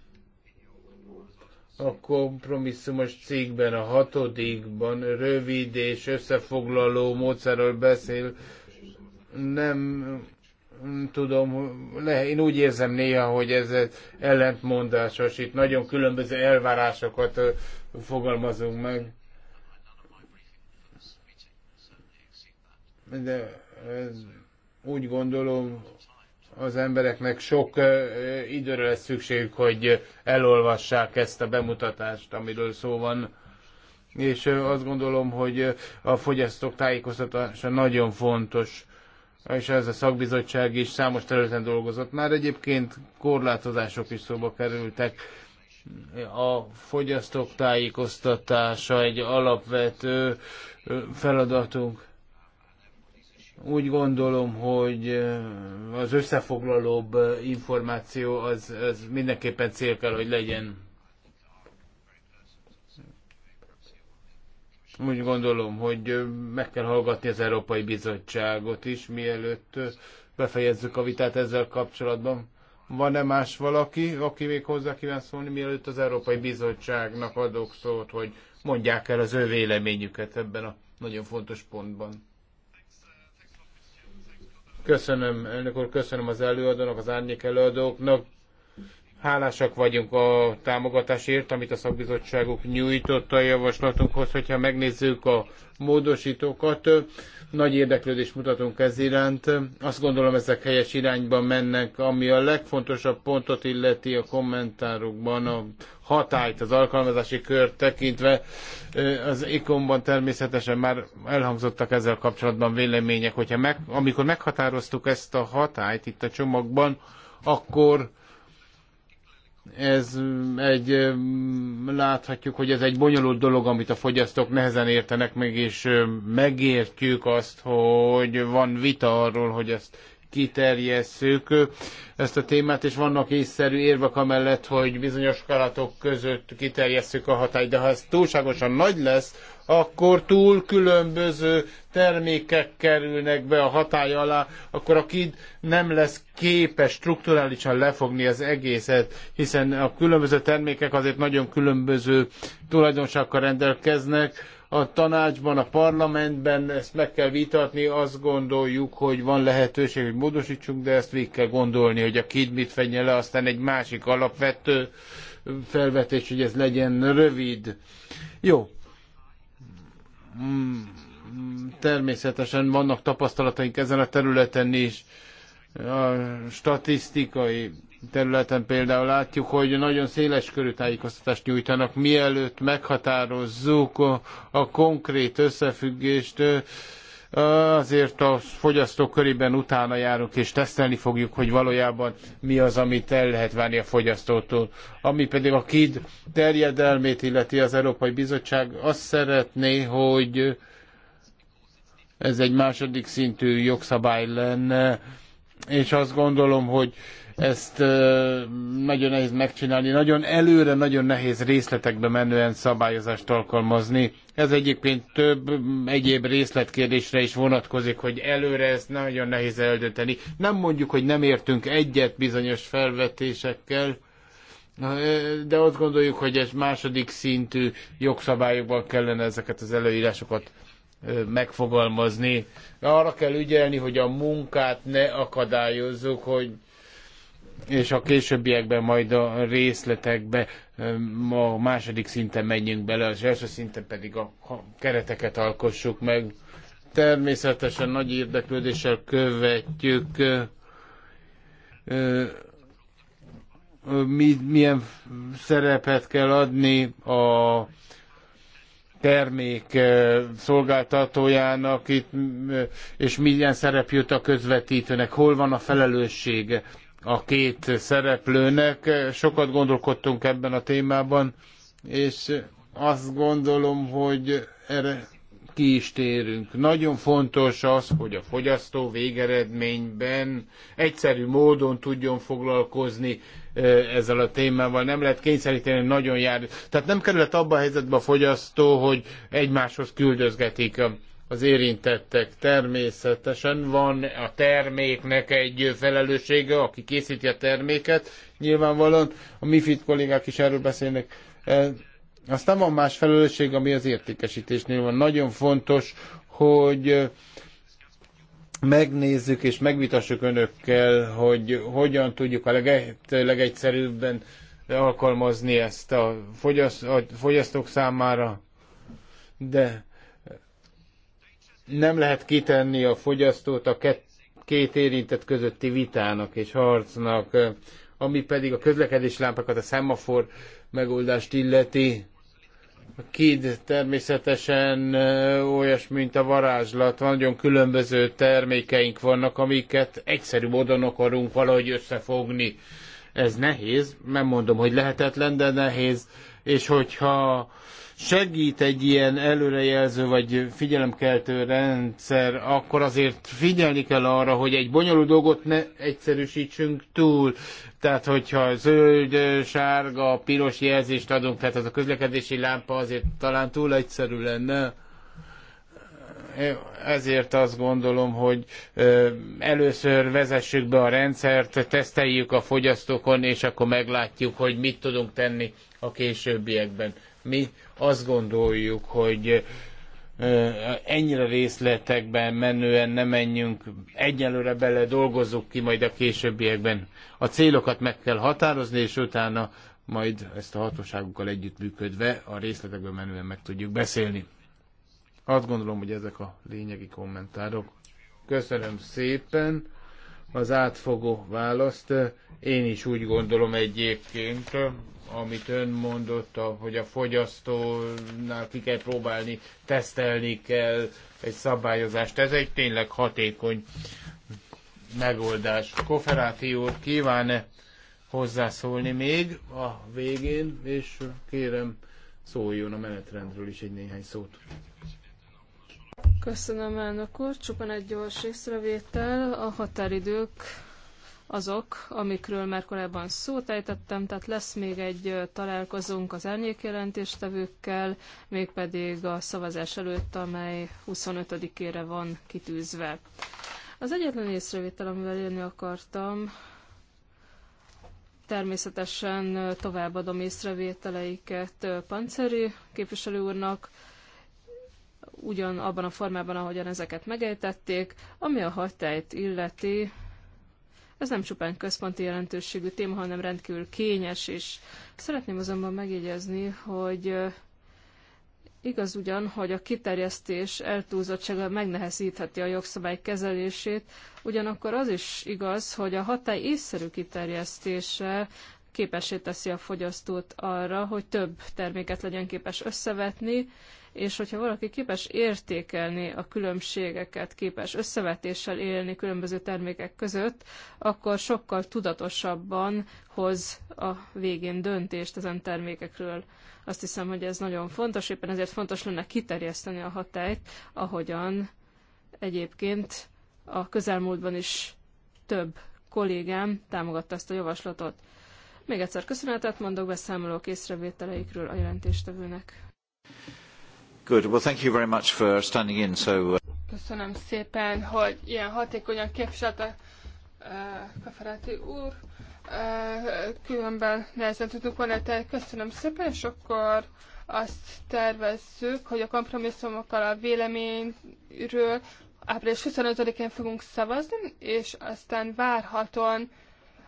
a kompromisszumos cégben a hatodikban rövid és összefoglaló módszerről beszél. Nem tudom, le, én úgy érzem néha, hogy ez ellentmondásos, itt nagyon különböző elvárásokat fogalmazunk meg. De úgy gondolom, az embereknek sok időre lesz szükségük, hogy elolvassák ezt a bemutatást, amiről szó van. És azt gondolom, hogy a fogyasztók tájékoztatása nagyon fontos, és ez a szakbizottság is számos területen dolgozott. Már egyébként korlátozások is szóba kerültek. A fogyasztók tájékoztatása egy alapvető feladatunk úgy gondolom, hogy az összefoglalóbb információ az, az mindenképpen cél kell, hogy legyen. Úgy gondolom, hogy meg kell hallgatni az Európai Bizottságot is, mielőtt befejezzük a vitát ezzel kapcsolatban. Van-e más valaki, aki még hozzá kíván szólni, mielőtt az Európai Bizottságnak adok szót, hogy mondják el az ő véleményüket ebben a nagyon fontos pontban? Köszönöm, elnök úr, köszönöm az előadónak, az árnyék előadóknak. Hálásak vagyunk a támogatásért, amit a szakbizottságok nyújtotta a javaslatunkhoz. Hogyha megnézzük a módosítókat, nagy érdeklődést mutatunk ez iránt. Azt gondolom, ezek helyes irányba mennek, ami a legfontosabb pontot illeti a kommentárokban, a hatályt, az alkalmazási kört tekintve. Az ikonban természetesen már elhangzottak ezzel kapcsolatban vélemények, hogyha meg, amikor meghatároztuk ezt a hatályt itt a csomagban, akkor ez egy, láthatjuk, hogy ez egy bonyolult dolog, amit a fogyasztók nehezen értenek meg, és megértjük azt, hogy van vita arról, hogy ezt kiterjesszük ezt a témát, és vannak észszerű érvek amellett, hogy bizonyos karatok között kiterjesszük a hatályt, de ha ez túlságosan nagy lesz, akkor túl különböző termékek kerülnek be a hatály alá, akkor a KID nem lesz képes strukturálisan lefogni az egészet, hiszen a különböző termékek azért nagyon különböző tulajdonságokkal rendelkeznek, a tanácsban, a parlamentben ezt meg kell vitatni, azt gondoljuk, hogy van lehetőség, hogy módosítsunk, de ezt végig kell gondolni, hogy a kid mit fenye le, aztán egy másik alapvető felvetés, hogy ez legyen rövid. Jó. Mm, természetesen vannak tapasztalataink ezen a területen is. A statisztikai területen például látjuk, hogy nagyon széles körű tájékoztatást nyújtanak, mielőtt meghatározzuk a, a konkrét összefüggést, azért a fogyasztók körében utána járunk, és tesztelni fogjuk, hogy valójában mi az, amit el lehet várni a fogyasztótól. Ami pedig a KID terjedelmét illeti az Európai Bizottság, azt szeretné, hogy ez egy második szintű jogszabály lenne, és azt gondolom, hogy ezt nagyon nehéz megcsinálni, nagyon előre, nagyon nehéz részletekbe menően szabályozást alkalmazni. Ez egyébként több egyéb részletkérdésre is vonatkozik, hogy előre ezt nagyon nehéz eldönteni. Nem mondjuk, hogy nem értünk egyet bizonyos felvetésekkel, de azt gondoljuk, hogy egy második szintű jogszabályokban kellene ezeket az előírásokat megfogalmazni. Arra kell ügyelni, hogy a munkát ne akadályozzuk, hogy és a későbbiekben majd a részletekbe a második szinten menjünk bele, az első szinten pedig a kereteket alkossuk meg. Természetesen nagy érdeklődéssel követjük milyen szerepet kell adni a termék szolgáltatójának itt, és milyen szerep jut a közvetítőnek, hol van a felelőssége a két szereplőnek. Sokat gondolkodtunk ebben a témában, és azt gondolom, hogy erre ki is térünk. Nagyon fontos az, hogy a fogyasztó végeredményben egyszerű módon tudjon foglalkozni e, ezzel a témával. Nem lehet kényszeríteni, nagyon jár. Tehát nem kerülhet abba a helyzetbe a fogyasztó, hogy egymáshoz küldözgetik az érintettek. Természetesen van a terméknek egy felelőssége, aki készíti a terméket, nyilvánvalóan a MIFID kollégák is erről beszélnek. E, aztán van más felelősség, ami az értékesítésnél van. Nagyon fontos, hogy e, megnézzük és megvitassuk önökkel, hogy hogyan tudjuk a legegyszerűbben alkalmazni ezt a, fogyaszt, a fogyasztók számára. De nem lehet kitenni a fogyasztót a két érintett közötti vitának és harcnak, ami pedig a közlekedés lámpákat, a szemafor megoldást illeti. A KID természetesen olyas, mint a varázslat. Nagyon különböző termékeink vannak, amiket egyszerű módon akarunk valahogy összefogni. Ez nehéz, nem mondom, hogy lehetetlen, de nehéz. És hogyha segít egy ilyen előrejelző vagy figyelemkeltő rendszer, akkor azért figyelni kell arra, hogy egy bonyolult dolgot ne egyszerűsítsünk túl. Tehát, hogyha zöld, sárga, piros jelzést adunk, tehát az a közlekedési lámpa azért talán túl egyszerű lenne ezért azt gondolom, hogy először vezessük be a rendszert, teszteljük a fogyasztókon, és akkor meglátjuk, hogy mit tudunk tenni a későbbiekben. Mi azt gondoljuk, hogy ennyire részletekben menően nem menjünk, egyelőre bele dolgozzuk ki majd a későbbiekben. A célokat meg kell határozni, és utána majd ezt a hatóságokkal együttműködve a részletekben menően meg tudjuk beszélni. Azt gondolom, hogy ezek a lényegi kommentárok. Köszönöm szépen! az átfogó választ. Én is úgy gondolom egyébként, amit ön mondott, hogy a fogyasztónál ki kell próbálni, tesztelni kell egy szabályozást. Ez egy tényleg hatékony megoldás. Koferáti úr kíván-e hozzászólni még a végén, és kérem szóljon a menetrendről is egy néhány szót. Köszönöm, elnök úr. Csupán egy gyors észrevétel. A határidők azok, amikről már korábban szót ejtettem, tehát lesz még egy találkozónk az árnyékjelentéstevőkkel, mégpedig a szavazás előtt, amely 25-ére van kitűzve. Az egyetlen észrevétel, amivel élni akartam, természetesen továbbadom észrevételeiket Panceri képviselő úrnak, abban a formában, ahogyan ezeket megejtették, ami a hagytájt illeti. Ez nem csupán központi jelentőségű téma, hanem rendkívül kényes, is. szeretném azonban megjegyezni, hogy Igaz ugyan, hogy a kiterjesztés eltúlzottsága megnehezítheti a jogszabály kezelését, ugyanakkor az is igaz, hogy a hatály észszerű kiterjesztése képessé teszi a fogyasztót arra, hogy több terméket legyen képes összevetni, és hogyha valaki képes értékelni a különbségeket, képes összevetéssel élni különböző termékek között, akkor sokkal tudatosabban hoz a végén döntést ezen termékekről. Azt hiszem, hogy ez nagyon fontos, éppen ezért fontos lenne kiterjeszteni a hatályt, ahogyan egyébként a közelmúltban is több kollégám támogatta ezt a javaslatot. Még egyszer köszönetet mondok beszámolók észrevételeikről a jelentéstevőnek. Good. Well, thank you very much for standing in so... Uh, köszönöm szépen, hogy ilyen hatékonyan képviselte uh, Kaferáti úr. Uh, különben nehezen tudtuk volna, tehát köszönöm szépen, és akkor azt tervezzük, hogy a kompromisszumokkal a véleményről április 25-én fogunk szavazni, és aztán várhatóan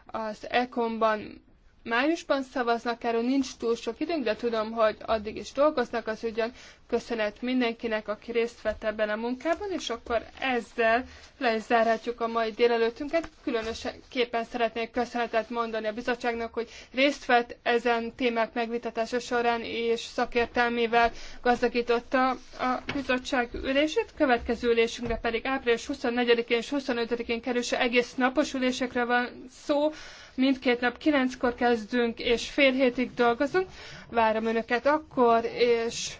az ECOM-ban májusban szavaznak erről, nincs túl sok időnk, de tudom, hogy addig is dolgoznak az ügyön. Köszönet mindenkinek, aki részt vett ebben a munkában, és akkor ezzel le is zárhatjuk a mai délelőttünket. Különösképpen szeretnék köszönetet mondani a bizottságnak, hogy részt vett ezen témák megvitatása során, és szakértelmével gazdagította a bizottság ülését. Következő ülésünkre pedig április 24-én és 25-én kerülse egész napos ülésekre van szó mindkét nap kilenckor kezdünk, és fél hétig dolgozunk. Várom Önöket akkor, és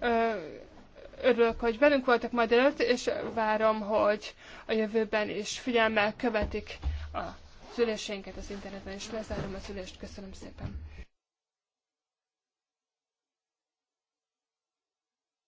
ö, örülök, hogy velünk voltak majd előtt, és várom, hogy a jövőben is figyelmel követik a szüléseinket az interneten, és lezárom a szülést. Köszönöm szépen!